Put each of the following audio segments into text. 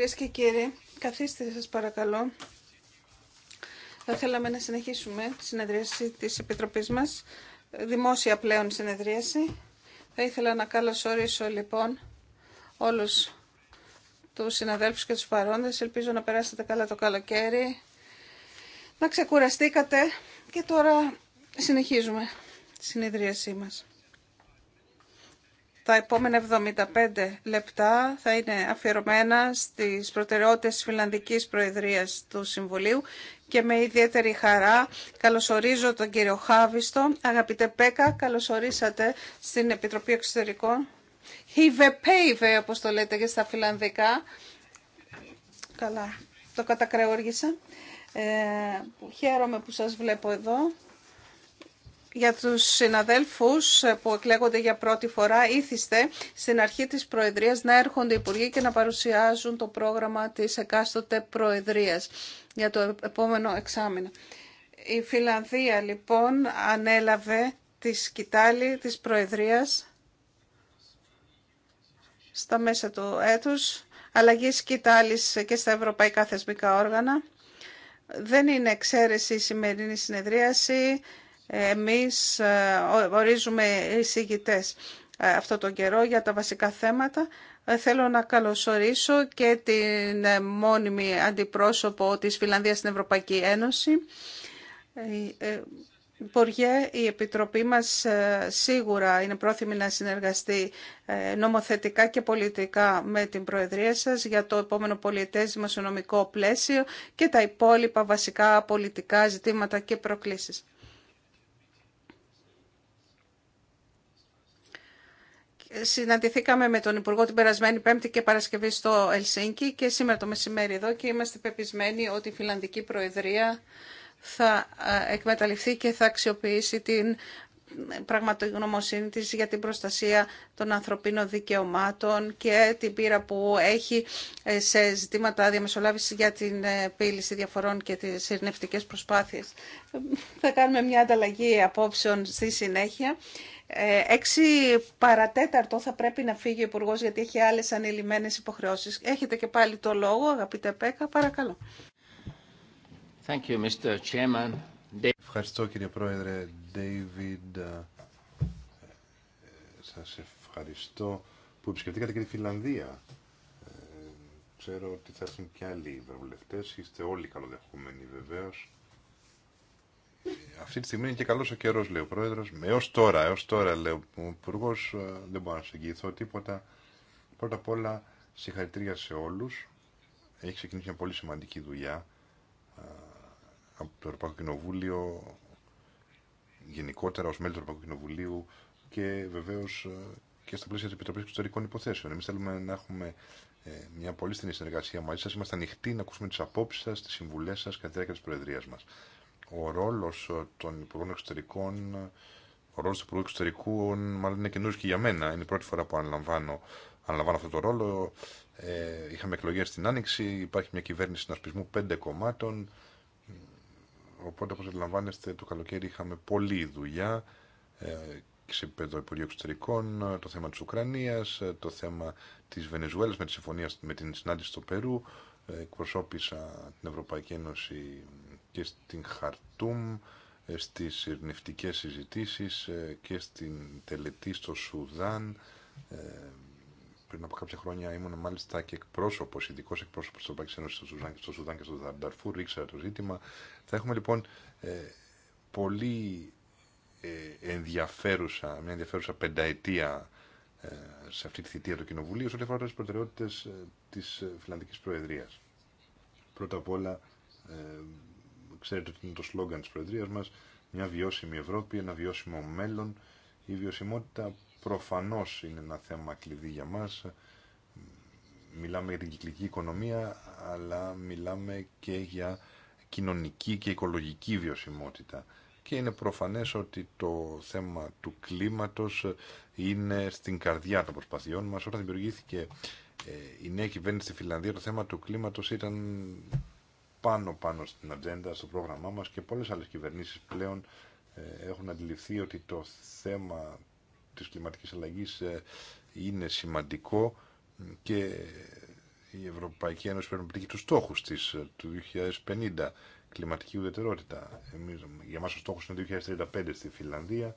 Κυρίες και κύριοι, καθίστε σας παρακαλώ. Θα θέλαμε να συνεχίσουμε τη συνεδρίαση της Επιτροπής μας, δημόσια πλέον συνεδρίαση. Θα ήθελα να καλωσορίσω λοιπόν όλους τους συναδέλφους και τους παρόντες. Ελπίζω να περάσετε καλά το καλοκαίρι, να ξεκουραστήκατε και τώρα συνεχίζουμε τη συνεδρίασή μας. Τα επόμενα 75 λεπτά θα είναι αφιερωμένα στις προτεραιότητες της Φιλανδικής Προεδρίας του Συμβουλίου και με ιδιαίτερη χαρά καλωσορίζω τον κύριο Χάβιστο. Αγαπητέ Πέκα, καλωσορίσατε στην Επιτροπή Εξωτερικών. Χιβεπέιβε, όπως το λέτε και στα φιλανδικά. Καλά, το κατακρεώργησα. Ε, χαίρομαι που σας βλέπω εδώ για τους συναδέλφους που εκλέγονται για πρώτη φορά ήθιστε στην αρχή της Προεδρίας να έρχονται οι Υπουργοί και να παρουσιάζουν το πρόγραμμα της εκάστοτε Προεδρίας για το επόμενο εξάμεινο. Η Φιλανδία λοιπόν ανέλαβε τη σκητάλη της Προεδρίας στα μέσα του έτους, αλλαγή σκητάλης και στα ευρωπαϊκά θεσμικά όργανα. Δεν είναι εξαίρεση η σημερινή συνεδρίαση. Εμείς ε, ορίζουμε εισηγητέ ε, αυτό τον καιρό για τα βασικά θέματα. Ε, θέλω να καλωσορίσω και την μόνιμη αντιπρόσωπο της Φιλανδίας στην Ευρωπαϊκή Ένωση. Υπουργέ, η Επιτροπή μας σίγουρα είναι πρόθυμη να συνεργαστεί νομοθετικά και πολιτικά με την Προεδρία σας για το επόμενο πολιτές δημοσιονομικό πλαίσιο και τα υπόλοιπα βασικά πολιτικά ζητήματα και προκλήσεις. Συναντηθήκαμε με τον Υπουργό την περασμένη Πέμπτη και Παρασκευή στο Ελσίνκι και σήμερα το μεσημέρι εδώ και είμαστε πεπισμένοι ότι η Φιλανδική Προεδρία θα ε, εκμεταλλευτεί και θα αξιοποιήσει την πραγματογνωμοσύνη της για την προστασία των ανθρωπίνων δικαιωμάτων και την πείρα που έχει ε, σε ζητήματα διαμεσολάβησης για την ε, πύληση διαφορών και τις ειρνευτικές προσπάθειες. Θα κάνουμε μια ανταλλαγή απόψεων στη συνέχεια ε, έξι παρατέταρτο θα πρέπει να φύγει ο Υπουργό γιατί έχει άλλε ανηλυμένε υποχρεώσει. Έχετε και πάλι το λόγο, αγαπητέ Πέκα, παρακαλώ. Thank you, Mr. Chairman. Ευχαριστώ κύριε Πρόεδρε, David. Ε, ε, Σα ευχαριστώ που επισκεφτήκατε και τη Φιλανδία. ξέρω ότι θα έρθουν και άλλοι βραβευτέ. είστε όλοι καλοδεχούμενοι βεβαίω αυτή τη στιγμή είναι και καλό ο καιρό, λέει ο πρόεδρο. Έω τώρα, έω τώρα, λέει ο υπουργό, ε, δεν μπορώ να σα εγγυηθώ τίποτα. Πρώτα απ' όλα, συγχαρητήρια σε όλου. Έχει ξεκινήσει μια πολύ σημαντική δουλειά ε, από το Ευρωπαϊκό Κοινοβούλιο, γενικότερα ω μέλη του Ευρωπαϊκού Κοινοβουλίου και βεβαίω ε, και στα πλαίσια τη Επιτροπή Εξωτερικών Υποθέσεων. Εμεί θέλουμε να έχουμε μια πολύ στενή συνεργασία μαζί σα. Είμαστε ανοιχτοί να ακούσουμε τι απόψει σα, τι συμβουλέ σα κατά τη διάρκεια τη Προεδρία μα ο ρόλος ε, των Υπουργών Εξωτερικών, ο ρόλος του Υπουργού Εξωτερικού μάλλον είναι καινούργιο και για μένα. Είναι η πρώτη φορά που αναλαμβάνω, αναλαμβάνω αυτό το ρόλο. Ε, είχαμε εκλογές στην Άνοιξη, υπάρχει μια κυβέρνηση συνασπισμού πέντε κομμάτων. Οπότε, όπως αντιλαμβάνεστε, το καλοκαίρι είχαμε πολλή δουλειά ε, σε επίπεδο Υπουργείου Εξωτερικών, το θέμα της Ουκρανίας, ε, το θέμα της Βενεζουέλας με τη συμφωνία με την συνάντηση στο Περού. Ε, εκπροσώπησα την Ευρωπαϊκή Ένωση και στην Χαρτούμ, ε, στις ειρνευτικές συζητήσεις ε, και στην τελετή στο Σουδάν. Ε, πριν από κάποια χρόνια ήμουν μάλιστα και εκπρόσωπο, ειδικό εκπρόσωπο στο Σουδάν και στο Σουδάν και στο ήξερα το ζήτημα. Θα έχουμε λοιπόν πολύ ενδιαφέρουσα, μια ενδιαφέρουσα πενταετία σε αυτή τη θητεία του Κοινοβουλίου σε ό,τι αφορά τι προτεραιότητε τη Φιλανδική Προεδρία. Πρώτα απ' όλα, Ξέρετε ότι είναι το σλόγγαν της Προεδρίας μας, μια βιώσιμη Ευρώπη, ένα βιώσιμο μέλλον. Η βιωσιμότητα προφανώς είναι ένα θέμα κλειδί για μας. Μιλάμε για την κυκλική οικονομία, αλλά μιλάμε και για κοινωνική και οικολογική βιωσιμότητα. Και είναι προφανές ότι το θέμα του κλίματος είναι στην καρδιά των προσπαθειών μας. Όταν δημιουργήθηκε ε, η νέα κυβέρνηση στη Φιλανδία, το θέμα του κλίματος ήταν πάνω πάνω στην ατζέντα, στο πρόγραμμά μας και πολλές άλλες κυβερνήσεις πλέον ε, έχουν αντιληφθεί ότι το θέμα της κλιματικής αλλαγής ε, είναι σημαντικό και η Ευρωπαϊκή Ένωση πρέπει να πετύχει τους στόχους της ε, του 2050 κλιματική ουδετερότητα. Εμείς, για μας ο στόχος είναι το 2035 στη Φιλανδία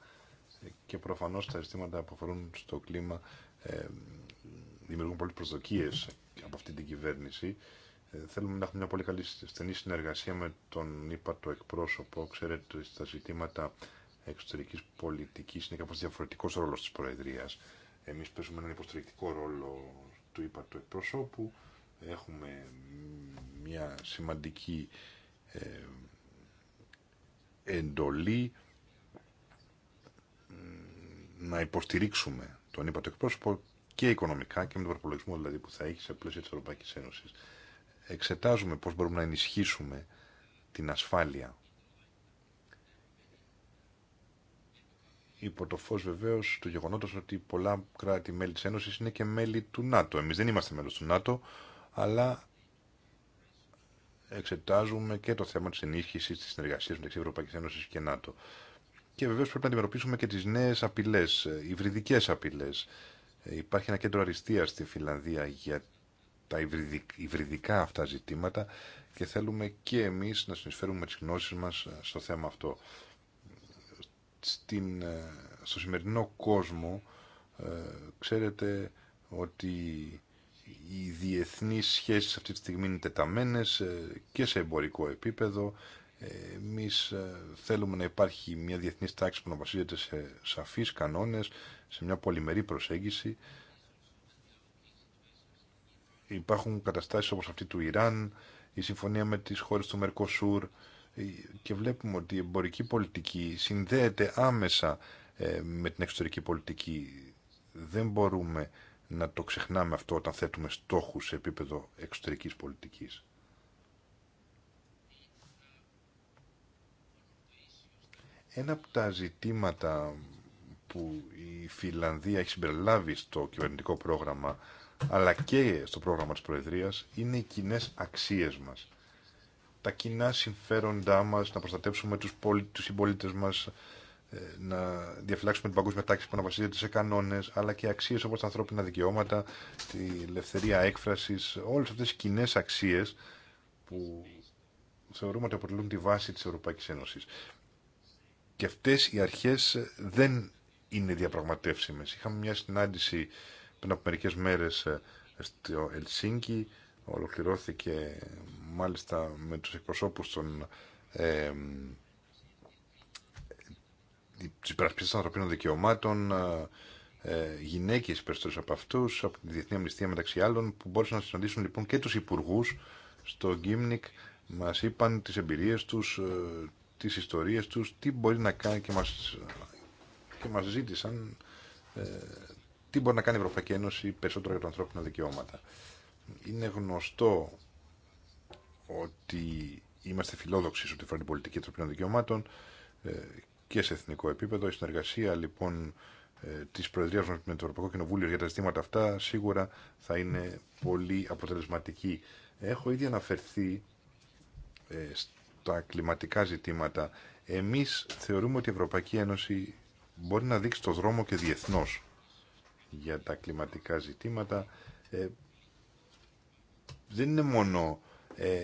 και προφανώς τα αισθήματα που αφορούν στο κλίμα ε, δημιουργούν πολλές προσδοκίες από αυτή την κυβέρνηση ε, θέλουμε να έχουμε μια πολύ καλή στενή συνεργασία με τον ύπατο εκπρόσωπο. Ξέρετε ότι στα ζητήματα εξωτερικής πολιτικής είναι κάπως διαφορετικός ρόλος της Προεδρίας. Εμείς παίζουμε έναν υποστηρικτικό ρόλο του του εκπροσώπου. Έχουμε μια σημαντική ε, εντολή να υποστηρίξουμε τον ύπατο εκπρόσωπο και οικονομικά και με τον προπολογισμό δηλαδή που θα έχει σε πλαίσια της Ευρωπαϊκής Ένωσης εξετάζουμε πώς μπορούμε να ενισχύσουμε την ασφάλεια. Υπό το φως βεβαίως του γεγονότος ότι πολλά κράτη-μέλη της Ένωσης είναι και μέλη του ΝΑΤΟ. Εμείς δεν είμαστε μέλος του ΝΑΤΟ, αλλά εξετάζουμε και το θέμα της ενίσχυσης της συνεργασίας μεταξύ Ευρωπαϊκής Ένωσης και ΝΑΤΟ. Και βεβαίως πρέπει να αντιμετωπίσουμε και τις νέες απειλές, ε, υβριδικές απειλές. Ε, υπάρχει ένα κέντρο αριστείας στη Φιλανδία για τα υβριδικά αυτά ζητήματα και θέλουμε και εμείς να συνεισφέρουμε τις γνώσεις μας ε, στο θέμα αυτό. Στην, ε, στο σημερινό κόσμο ε, ξέρετε ότι οι διεθνείς σχέσεις αυτή τη στιγμή είναι τεταμένες και σε εμπορικό επίπεδο. Ε, εμείς θέλουμε να υπάρχει μια διεθνής τάξη που να βασίζεται σε σαφείς κανόνες, σε μια πολυμερή προσέγγιση υπάρχουν καταστάσεις όπως αυτή του Ιράν, η συμφωνία με τις χώρες του Μερκοσούρ ε, και βλέπουμε ότι η εμπορική πολιτική συνδέεται άμεσα ε, με την εξωτερική πολιτική. Δεν μπορούμε να το ξεχνάμε αυτό όταν θέτουμε στόχους σε επίπεδο εξωτερικής πολιτικής. Ένα από τα ζητήματα που η Φιλανδία έχει συμπεριλάβει στο κυβερνητικό πρόγραμμα αλλά και στο πρόγραμμα της Προεδρίας, είναι οι κοινέ αξίες μας. Τα κοινά συμφέροντά μας, να προστατεύσουμε τους, πολι... τους συμπολίτε μας, ε, να διαφυλάξουμε την παγκόσμια τάξη που αναβασίζεται σε κανόνε, αλλά και αξίε όπω τα ανθρώπινα δικαιώματα, τη ελευθερία έκφραση, όλε αυτέ οι κοινέ αξίε που θεωρούμε ότι αποτελούν τη βάση τη Ευρωπαϊκή Ένωση. Και αυτέ οι αρχέ δεν είναι διαπραγματεύσιμε. Είχαμε μια συνάντηση πριν από μερικές μέρες ε, στο Ελσίνκι. Ολοκληρώθηκε μάλιστα με τους εκπροσώπους των ε, των ανθρωπίνων δικαιωμάτων, ε, ε, γυναίκες περισσότερες από αυτούς, από τη Διεθνή Αμνηστία μεταξύ άλλων, που μπορούσαν να συναντήσουν λοιπόν και τους υπουργούς στο Γκίμνικ, μας είπαν τις εμπειρίες τους, ε, τις ιστορίες τους, τι μπορεί να κάνει και μας, ε, μας ζήτησαν τι μπορεί να κάνει η Ευρωπαϊκή Ένωση περισσότερο για τα ανθρώπινα δικαιώματα. Είναι γνωστό ότι είμαστε φιλόδοξοι σε ό,τι αφορά την πολιτική ανθρωπίνων δικαιωμάτων ε, και σε εθνικό επίπεδο. Η συνεργασία λοιπόν ε, τη Προεδρία μα με το Ευρωπαϊκό Κοινοβούλιο για τα ζητήματα αυτά σίγουρα θα είναι πολύ αποτελεσματική. Έχω ήδη αναφερθεί ε, στα κλιματικά ζητήματα. Εμεί θεωρούμε ότι η Ευρωπαϊκή Ένωση μπορεί να δείξει το δρόμο και διεθνώς για τα κλιματικά ζητήματα ε, δεν είναι μόνο ε,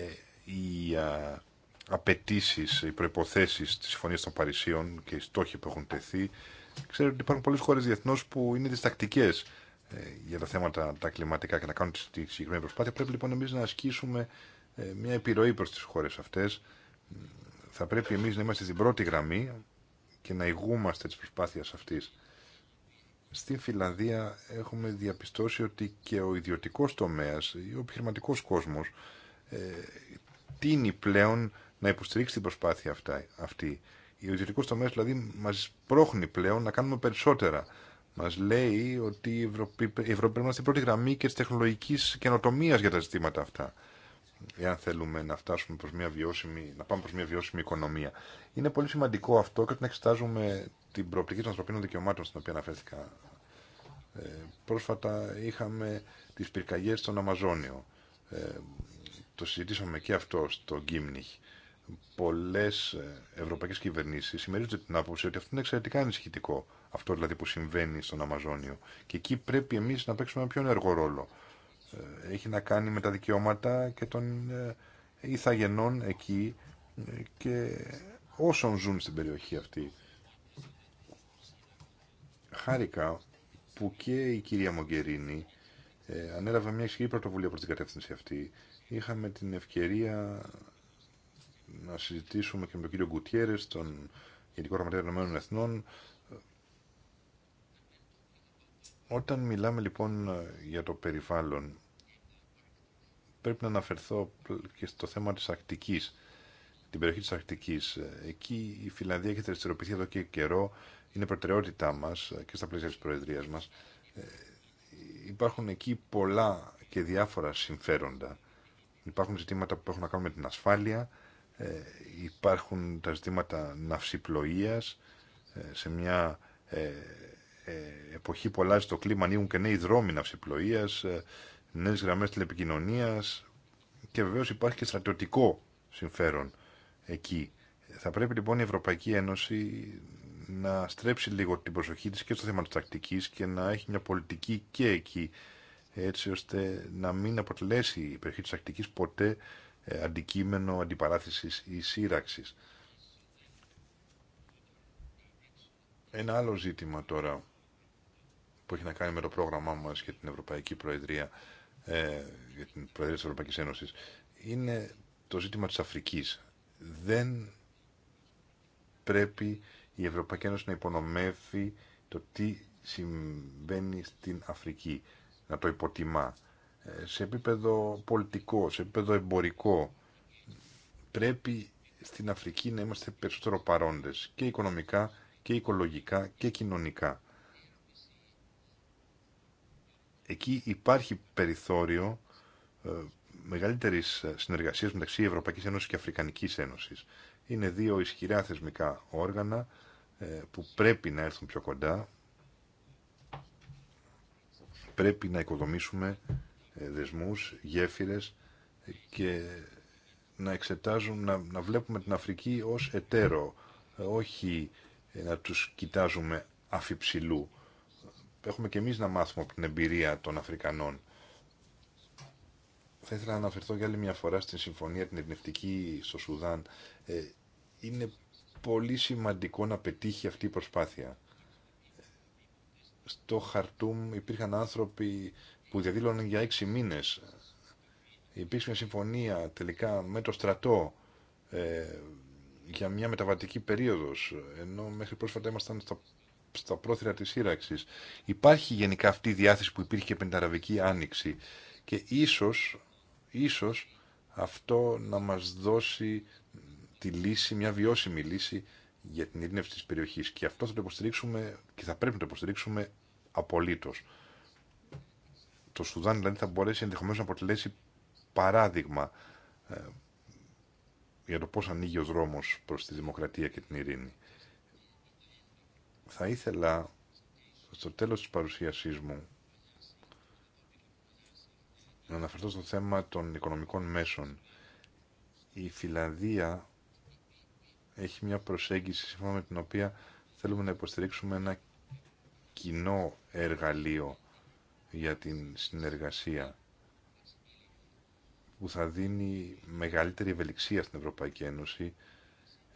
οι α, απαιτήσει, οι προποθέσει της συμφωνίας των Παρισίων και οι στόχοι που έχουν τεθεί. ξέρετε ότι υπάρχουν πολλέ χώρες διεθνώς που είναι διστακτικέ ε, για τα θέματα τα κλιματικά και να κάνουν τη συγκεκριμένη προσπάθεια. Πρέπει λοιπόν εμείς να ασκήσουμε ε, μια επιρροή προς τις χώρες αυτές Θα πρέπει εμείς να είμαστε στην πρώτη γραμμή και να ηγούμαστε της προσπάθειας αυτή. Στην Φιλανδία έχουμε διαπιστώσει ότι και ο ιδιωτικός τομέας ή ο επιχειρηματικό κόσμος ε, τίνει πλέον να υποστηρίξει την προσπάθεια αυτά, αυτή. Ο ιδιωτικος τομεας δηλαδή μας πρόχνει πλέον να κάνουμε περισσότερα. Μας λέει ότι η ευρωπη πρέπει να στην πρώτη γραμμή και τη τεχνολογική καινοτομία για τα ζητήματα αυτά εάν θέλουμε να φτάσουμε προς μια βιώσιμη, να πάμε προς μια βιώσιμη οικονομία. Είναι πολύ σημαντικό αυτό και να εξετάζουμε την προοπτική των ανθρωπίνων δικαιωμάτων στην οποία αναφέρθηκα. Ε, πρόσφατα είχαμε τις πυρκαγιές στον Αμαζόνιο. Ε, το συζητήσαμε και αυτό στο Γκίμνιχ. Πολλέ ε, ευρωπαϊκέ κυβερνήσει συμμερίζονται την άποψη ότι αυτό είναι εξαιρετικά ανησυχητικό. Αυτό δηλαδή που συμβαίνει στον Αμαζόνιο. Και εκεί πρέπει εμεί να παίξουμε ένα πιο ενεργό ρόλο. Ε, έχει να κάνει με τα δικαιώματα και των ε, ηθαγενών εκεί ε, και όσων ζουν στην περιοχή αυτή. Χάρηκα που και η κυρία Μογκερίνη ανέλαβε μια ισχυρή πρωτοβουλία προς την κατεύθυνση αυτή. Είχαμε την ευκαιρία να συζητήσουμε και με τον κύριο Γκουτιέρες, τον Γενικό Γραμματέα των Εθνών, όταν μιλάμε λοιπόν ε, για το περιβάλλον, πρέπει να αναφερθώ και στο θέμα της Ακτικής, την περιοχή της Ακτικής. Ε, εκεί η Φιλανδία έχει δραστηριοποιηθεί εδώ και καιρό, είναι προτεραιότητά μας ε, και στα πλαίσια της Προεδρίας μας. Υπάρχουν εκεί πολλά και διάφορα συμφέροντα. Υπάρχουν ζητήματα που έχουν να κάνουν με την ασφάλεια, υπάρχουν τα ζητήματα ναυσιπλοείας, σε μια ε, εποχή που αλλάζει το κλίμα ανοίγουν και νέοι δρόμοι ναυσιπλοεία, ε, νέες γραμμές τηλεπικοινωνίας και βεβαίω υπάρχει και στρατιωτικό συμφέρον εκεί. Θα πρέπει λοιπόν η Ευρωπαϊκή Ένωση να στρέψει λίγο την προσοχή της και στο θέμα της τακτική και να έχει μια πολιτική και εκεί έτσι ώστε να μην αποτελέσει η περιοχή της ποτέ ε, αντικείμενο αντιπαράθεσης ή σύραξης. Ένα άλλο ζήτημα τώρα που έχει να κάνει με το πρόγραμμά μας για την Ευρωπαϊκή Προεδρία, ε, για την Προεδρία της Ευρωπαϊκής Ένωσης, είναι το ζήτημα της Αφρικής. Δεν πρέπει η Ευρωπαϊκή Ένωση να υπονομεύει το τι συμβαίνει στην Αφρική, να το υποτιμά. Ε, σε επίπεδο πολιτικό, σε επίπεδο εμπορικό, πρέπει στην Αφρική να είμαστε περισσότερο παρόντες και οικονομικά και οικολογικά και κοινωνικά εκεί υπάρχει περιθώριο ε, μεγαλύτερης ε, συνεργασίας μεταξύ Ευρωπαϊκή Ένωσης και Αφρικανικής Ένωσης. Είναι δύο ισχυρά θεσμικά όργανα ε, που πρέπει να έρθουν πιο κοντά. Πρέπει να οικοδομήσουμε ε, δεσμούς, γέφυρες και να εξετάζουν, να, να βλέπουμε την Αφρική ως εταίρο, όχι να τους κοιτάζουμε αφιψηλού έχουμε και εμείς να μάθουμε από την εμπειρία των Αφρικανών. Θα ήθελα να αναφερθώ για άλλη μια φορά στην συμφωνία την ειρηνευτική στο Σουδάν. Ε, είναι πολύ σημαντικό να πετύχει αυτή η προσπάθεια. Στο Χαρτούμ υπήρχαν άνθρωποι που διαδήλωναν για έξι μήνες. Υπήρξε μια συμφωνία τελικά με το στρατό ε, για μια μεταβατική περίοδος, ενώ μέχρι πρόσφατα ήμασταν στα στα πρόθυρα της σύραξης. Υπάρχει γενικά αυτή η διάθεση που υπήρχε με την Αραβική Άνοιξη και ίσως, ίσως αυτό να μας δώσει τη λύση, μια βιώσιμη λύση για την ειρήνευση της περιοχής και αυτό θα το υποστηρίξουμε και θα πρέπει να το υποστηρίξουμε απολύτως. Το Σουδάν δηλαδή θα μπορέσει ενδεχομένω να αποτελέσει παράδειγμα ε, για το πώς ανοίγει ο δρόμος προς τη δημοκρατία και την ειρήνη. Θα ήθελα στο τέλος της παρουσίασής μου να αναφερθώ στο θέμα των οικονομικών μέσων. Η Φιλανδία έχει μια προσέγγιση σύμφωνα με την οποία θέλουμε να υποστηρίξουμε ένα κοινό εργαλείο για την συνεργασία που θα δίνει μεγαλύτερη ευελιξία στην Ευρωπαϊκή Ένωση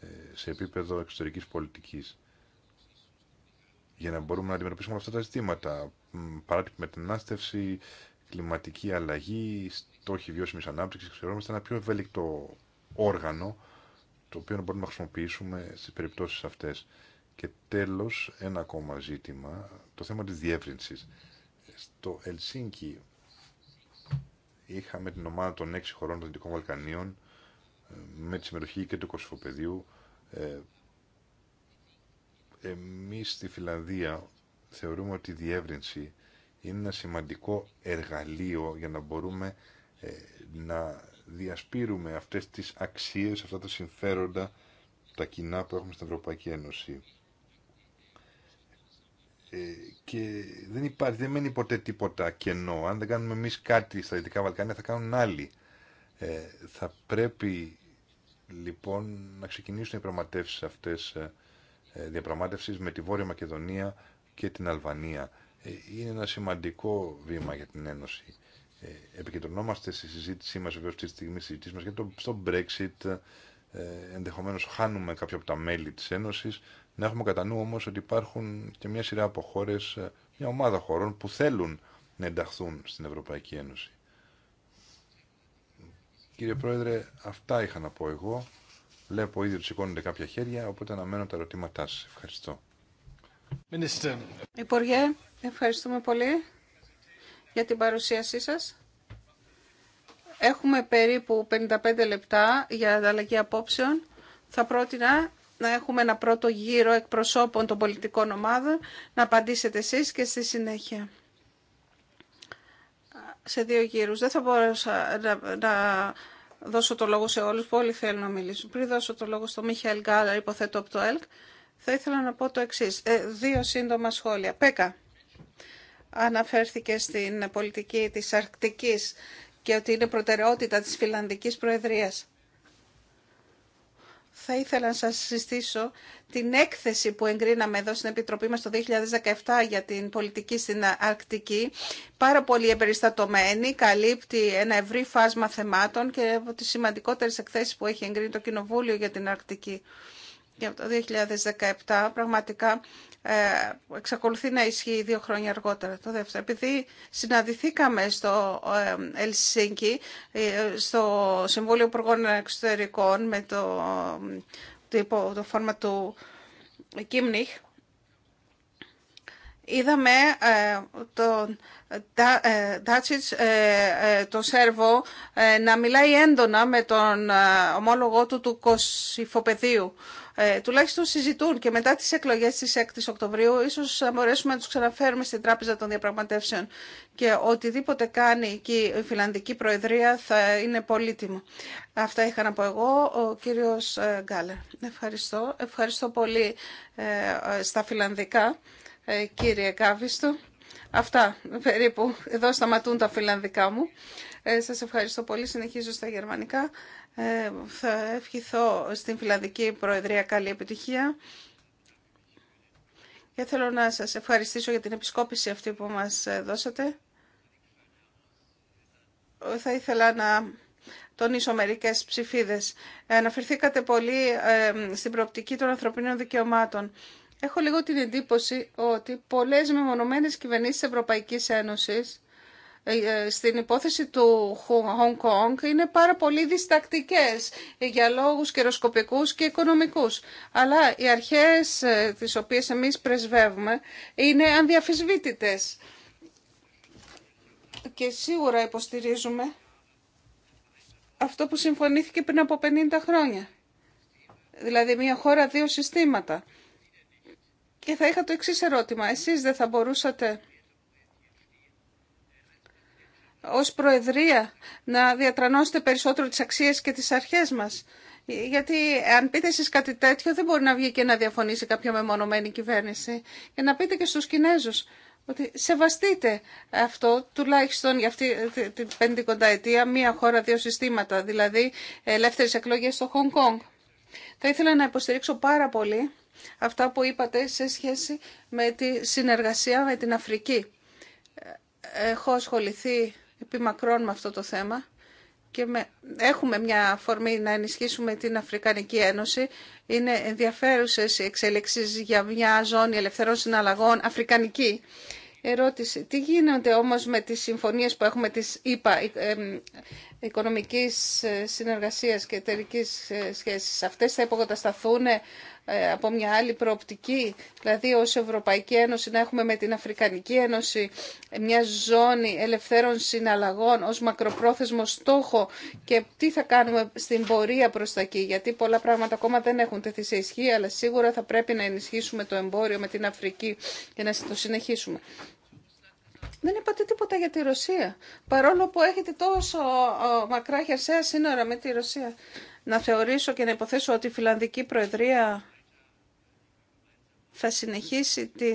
ε, σε επίπεδο εξωτερικής πολιτικής για να μπορούμε να αντιμετωπίσουμε αυτά τα ζητήματα. Παράτυπη μετανάστευση, κλιματική αλλαγή, στόχοι βιώσιμη ανάπτυξη, ξερώμαστε ένα πιο ευέλικτο όργανο το οποίο μπορούμε να χρησιμοποιήσουμε στι περιπτώσει αυτέ. Και τέλο, ένα ακόμα ζήτημα, το θέμα τη διεύρυνση. Στο Ελσίνκι είχαμε την ομάδα των έξι χωρών των Δυτικών Βαλκανίων ε, με τη συμμετοχή και του Κωσυφοπεδίου ε, εμείς στη Φιλανδία θεωρούμε ότι η διεύρυνση είναι ένα σημαντικό εργαλείο για να μπορούμε ε, να διασπείρουμε αυτές τις αξίες, αυτά τα συμφέροντα, τα κοινά που έχουμε στην Ευρωπαϊκή Ένωση. Ε, και δεν υπάρχει, δεν μένει ποτέ τίποτα κενό. Αν δεν κάνουμε εμείς κάτι στα Δυτικά Βαλκάνια θα κάνουν άλλοι. Ε, θα πρέπει λοιπόν να ξεκινήσουν οι πραγματεύσεις αυτές ε, διαπραγμάτευση με τη Βόρεια Μακεδονία και την Αλβανία. Ε, είναι ένα σημαντικό βήμα για την Ένωση. Ε, επικεντρωνόμαστε στη συζήτησή μας, αυτή τη στιγμή συζήτησή μα για στο Brexit, Ενδεχομένω χάνουμε κάποια από τα μέλη της Ένωση να έχουμε κατά νου όμως ότι υπάρχουν και μια σειρά από χώρε, μια ομάδα χωρών που θέλουν να ενταχθούν στην Ευρωπαϊκή Ένωση. Κύριε Πρόεδρε, αυτά είχα να πω εγώ. Βλέπω ήδη ότι σηκώνονται κάποια χέρια, οπότε αναμένω τα ερωτήματά σας. Ευχαριστώ. Υπουργέ, ευχαριστούμε πολύ για την παρουσίασή σας. Έχουμε περίπου 55 λεπτά για ανταλλαγή απόψεων. Θα πρότεινα να έχουμε ένα πρώτο γύρο εκπροσώπων των πολιτικών ομάδων, να απαντήσετε εσείς και στη συνέχεια. Σε δύο γύρους. Δεν θα μπορούσα να δώσω το λόγο σε όλους που όλοι θέλουν να μιλήσουν. Πριν δώσω το λόγο στο Μιχαήλ Γκάλα, υποθέτω από το ΕΛΚ, θα ήθελα να πω το εξή. Ε, δύο σύντομα σχόλια. Πέκα, αναφέρθηκε στην πολιτική της Αρκτικής και ότι είναι προτεραιότητα της Φιλανδικής Προεδρίας θα ήθελα να σας συστήσω την έκθεση που εγκρίναμε εδώ στην Επιτροπή μας το 2017 για την πολιτική στην Αρκτική. Πάρα πολύ εμπεριστατωμένη, καλύπτει ένα ευρύ φάσμα θεμάτων και από τις σημαντικότερες εκθέσεις που έχει εγκρίνει το Κοινοβούλιο για την Αρκτική για το 2017 πραγματικά ε, εξακολουθεί να ισχύει δύο χρόνια αργότερα το δεύτερο. Επειδή συναντηθήκαμε στο ε, Ελσίνκι, ε, στο Συμβούλιο Υπουργών Εξωτερικών με το, το, το φόρμα του Κίμνιχ, Είδαμε τον Ντάτσιτς, τον Σέρβο, να μιλάει έντονα με τον ομόλογό του του Κωσυφοπεδίου ε, τουλάχιστον συζητούν και μετά τις εκλογές της 6 Οκτωβρίου ίσως θα μπορέσουμε να τους ξαναφέρουμε στην Τράπεζα των Διαπραγματεύσεων και οτιδήποτε κάνει και η Φιλανδική Προεδρία θα είναι πολύτιμο. Αυτά είχα να πω εγώ, ο κύριος ε, Γκάλερ. Ευχαριστώ. Ευχαριστώ πολύ ε, στα φιλανδικά, ε, κύριε Κάβιστο. Αυτά περίπου. Εδώ σταματούν τα φιλανδικά μου. Ε, σας ευχαριστώ πολύ. Συνεχίζω στα γερμανικά. Ε, θα ευχηθώ στην Φιλανδική Προεδρία καλή επιτυχία. Και θέλω να σας ευχαριστήσω για την επισκόπηση αυτή που μας ε, δώσατε. Θα ήθελα να τονίσω μερικές ψηφίδες. Αναφερθήκατε πολύ ε, στην προοπτική των ανθρωπίνων δικαιωμάτων. Έχω λίγο την εντύπωση ότι πολλές μεμονωμένες κυβερνήσεις Ευρωπαϊκής Ένωσης ε, ε, στην υπόθεση του Hong Kong είναι πάρα πολύ διστακτικές για λόγους καιροσκοπικούς και οικονομικούς. Αλλά οι αρχές ε, τις οποίες εμείς πρεσβεύουμε είναι ανδιαφυσβήτητες και σίγουρα υποστηρίζουμε αυτό που συμφωνήθηκε πριν από 50 χρόνια. Δηλαδή μια χώρα δύο συστήματα. Και θα είχα το εξής ερώτημα. Εσείς δεν θα μπορούσατε ως Προεδρία να διατρανώσετε περισσότερο τις αξίες και τις αρχές μας. Γιατί αν πείτε εσείς κάτι τέτοιο δεν μπορεί να βγει και να διαφωνήσει κάποια μεμονωμένη κυβέρνηση. Και να πείτε και στους Κινέζους ότι σεβαστείτε αυτό τουλάχιστον για αυτή την πεντηκοντά ετία μία χώρα δύο συστήματα, δηλαδή ελεύθερε εκλογέ στο Χονγκ Κόνγκ. Θα ήθελα να υποστηρίξω πάρα πολύ αυτά που είπατε σε σχέση με τη συνεργασία με την Αφρική. Έχω ασχοληθεί μακρόν με αυτό το θέμα και έχουμε μια αφορμή να ενισχύσουμε την Αφρικανική Ένωση. Είναι ενδιαφέρουσε οι εξέλιξεις για μια ζώνη ελευθερών συναλλαγών αφρικανική. Ερώτηση. Τι γίνεται όμως με τις συμφωνίες που έχουμε τις ΕΠΑ, ε, ε, οικονομικής ε, συνεργασίας και εταιρική ε, σχέσης. Αυτές θα υποκατασταθούν ε, από μια άλλη προοπτική, δηλαδή ως Ευρωπαϊκή Ένωση να έχουμε με την Αφρικανική Ένωση μια ζώνη ελευθέρων συναλλαγών ως μακροπρόθεσμο στόχο και τι θα κάνουμε στην πορεία προς τα εκεί, γιατί πολλά πράγματα ακόμα δεν έχουν τεθεί σε ισχύ, αλλά σίγουρα θα πρέπει να ενισχύσουμε το εμπόριο με την Αφρική και να το συνεχίσουμε. Δεν είπατε τίποτα για τη Ρωσία, παρόλο που έχετε τόσο μακρά χερσαία σύνορα με τη Ρωσία. Να θεωρήσω και να υποθέσω ότι η Φιλανδική Προεδρία θα συνεχίσει τη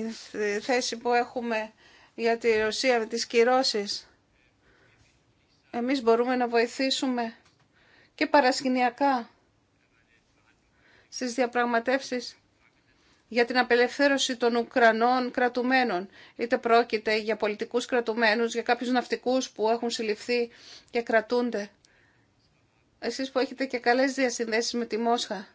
θέση που έχουμε για τη Ρωσία με τις κυρώσεις. Εμείς μπορούμε να βοηθήσουμε και παρασκηνιακά στις διαπραγματεύσεις για την απελευθέρωση των Ουκρανών κρατουμένων. Είτε πρόκειται για πολιτικούς κρατουμένους, για κάποιους ναυτικούς που έχουν συλληφθεί και κρατούνται. Εσείς που έχετε και καλές διασυνδέσεις με τη Μόσχα.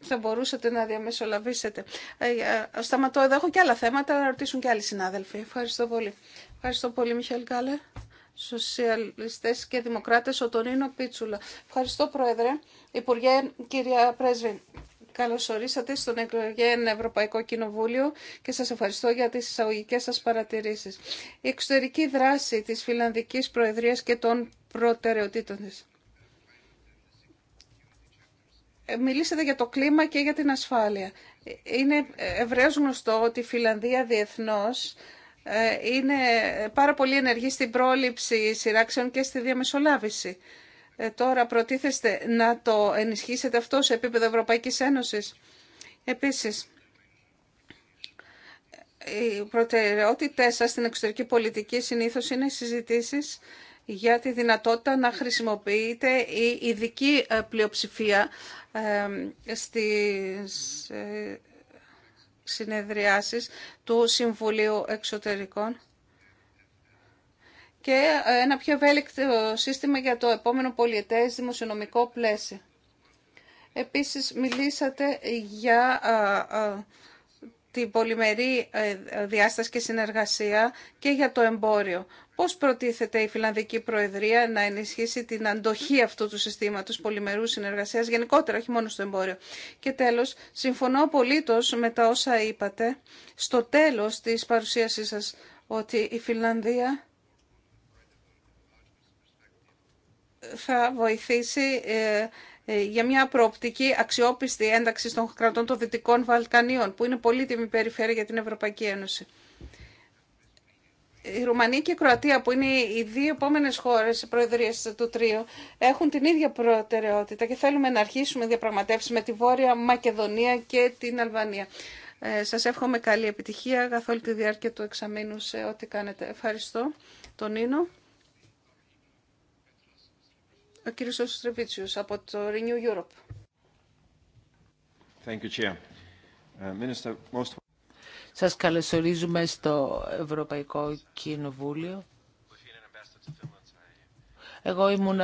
Θα μπορούσατε να διαμεσολαβήσετε. Ε, ε, σταματώ εδώ, έχω και άλλα θέματα, να ρωτήσουν και άλλοι συνάδελφοι. Ευχαριστώ πολύ. Ευχαριστώ πολύ, Μιχαήλ Κάλε. Σοσιαλιστέ και δημοκράτε ο Τονίνο Πίτσουλα. Ευχαριστώ, Πρόεδρε. Υπουργέ, κυρία Πρέσβη, καλωσορίσατε ορίσατε στον Εκλογέν Ευρωπαϊκό Κοινοβούλιο και σα ευχαριστώ για τι εισαγωγικέ σα παρατηρήσει. Η εξωτερική δράση της Φιλανδικής Προεδρία και των προτεραιοτήτων τη. Ε, μιλήσατε για το κλίμα και για την ασφάλεια. Ε, είναι ευρέως γνωστό ότι η Φιλανδία διεθνώς ε, είναι πάρα πολύ ενεργή στην πρόληψη σειράξεων και στη διαμεσολάβηση. Ε, τώρα προτίθεστε να το ενισχύσετε αυτό σε επίπεδο Ευρωπαϊκής Ένωσης. Επίσης, οι προτεραιότητές σας στην εξωτερική πολιτική συνήθως είναι συζητήσεις για τη δυνατότητα να χρησιμοποιείται η ειδική ε, πλειοψηφία στις συνεδριάσεις του Συμβουλίου Εξωτερικών και ε, ένα πιο ευέλικτο σύστημα για το επόμενο πολιετές δημοσιονομικό πλαίσιο. Επίσης, μιλήσατε για την πολυμερή ε, διάσταση και συνεργασία και για το εμπόριο. Πώς προτίθεται η Φιλανδική Προεδρία να ενισχύσει την αντοχή αυτού του συστήματος πολυμερού συνεργασίας γενικότερα, όχι μόνο στο εμπόριο. Και τέλος, συμφωνώ απολύτως με τα όσα είπατε στο τέλος της παρουσίασής σας ότι η Φιλανδία θα βοηθήσει ε, ε, για μια προοπτική αξιόπιστη ένταξη των κρατών των Δυτικών Βαλκανίων, που είναι πολύτιμη περιφέρεια για την Ευρωπαϊκή Ένωση. Η Ρουμανία και η Κροατία, που είναι οι δύο επόμενες χώρες προεδρίας του Τρίου, έχουν την ίδια προτεραιότητα και θέλουμε να αρχίσουμε διαπραγματεύσεις με τη Βόρεια Μακεδονία και την Αλβανία. Ε, σας εύχομαι καλή επιτυχία καθ' όλη τη διάρκεια του εξαμήνου σε ό,τι κάνετε. Ευχαριστώ τον Νίνο. Ο κύριο από το Renew Europe. Thank you, uh, Minister, Σας καλωσορίζουμε στο Ευρωπαϊκό Κοινοβούλιο. Εγώ ήμουν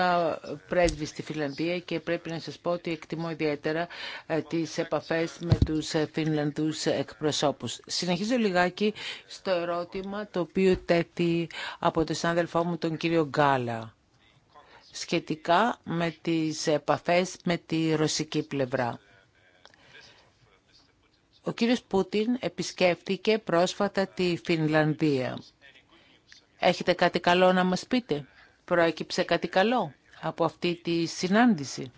πρέσβη στη Φιλανδία και πρέπει να σας πω ότι εκτιμώ ιδιαίτερα ε, τις επαφές με τους ε, Φινλανδούς εκπροσώπους. Συνεχίζω λιγάκι στο ερώτημα το οποίο τέθη από τον συνάδελφό μου τον κύριο Γκάλα σχετικά με τις επαφές με τη ρωσική πλευρά. Ο κύριος Πούτιν επισκέφτηκε πρόσφατα τη Φινλανδία. Έχετε κάτι καλό να μας πείτε. Προέκυψε κάτι καλό από αυτή τη συνάντηση.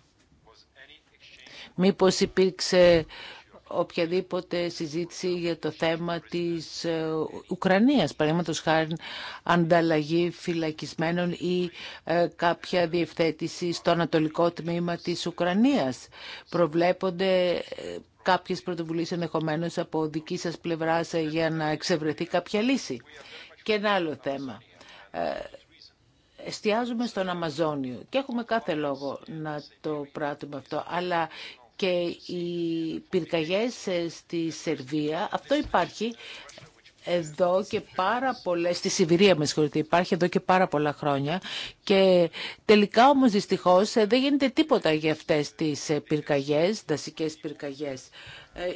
Μήπως υπήρξε οποιαδήποτε συζήτηση για το θέμα της ε, Ουκρανίας, παραδείγματος χάρη ανταλλαγή φυλακισμένων ή ε, κάποια διευθέτηση στο ανατολικό τμήμα της Ουκρανίας. Προβλέπονται ε, κάποιες πρωτοβουλίες ενδεχομένω από δική σας πλευρά για να εξευρεθεί κάποια λύση. Και ένα άλλο θέμα εστιάζουμε στον Αμαζόνιο και έχουμε κάθε λόγο να το πράττουμε αυτό, αλλά και οι πυρκαγιές ε, στη Σερβία, αυτό υπάρχει εδώ και πάρα πολλές, στη Σιβηρία με υπάρχει εδώ και πάρα πολλά χρόνια και τελικά όμως δυστυχώς ε, δεν γίνεται τίποτα για αυτές τις ε, πυρκαγιές, δασικές πυρκαγιές.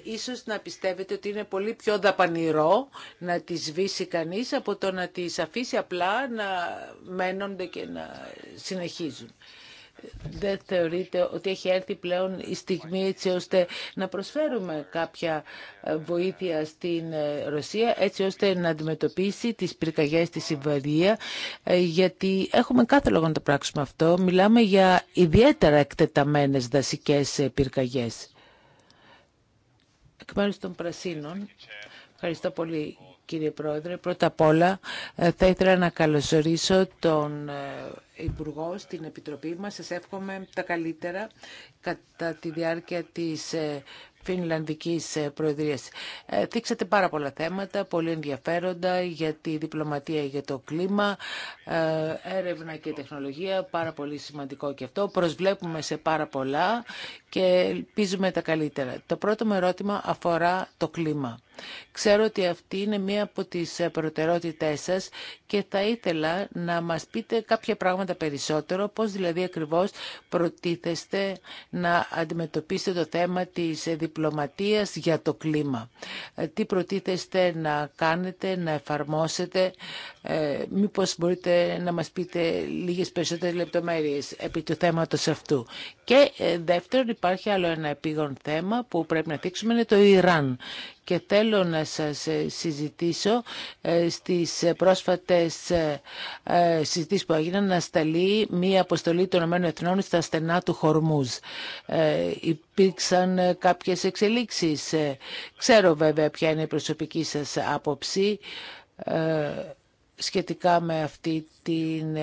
Ίσως να πιστεύετε ότι είναι πολύ πιο δαπανηρό να τις σβήσει κανείς από το να τις αφήσει απλά να μένονται και να συνεχίζουν δεν θεωρείτε ότι έχει έρθει πλέον η στιγμή έτσι ώστε να προσφέρουμε κάποια ε, βοήθεια στην ε, Ρωσία έτσι ώστε να αντιμετωπίσει τις πυρκαγιές στη Συμβαρία ε, γιατί έχουμε κάθε λόγο να το πράξουμε αυτό. Μιλάμε για ιδιαίτερα εκτεταμένες δασικές πυρκαγιές. Εκ μέρους των Πρασίνων, ευχαριστώ πολύ κύριε Πρόεδρε. Πρώτα απ' όλα ε, θα ήθελα να καλωσορίσω τον ε, Υπουργό στην Επιτροπή μας. Σας εύχομαι τα καλύτερα κατά τη διάρκεια της ε, Φινλανδικής Προεδρίας. Δείξατε πάρα πολλά θέματα, πολύ ενδιαφέροντα για τη διπλωματία, για το κλίμα, έρευνα και τεχνολογία, πάρα πολύ σημαντικό και αυτό. Προσβλέπουμε σε πάρα πολλά και ελπίζουμε τα καλύτερα. Το πρώτο μου ερώτημα αφορά το κλίμα. Ξέρω ότι αυτή είναι μία από τις ε, προτεραιότητές σας και θα ήθελα να μας πείτε κάποια πράγματα περισσότερο, πώς δηλαδή ακριβώς προτίθεστε να αντιμετωπίσετε το θέμα της ε, διπλωματίας για το κλίμα. Ε, τι προτίθεστε να κάνετε, να εφαρμόσετε, μήπως μπορείτε να μας πείτε λίγες περισσότερες λεπτομέρειες επί του θέματος αυτού. Και υπάρχει άλλο ένα επίγον θέμα που πρέπει να δείξουμε είναι το Ιράν. Και θέλω να σας ε, συζητήσω ε, στις πρόσφατες ε, συζητήσεις που έγιναν να σταλεί μία αποστολή των ΗΕ στα στενά του Χορμούζ. Υπήρξαν κάποιες εξελίξεις. Ξέρω βέβαια ποια είναι η προσωπική σας άποψη σχετικά με αυτή την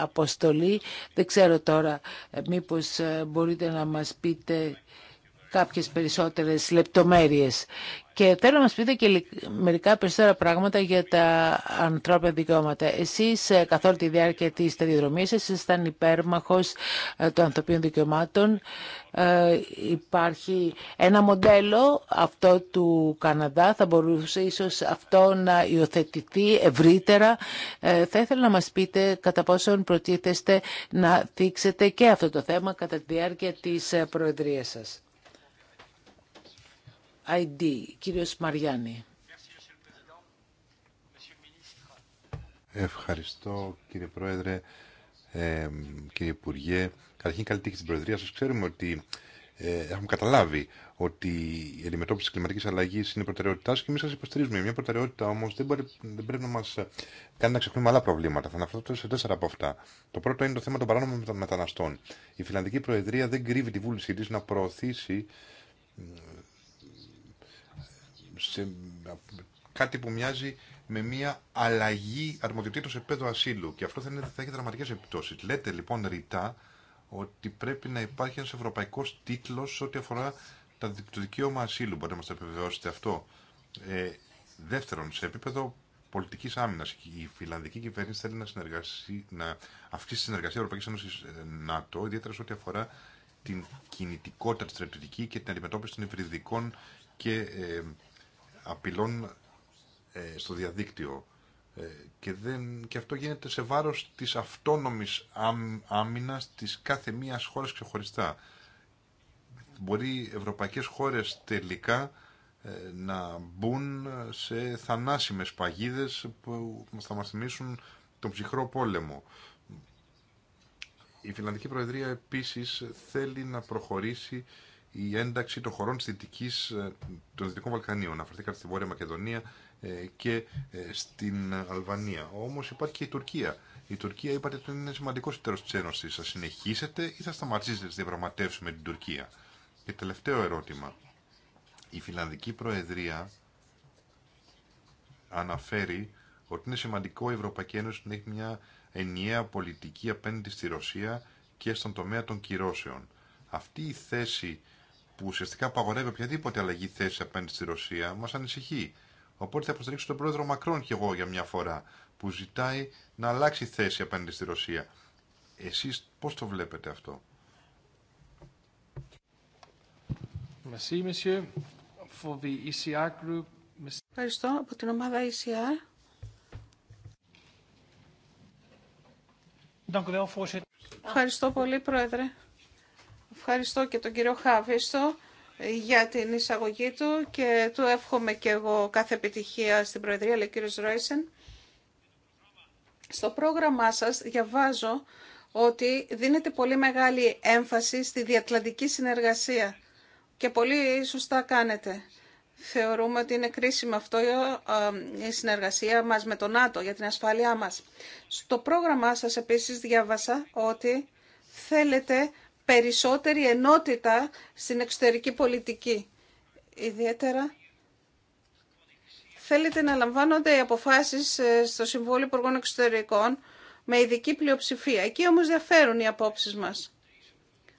αποστολή. Δεν ξέρω τώρα ε, μήπως ε, μπορείτε να μας πείτε κάποιες περισσότερες λεπτομέρειες. Και θέλω να μας πείτε και μερικά περισσότερα πράγματα για τα ανθρώπινα δικαιώματα. Εσείς ε, καθ' όλη τη διάρκεια της σταδιοδρομίας σας ήσασταν υπέρμαχος ε, των ανθρωπίνων δικαιωμάτων. Ε, υπάρχει ένα μοντέλο αυτό του Καναδά, θα μπορούσε ίσως αυτό να υιοθετηθεί ευρύτερα. θα ήθελα να μας πείτε κατά πόσον προτίθεστε να δείξετε και αυτό το θέμα κατά τη διάρκεια της Προεδρίας σας. Ευχαριστώ κύριε Πρόεδρε, ε, κύριε Υπουργέ. Καταρχήν καλή τύχη στην Προεδρία σας. Ξέρουμε ότι ε, έχουμε καταλάβει ότι η αντιμετώπιση της κλιματική αλλαγή είναι προτεραιότητά και εμεί σα υποστηρίζουμε. Μια προτεραιότητα όμω δεν, μπορεί, δεν πρέπει να μα ε, κάνει να ξεχνούμε άλλα προβλήματα. Θα αναφερθώ σε τέσσερα από αυτά. Το πρώτο είναι το θέμα των παράνομων μεταναστών. Η Φιλανδική Προεδρία δεν κρύβει τη βούλησή τη να προωθήσει σε κάτι που μοιάζει με μια αλλαγή αρμοδιοτήτων σε πέδο ασύλου. Και αυτό θα, είναι, θα έχει δραματικέ επιπτώσει. Λέτε λοιπόν ρητά ότι πρέπει να υπάρχει ένα ευρωπαϊκό τίτλο ό,τι αφορά το δικαίωμα ασύλου. Μπορείτε να μα το επιβεβαιώσετε αυτό. Ε, δεύτερον, σε επίπεδο πολιτική άμυνα, η φιλανδική κυβέρνηση θέλει να, να αυξήσει τη συνεργασία Ευρωπαϊκή Ένωση ε, ΝΑΤΟ, ιδιαίτερα σε ό,τι αφορά την κινητικότητα τη στρατιωτική και την αντιμετώπιση των υβριδικών και ε, απειλών ε, στο διαδίκτυο ε, και, δεν, και αυτό γίνεται σε βάρος της αυτόνομης άμυνας της κάθε μίας χώρας ξεχωριστά. Μπορεί οι ευρωπαϊκές χώρες τελικά ε, να μπουν σε θανάσιμες παγίδες που θα μας θυμίσουν τον ψυχρό πόλεμο. Η Φιλανδική Προεδρία επίσης θέλει να προχωρήσει η ένταξη των χωρών Δυτικής, ε, των Δυτικών Βαλκανίων. Αναφερθήκατε στη Βόρεια Μακεδονία ε, και ε, στην Αλβανία. Όμως υπάρχει και η Τουρκία. Η Τουρκία είπατε ότι είναι σημαντικό τέλο τη Ένωση. Θα συνεχίσετε ή θα σταματήσετε τι διαπραγματεύσει με την Τουρκία. Και τελευταίο ερώτημα. Η Φιλανδική Προεδρία αναφέρει ότι είναι σημαντικό η Ευρωπαϊκή Ένωση να έχει μια ενιαία πολιτική απέναντι στη Ρωσία και στον τομέα των κυρώσεων. Αυτή η θέση που ουσιαστικά απαγορεύει οποιαδήποτε αλλαγή θέση απέναντι στη Ρωσία, μα ανησυχεί. Οπότε θα υποστηρίξω τον πρόεδρο Μακρόν κι εγώ για μια φορά, που ζητάει να αλλάξει θέση απέναντι στη Ρωσία. Εσεί πώ το βλέπετε αυτό. E Ευχαριστώ από την ομάδα ECR. Ευχαριστώ πολύ, Πρόεδρε. Ευχαριστώ και τον κύριο Χάβιστο για την εισαγωγή του και του εύχομαι και εγώ κάθε επιτυχία στην Προεδρία, λέει ο κύριος Ρόισεν. Στο πρόγραμμά σας διαβάζω ότι δίνεται πολύ μεγάλη έμφαση στη διατλαντική συνεργασία και πολύ σωστά κάνετε. Θεωρούμε ότι είναι κρίσιμο αυτό ε, ε, η συνεργασία μας με το ΝΑΤΟ για την ασφάλειά μας. Στο πρόγραμμά σας επίσης διάβασα ότι θέλετε περισσότερη ενότητα στην εξωτερική πολιτική. Ιδιαίτερα θέλετε να λαμβάνονται οι αποφάσεις ε, στο Συμβούλιο Υπουργών Εξωτερικών με ειδική πλειοψηφία. Εκεί όμως διαφέρουν οι απόψεις μας.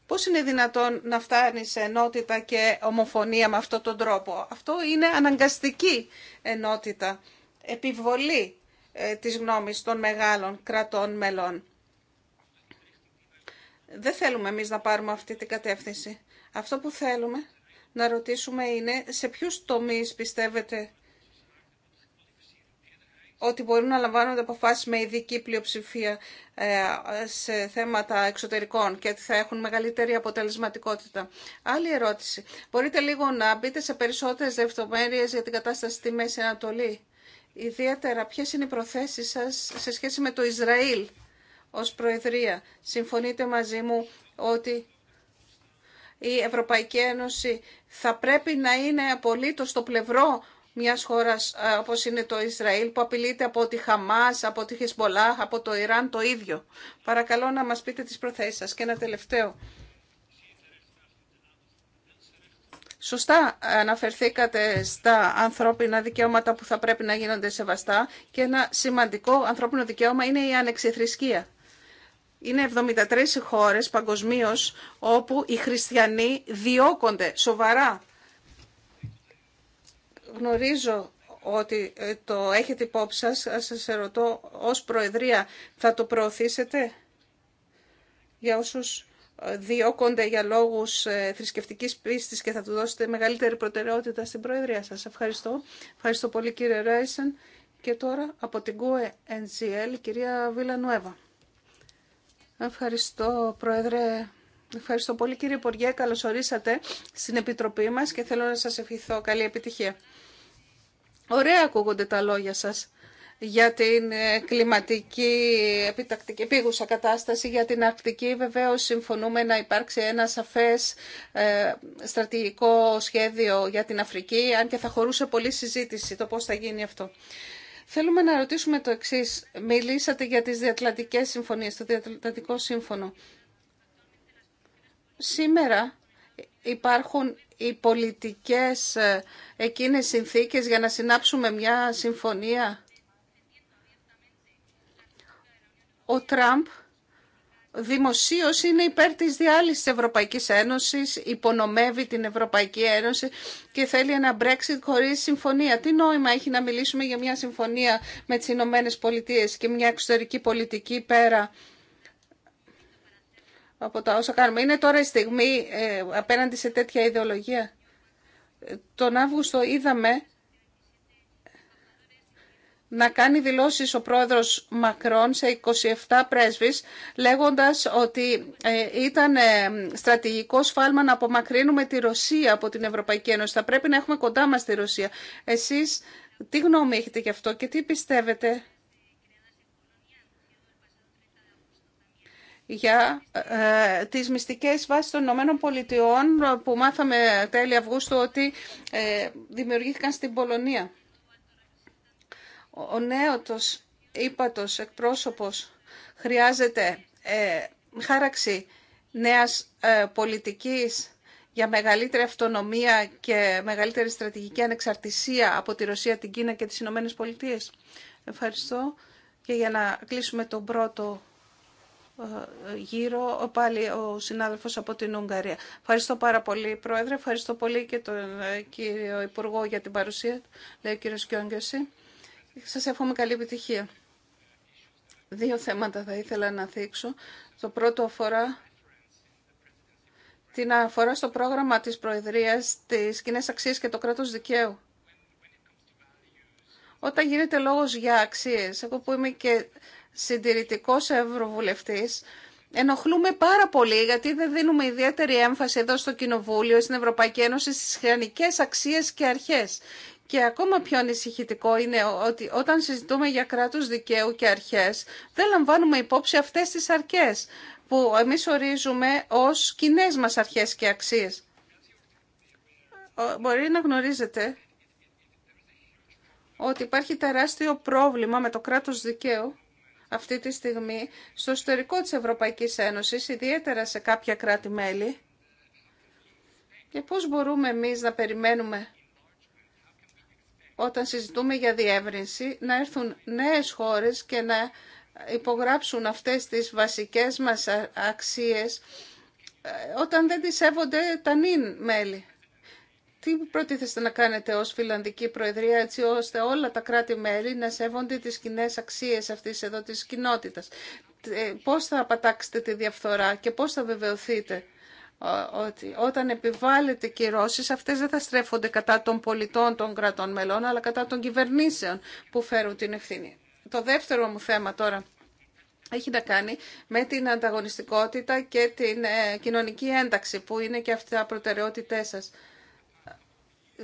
Πώς είναι δυνατόν να φτάνει σε ενότητα και ομοφωνία με αυτόν τον τρόπο. Αυτό είναι αναγκαστική ενότητα, επιβολή ε, της γνώμης των μεγάλων κρατών μελών. Δεν θέλουμε εμείς να πάρουμε αυτή την κατεύθυνση. Αυτό που θέλουμε να ρωτήσουμε είναι σε ποιους τομείς πιστεύετε ότι μπορούν να λαμβάνονται αποφάσεις με ειδική πλειοψηφία ε, σε θέματα εξωτερικών και ότι θα έχουν μεγαλύτερη αποτελεσματικότητα. Άλλη ερώτηση. Μπορείτε λίγο να μπείτε σε περισσότερες λεπτομέρειες για την κατάσταση στη Μέση Ανατολή. Ιδιαίτερα, ποιες είναι οι προθέσεις σας σε σχέση με το Ισραήλ ως Προεδρία συμφωνείτε μαζί μου ότι η Ευρωπαϊκή Ένωση θα πρέπει να είναι απολύτως στο πλευρό μιας χώρας ε, όπως είναι το Ισραήλ που απειλείται από τη Χαμάς, από τη Χισμολά, από το Ιράν το ίδιο. Παρακαλώ να μας πείτε τις προθέσεις σας. Και ένα τελευταίο. Σωστά αναφερθήκατε στα ανθρώπινα δικαιώματα που θα πρέπει να γίνονται σεβαστά και ένα σημαντικό ανθρώπινο δικαίωμα είναι η ανεξιθρησκεία. Είναι 73 χώρες παγκοσμίως όπου οι χριστιανοί διώκονται σοβαρά. Γνωρίζω ότι ε, το έχετε υπόψη σας, σας ερωτώ, ως Προεδρία θα το προωθήσετε για όσους ε, διώκονται για λόγους ε, θρησκευτικής πίστης και θα του δώσετε μεγαλύτερη προτεραιότητα στην Προεδρία σας. Ευχαριστώ. Ευχαριστώ πολύ κύριε Ράισεν. Και τώρα από την ΚΟΕ NGL, κυρία Βίλα Νουέβα. Ευχαριστώ, Πρόεδρε. Ευχαριστώ πολύ, κύριε Υπουργέ. Καλώς ορίσατε στην Επιτροπή μας και θέλω να σας ευχηθώ. Καλή επιτυχία. Ωραία ακούγονται τα λόγια σας για την ε, κλιματική επιτακτική πήγουσα κατάσταση, για την Αρκτική. Βεβαίως συμφωνούμε να υπάρξει ένα σαφές ε, στρατηγικό σχέδιο για την Αφρική, αν και θα χωρούσε πολλή συζήτηση το πώς θα γίνει αυτό. Θέλουμε να ρωτήσουμε το εξή: Μιλήσατε για τις διατλαντικές συμφωνίες, το διατλαντικό σύμφωνο. Σήμερα υπάρχουν οι πολιτικές ε, εκείνες συνθήκες για να συνάψουμε μια συμφωνία. Ο Τραμπ Δημοσίω είναι υπέρ τη διάλυσης τη Ευρωπαϊκής Ένωσης, υπονομεύει την Ευρωπαϊκή Ένωση και θέλει ένα Brexit χωρίς συμφωνία. Τι νόημα έχει να μιλήσουμε για μια συμφωνία με τι Ηνωμένε Πολιτείε και μια εξωτερική πολιτική πέρα από τα όσα κάνουμε. Είναι τώρα η στιγμή ε, απέναντι σε τέτοια ιδεολογία. Ε, τον Αύγουστο είδαμε να κάνει δηλώσεις ο πρόεδρος Μακρόν σε 27 πρέσβεις λέγοντας ότι ε, ήταν ε, στρατηγικό σφάλμα να απομακρύνουμε τη Ρωσία από την Ευρωπαϊκή Ένωση. Θα πρέπει να έχουμε κοντά μας τη Ρωσία. Εσείς τι γνώμη έχετε γι' αυτό και τι πιστεύετε για ε, τις μυστικές βάσεις των Ηνωμένων Πολιτειών που μάθαμε τέλη Αυγούστου ότι ε, δημιουργήθηκαν στην Πολωνία. Ο νέος ύπατος εκπρόσωπος χρειάζεται ε, χάραξη νέας ε, πολιτικής για μεγαλύτερη αυτονομία και μεγαλύτερη στρατηγική ανεξαρτησία από τη Ρωσία, την Κίνα και τις Ηνωμένε Πολιτείε. Ευχαριστώ. Και για να κλείσουμε τον πρώτο ε, γύρο, πάλι ο συνάδελφος από την Ουγγαρία. Ευχαριστώ πάρα πολύ, Πρόεδρε. Ευχαριστώ πολύ και τον ε, κύριο Υπουργό για την παρουσία, λέει ο κύριος σας εύχομαι καλή επιτυχία. Δύο θέματα θα ήθελα να θίξω. Το πρώτο αφορά την αφορά στο πρόγραμμα της Προεδρίας της κοινές αξίες και το κράτος δικαίου. Όταν γίνεται λόγος για αξίες, εγώ που είμαι και συντηρητικός ευρωβουλευτής, ενοχλούμε πάρα πολύ γιατί δεν δίνουμε ιδιαίτερη έμφαση εδώ στο Κοινοβούλιο, στην Ευρωπαϊκή Ένωση, στις αξίες και αρχές. Και ακόμα πιο ανησυχητικό είναι ότι όταν συζητούμε για κράτος δικαίου και αρχές, δεν λαμβάνουμε υπόψη αυτές τις αρχές που εμείς ορίζουμε ως κοινέ μας αρχές και αξίες. Μπορεί να γνωρίζετε ότι υπάρχει τεράστιο πρόβλημα με το κράτος δικαίου αυτή τη στιγμή στο ιστορικό της Ευρωπαϊκής Ένωσης, ιδιαίτερα σε κάποια κράτη-μέλη. Και πώς μπορούμε εμείς να περιμένουμε όταν συζητούμε για διεύρυνση, να έρθουν νέες χώρες και να υπογράψουν αυτές τις βασικές μας αξίες ε, όταν δεν τις σέβονται τα νυν μέλη. Τι προτίθεστε να κάνετε ως Φιλανδική Προεδρία έτσι ώστε όλα τα κράτη-μέλη να σέβονται τις κοινέ αξίες αυτής εδώ της κοινότητας. Ε, πώς θα απατάξετε τη διαφθορά και πώς θα βεβαιωθείτε ότι όταν επιβάλλεται κυρώσεις αυτές δεν θα στρέφονται κατά των πολιτών των κρατών μελών αλλά κατά των κυβερνήσεων που φέρουν την ευθύνη. Το δεύτερο μου θέμα τώρα έχει να κάνει με την ανταγωνιστικότητα και την ε, κοινωνική ένταξη που είναι και αυτά προτεραιότητές σας.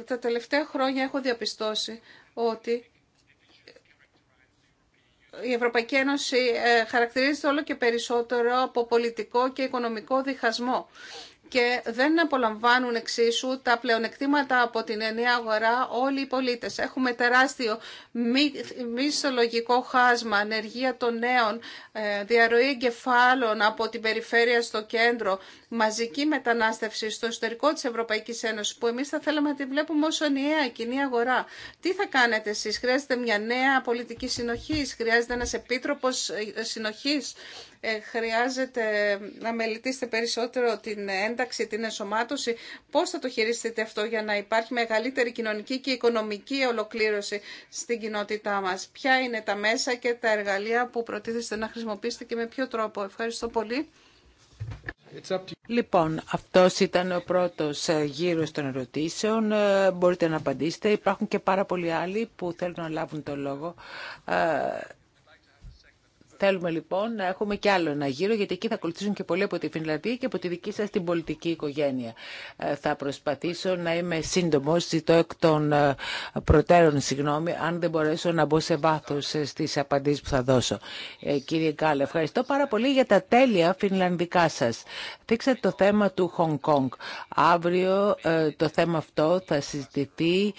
Τα τελευταία χρόνια έχω διαπιστώσει ότι η Ευρωπαϊκή Ένωση ε, χαρακτηρίζεται όλο και περισσότερο από πολιτικό και οικονομικό διχασμό και δεν απολαμβάνουν εξίσου τα πλεονεκτήματα από την ενιαία αγορά όλοι οι πολίτες. Έχουμε τεράστιο μισολογικό χάσμα, ανεργία των νέων, ε, διαρροή εγκεφάλων από την περιφέρεια στο κέντρο, μαζική μετανάστευση στο εσωτερικό της Ευρωπαϊκής Ένωσης, που εμείς θα θέλαμε να τη βλέπουμε ως ενιαία κοινή αγορά. Τι θα κάνετε εσείς, χρειάζεται μια νέα πολιτική συνοχής, χρειάζεται ένας επίτροπος ε, συνοχής, ε, χρειάζεται να μελετήσετε περισσότερο την ένταξη, την ενσωμάτωση. Πώς θα το χειριστείτε αυτό για να υπάρχει μεγαλύτερη κοινωνική και οικονομική ολοκλήρωση στην κοινότητά μας. Ποια είναι τα μέσα και τα εργαλεία που προτίθεστε να χρησιμοποιήσετε και με ποιο τρόπο. Ευχαριστώ πολύ. Λοιπόν, αυτός ήταν ο πρώτος ε, γύρος των ερωτήσεων. Ε, μπορείτε να απαντήσετε. Υπάρχουν και πάρα πολλοί άλλοι που θέλουν να λάβουν το λόγο. Θέλουμε λοιπόν να έχουμε κι άλλο ένα γύρο, γιατί εκεί θα ακολουθήσουν και πολλοί από τη Φινλανδία και από τη δική σα την πολιτική οικογένεια. Ε, θα προσπαθήσω να είμαι σύντομο, ζητώ εκ των ε, προτέρων συγγνώμη, αν δεν μπορέσω να μπω σε βάθος ε, στι απαντήσει που θα δώσω. Κύριε Γκάλε, ευχαριστώ πάρα πολύ για τα τέλεια φινλανδικά σα. Δείξατε το θέμα του Χονγκ Κονγκ. Αύριο το θέμα αυτό θα συζητηθεί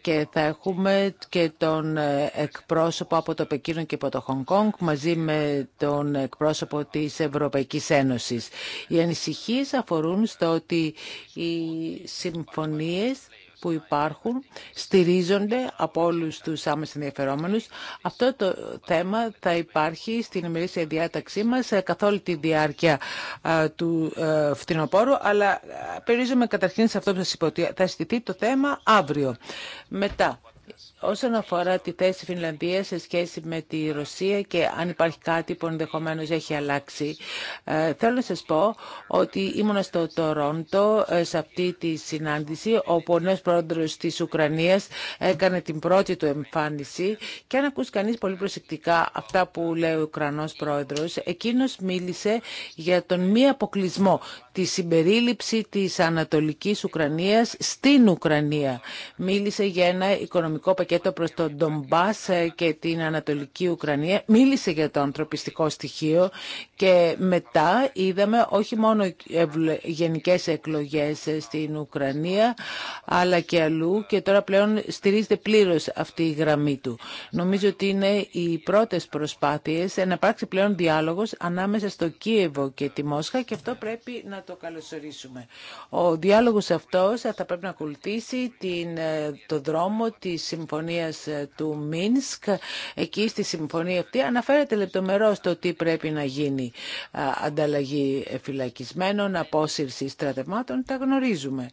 και θα έχουμε και τον εκπρόσωπο από το Πεκίνο και από το Χονγκ Κονγκ με τον εκπρόσωπο της Ευρωπαϊκής Ένωσης. Οι ανησυχίες αφορούν στο ότι οι συμφωνίες που υπάρχουν στηρίζονται από όλου του άμεσα ενδιαφερόμενους. Αυτό το θέμα θα υπάρχει στην ημερήσια διάταξή μας ε, καθ' όλη τη διάρκεια του ε, φθινοπόρου, αλλά ε, περιορίζομαι καταρχήν σε αυτό που σας είπα ότι θα αισθηθεί το θέμα αύριο. Μετά, Όσον αφορά τη θέση της Φινλανδίας σε σχέση με τη Ρωσία και αν υπάρχει κάτι που ενδεχομένω έχει αλλάξει, ε, θέλω να σας πω ότι ήμουν στο Τορόντο ε, σε αυτή τη συνάντηση όπου ο νέος πρόεδρος της Ουκρανίας έκανε την πρώτη του εμφάνιση και αν ακούσει κανείς πολύ προσεκτικά αυτά που λέει ο Ουκρανός πρόεδρος, εκείνος μίλησε για τον μη αποκλεισμό τη συμπερίληψη της Ανατολικής Ουκρανίας στην Ουκρανία. Μίλησε για ένα οικονομικό πακέτο προς τον Ντομπάς και την Ανατολική Ουκρανία. Μίλησε για το ανθρωπιστικό στοιχείο και μετά είδαμε όχι μόνο γενικές εκλογές στην Ουκρανία αλλά και αλλού και τώρα πλέον στηρίζεται πλήρως αυτή η γραμμή του. Νομίζω ότι είναι οι πρώτες προσπάθειες να υπάρξει πλέον διάλογος ανάμεσα στο Κίεβο και τη Μόσχα και αυτό πρέπει να το καλωσορίσουμε. Ο διάλογος αυτός θα πρέπει να ακολουθήσει την, ε, το δρόμο της συμφωνίας ε, του Μίνσκ. Εκεί στη συμφωνία αυτή αναφέρεται λεπτομερώς το τι πρέπει να γίνει. Ανταλλαγή φυλακισμένων, απόσυρση στρατευμάτων, τα γνωρίζουμε.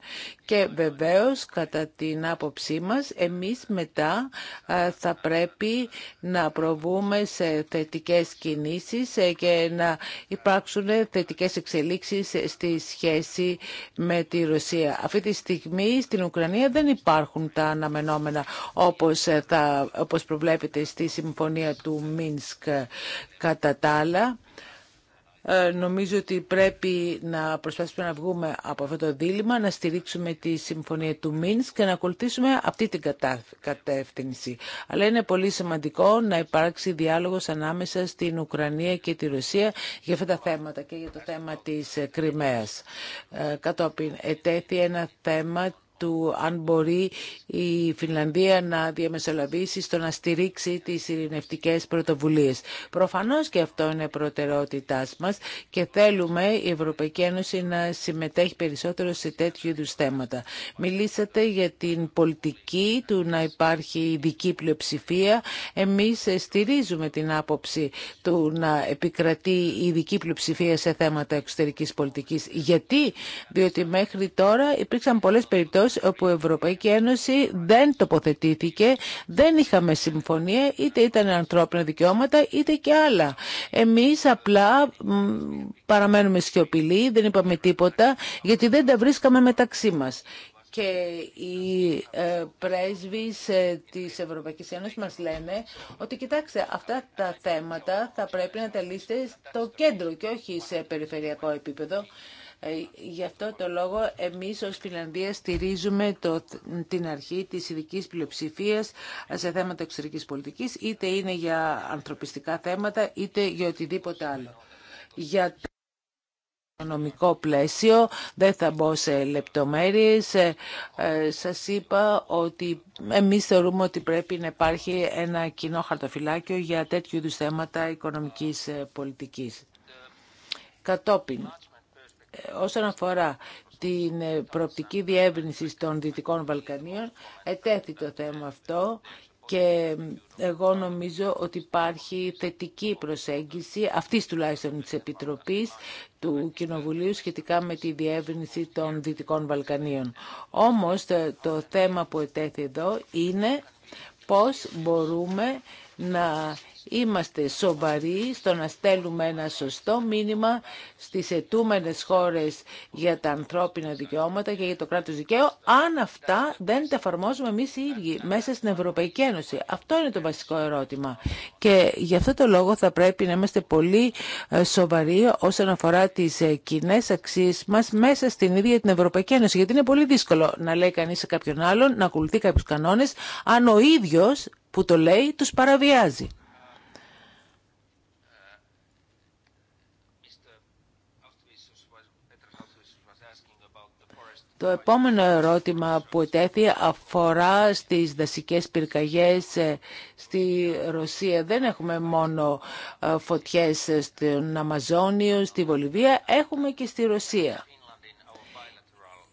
Και βεβαίως κατά την άποψή μας εμείς μετά θα πρέπει να προβούμε σε θετικές κινήσεις ε, και να υπάρξουν θετικές εξελίξεις τη σχέση με τη Ρωσία. Αυτή τη στιγμή στην Ουκρανία δεν υπάρχουν τα αναμενόμενα όπως, τα, ε, όπως προβλέπεται στη Συμφωνία του Μίνσκ κατά τα άλλα. Ε, νομίζω ότι πρέπει να προσπαθήσουμε να βγούμε από αυτό το δίλημα, να στηρίξουμε τη συμφωνία του Μίνς και να ακολουθήσουμε αυτή την κατεύθυνση. Αλλά είναι πολύ σημαντικό να υπάρξει διάλογος ανάμεσα στην Ουκρανία και τη Ρωσία για αυτά τα θέματα και για το θέμα της Κρυμαίας. Ε, κατόπιν ετέθη ένα θέμα του αν μπορεί η Φινλανδία να διαμεσολαβήσει στο να στηρίξει τις ειρηνευτικές πρωτοβουλίες. Προφανώς και αυτό είναι προτεραιότητά μας και θέλουμε η Ευρωπαϊκή Ένωση να συμμετέχει περισσότερο σε τέτοιου είδου θέματα. Μιλήσατε για την πολιτική του να υπάρχει ειδική πλειοψηφία. Εμείς στηρίζουμε την άποψη του να επικρατεί η ειδική πλειοψηφία σε θέματα εξωτερικής πολιτικής. Γιατί, διότι μέχρι τώρα υπήρξαν πολλές περιπτώσεις όπου η Ευρωπαϊκή Ένωση δεν τοποθετήθηκε, δεν είχαμε συμφωνία, είτε ήταν ανθρώπινα δικαιώματα, είτε και άλλα. Εμείς απλά παραμένουμε σιωπηλοί, δεν είπαμε τίποτα, γιατί δεν τα βρίσκαμε μεταξύ μας. Και οι ε, πρέσβεις ε, της Ευρωπαϊκής Ένωσης μας λένε ότι κοιτάξτε αυτά τα θέματα θα πρέπει να τα λύσετε στο κέντρο και όχι σε περιφερειακό επίπεδο. Ε, γι' αυτό το λόγο εμείς ως Φιλανδία στηρίζουμε το, την αρχή της ειδική πλειοψηφία σε θέματα εξωτερικής πολιτικής, είτε είναι για ανθρωπιστικά θέματα, είτε για οτιδήποτε άλλο. Για το οικονομικό πλαίσιο, δεν θα μπω σε λεπτομέρειες. Ε, ε, σας είπα ότι εμείς θεωρούμε ότι πρέπει να υπάρχει ένα κοινό χαρτοφυλάκιο για τέτοιου είδους θέματα οικονομικής πολιτικής. Κατόπιν, όσον αφορά την ε, προοπτική διεύρυνση των Δυτικών Βαλκανίων, ετέθη το θέμα αυτό και εγώ νομίζω ότι υπάρχει θετική προσέγγιση αυτή τουλάχιστον της Επιτροπής του Κοινοβουλίου σχετικά με τη διεύρυνση των Δυτικών Βαλκανίων. Όμως ε, το θέμα που ετέθη εδώ είναι πώς μπορούμε να είμαστε σοβαροί στο να στέλνουμε ένα σωστό μήνυμα στις ετούμενες χώρες για τα ανθρώπινα δικαιώματα και για το κράτος δικαίου, αν αυτά δεν τα εφαρμόζουμε εμείς οι ίδιοι μέσα στην Ευρωπαϊκή Ένωση. Αυτό είναι το βασικό ερώτημα. Και γι' αυτό το λόγο θα πρέπει να είμαστε πολύ ε, σοβαροί όσον αφορά τις ε, κοινέ αξίες μας μέσα στην ίδια την Ευρωπαϊκή Ένωση. Γιατί είναι πολύ δύσκολο να λέει κανείς σε κάποιον άλλον, να ακολουθεί κάποιους κανόνες, αν ο ίδιος που το λέει τους παραβιάζει. Το επόμενο ερώτημα που ετέθη αφορά στις δασικές πυρκαγιές ε, στη Ρωσία. Δεν έχουμε μόνο ε, φωτιές στην Αμαζόνιο, στη Βολιβία, έχουμε και στη Ρωσία.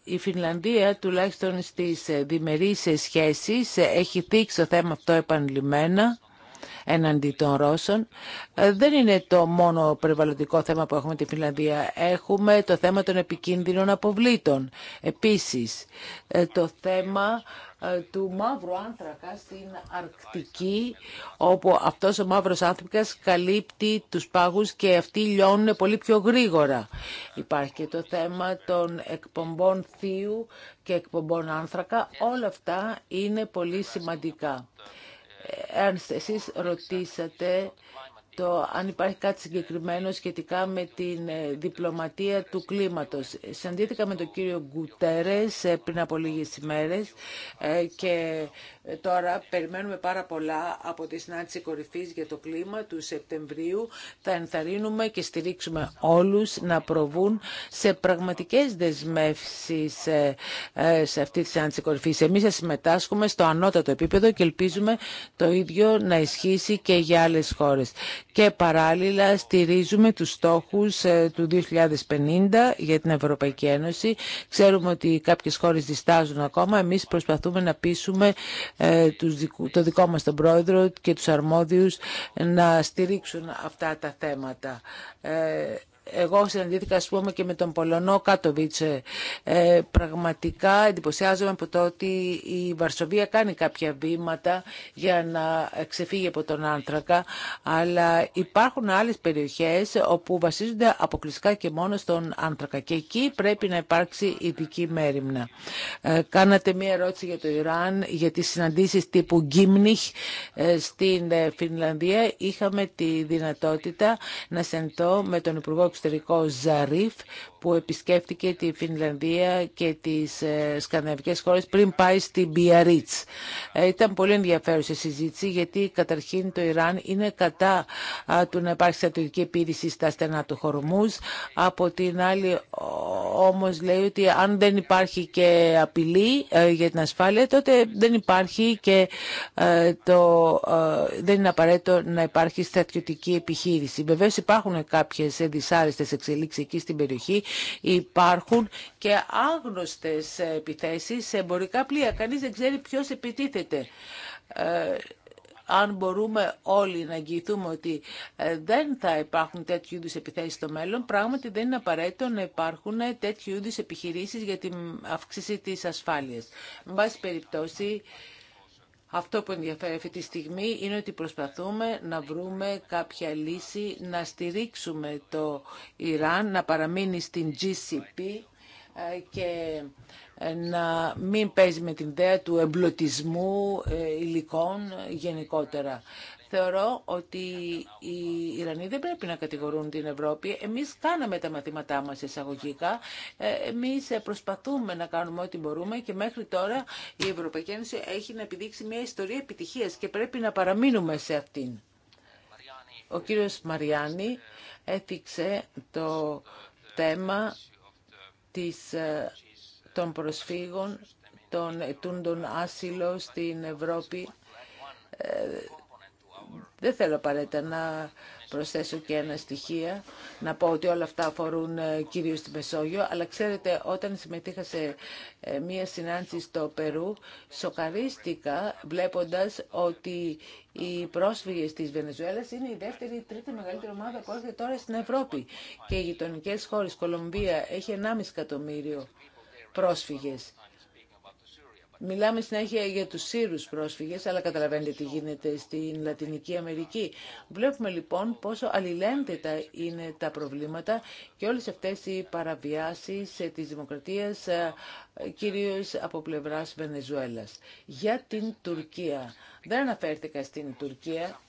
Η Φινλανδία, τουλάχιστον στις ε, διμερείς σχέσεις, έχει θείξει το θέμα αυτό επανειλημμένα εναντί των Ρώσων. Ε, δεν είναι το μόνο περιβαλλοντικό θέμα που έχουμε τη Φιλανδία. Έχουμε το θέμα των επικίνδυνων αποβλήτων. Επίσης, ε, το θέμα ε, του μαύρου άνθρακα στην Αρκτική, όπου αυτός ο μαύρος άνθρακας καλύπτει τους πάγους και αυτοί λιώνουν πολύ πιο γρήγορα. Υπάρχει και το θέμα των εκπομπών θείου και εκπομπών άνθρακα. Όλα αυτά είναι πολύ σημαντικά εάν εσείς ρωτήσατε το αν υπάρχει κάτι συγκεκριμένο σχετικά με την ε, διπλωματία του κλίματος. Συναντήθηκα με τον κύριο Γκουτέρες ε, πριν από λίγες ημέρες ε, και ε, τώρα περιμένουμε πάρα πολλά από τη συνάντηση κορυφή για το κλίμα του Σεπτεμβρίου. Θα ενθαρρύνουμε και στηρίξουμε όλου να προβούν σε πραγματικέ δεσμεύσει ε, ε, σε αυτή τη συνάντηση κορυφή. Εμεί θα συμμετάσχουμε στο ανώτατο επίπεδο και ελπίζουμε το ίδιο να ισχύσει και για άλλε χώρες. Και παράλληλα στηρίζουμε του στόχους του 2050 για την Ευρωπαϊκή Ένωση. Ξέρουμε ότι κάποιε χώρε διστάζουν ακόμα. Εμεί προσπαθούμε να πείσουμε ε, το δικό μας τον πρόεδρο και τους αρμόδιους να στηρίξουν αυτά τα θέματα. Ε, εγώ συναντήθηκα ας πούμε και με τον Πολωνό Κάτοβιτσε. Ε, πραγματικά εντυπωσιάζομαι από το ότι η Βαρσοβία κάνει κάποια βήματα για να ξεφύγει από τον άνθρακα, αλλά υπάρχουν άλλες περιοχές όπου βασίζονται αποκλειστικά και μόνο στον άνθρακα και εκεί πρέπει να υπάρξει ειδική μέρημνα. Ε, κάνατε μία ερώτηση για το Ιράν, για τις συναντήσεις τύπου Γκίμνιχ ε, στην ε, Φινλανδία. Είχαμε τη δυνατότητα να συνεντώ με τον Υπουργό εξωτερικό Ζαρίφ που επισκέφτηκε τη Φινλανδία και τις ε, σκανδιναβικές χώρες πριν πάει στην Ε, Ήταν πολύ ενδιαφέρουσα συζήτηση γιατί καταρχήν το Ιράν είναι κατά του να υπάρχει στρατιωτική επίδυση στα στενά του Χορμούς. Από την άλλη όμως λέει ότι αν δεν υπάρχει και απειλή ε, για την ασφάλεια τότε δεν υπάρχει και ε, το, δεν είναι απαραίτητο να υπάρχει στρατιωτική επιχείρηση. Βεβαίως υπάρχουν κάποιες δυσάρεστες εξελίξεις εκεί στην περιοχή Υπάρχουν και άγνωστες επιθέσεις σε εμπορικά πλοία. Κανείς δεν ξέρει ποιος επιτίθεται. Ε, αν μπορούμε όλοι να αγγιηθούμε ότι ε, δεν θα υπάρχουν τέτοιου είδου επιθέσεις στο μέλλον, πράγματι δεν είναι απαραίτητο να υπάρχουν τέτοιου είδου επιχειρήσεις για την αύξηση της ασφάλειας. Με πάση περιπτώσει, αυτό που ενδιαφέρει αυτή τη στιγμή είναι ότι προσπαθούμε να βρούμε κάποια λύση, να στηρίξουμε το Ιράν, να παραμείνει στην GCP ε, και ε, να μην παίζει με την ιδέα του εμπλωτισμού ε, υλικών γενικότερα. Θεωρώ ότι οι Ιρανοί δεν πρέπει να κατηγορούν την Ευρώπη. Εμείς κάναμε τα μαθήματά μας εισαγωγικά. Ε, εμείς προσπαθούμε να κάνουμε ό,τι μπορούμε και μέχρι τώρα η Ευρωπαϊκή Ένωση έχει να επιδείξει μια ιστορία επιτυχίας και πρέπει να παραμείνουμε σε αυτήν. Ο κύριος Μαριάννη έθιξε το θέμα ε, των προσφύγων, των ετούντων άσυλο στην Ευρώπη. Ε, δεν θέλω απαραίτητα να προσθέσω και ένα στοιχείο, να πω ότι όλα αυτά αφορούν ε, κυρίως τη Μεσόγειο, αλλά ξέρετε, όταν συμμετείχα σε ε, μία συνάντηση στο Περού, σοκαρίστηκα βλέποντας ότι οι πρόσφυγες της Βενεζουέλας είναι η δεύτερη ή τρίτη μεγαλύτερη ομάδα που έρχεται τώρα στην Ευρώπη. Και οι γειτονικέ χώρες, Κολομβία, έχει 1,5 εκατομμύριο πρόσφυγες. Μιλάμε συνέχεια για τους Σύρους πρόσφυγες, αλλά καταλαβαίνετε τι γίνεται στην Λατινική Αμερική. Βλέπουμε λοιπόν πόσο αλληλένδετα είναι τα προβλήματα και όλες αυτές οι παραβιάσεις ε, της δημοκρατίας, ε, κυρίως από πλευράς Βενεζουέλας. Για την Τουρκία. Δεν αναφέρθηκα στην Τουρκία,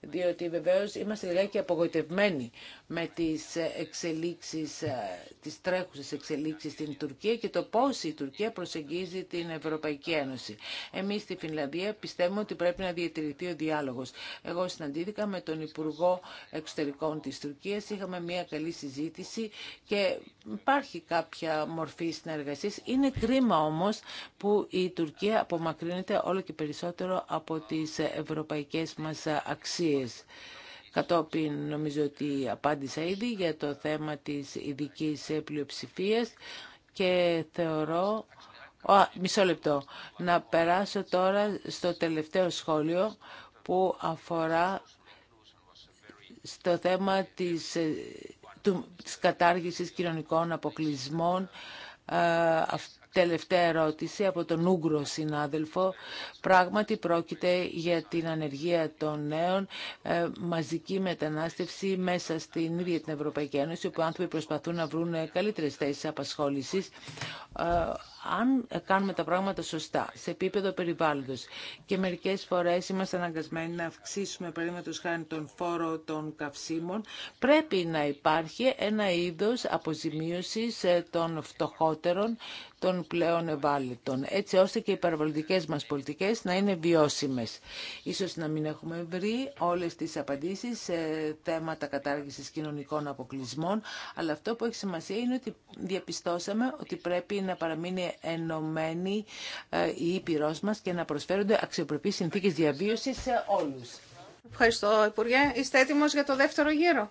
διότι βεβαίως είμαστε λιγάκι απογοητευμένοι με τις εξελίξεις, ε, τις τρέχουσες εξελίξεις στην Τουρκία και το πώς η Τουρκία προσεγγίζει την Ευρωπαϊκή Ένωση. Εμείς στη Φινλανδία πιστεύουμε ότι πρέπει να διατηρηθεί ο διάλογος. Εγώ συναντήθηκα με τον Υπουργό Εξωτερικών της Τουρκίας, είχαμε μια καλή συζήτηση και υπάρχει κάποια μορφή συνεργασία. Είναι κρίμα όμως που η Τουρκία απομακρύνεται όλο και περισσότερο από τις ευρωπαϊκές μας αξίες. Κατόπιν νομίζω ότι απάντησα ήδη για το θέμα της ειδική πλειοψηφία και θεωρώ... μισό λεπτό. Να περάσω τώρα στο τελευταίο σχόλιο που αφορά στο θέμα της, ε, του, της κατάργησης κοινωνικών αποκλεισμών. Ε, τελευταία ερώτηση από τον Ούγκρο συνάδελφο. Πράγματι πρόκειται για την ανεργία των νέων, ε, μαζική μετανάστευση μέσα στην ίδια την Ευρωπαϊκή Ένωση, όπου άνθρωποι προσπαθούν να βρουν ε, καλύτερες θέσεις απασχόλησης. Ε, αν κάνουμε τα πράγματα σωστά, σε επίπεδο περιβάλλοντος και μερικές φορές είμαστε αναγκασμένοι να αυξήσουμε παραδείγματος χάρη τον φόρο των καυσίμων, πρέπει να υπάρχει ένα είδος αποζημίωσης των φτωχότερων, των πλέον ευάλωτων, έτσι ώστε και οι παραβολικές μας πολιτικές να είναι βιώσιμες. Ίσως να μην έχουμε βρει όλες τις απαντήσεις σε θέματα κατάργησης κοινωνικών αποκλεισμών, αλλά αυτό που έχει σημασία είναι ότι διαπιστώσαμε ότι πρέπει να παραμείνει ενωμένη ε, η ήπειρο μας και να προσφέρονται αξιοπρεπείς συνθήκες διαβίωσης σε όλους. Ευχαριστώ, Υπουργέ. Είστε έτοιμος για το δεύτερο γύρο.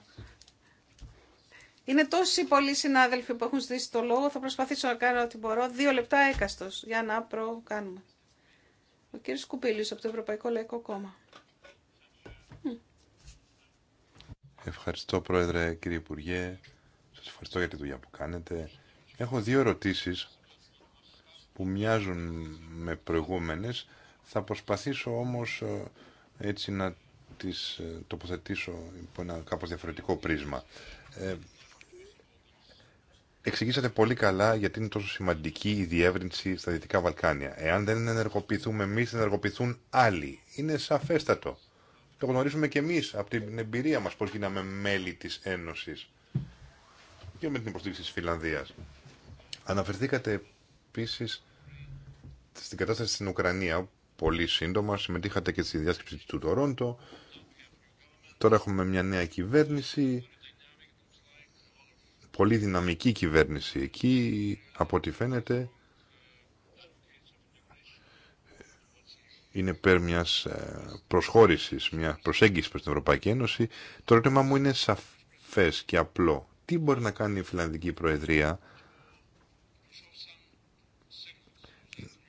Είναι τόσοι πολλοί συνάδελφοι που έχουν ζητήσει το λόγο. Θα προσπαθήσω να κάνω ό,τι μπορώ. Δύο λεπτά έκαστο για να προκάνουμε. Ο κύριο Κουπίλη από το Ευρωπαϊκό Λαϊκό Κόμμα. Ευχαριστώ, Πρόεδρε, κύριε Υπουργέ. Σα ευχαριστώ για τη δουλειά που κάνετε. Έχω δύο ερωτήσει που μοιάζουν με προηγούμενε. Θα προσπαθήσω όμω ε, έτσι να τις ε, τοποθετήσω υπό ένα κάπως διαφορετικό πρίσμα. Ε, Εξηγήσατε πολύ καλά γιατί είναι τόσο σημαντική η διεύρυνση στα Δυτικά Βαλκάνια. Εάν δεν ενεργοποιηθούμε εμεί, θα ενεργοποιηθούν άλλοι. Είναι σαφέστατο. Το γνωρίζουμε και εμεί από την εμπειρία μα πώ γίναμε μέλη τη Ένωση και με την υποστήριξη τη Φιλανδία. Αναφερθήκατε επίση στην κατάσταση στην Ουκρανία. Πολύ σύντομα συμμετείχατε και στη διάσκεψη του Τωρόντο. Τώρα έχουμε μια νέα κυβέρνηση πολύ δυναμική κυβέρνηση εκεί, από ό,τι φαίνεται, είναι πέρ μιας ε, προσχώρησης, μια προσέγγιση προς την Ευρωπαϊκή Ένωση. Το ερώτημα μου είναι σαφές και απλό. Τι μπορεί να κάνει η Φιλανδική Προεδρία,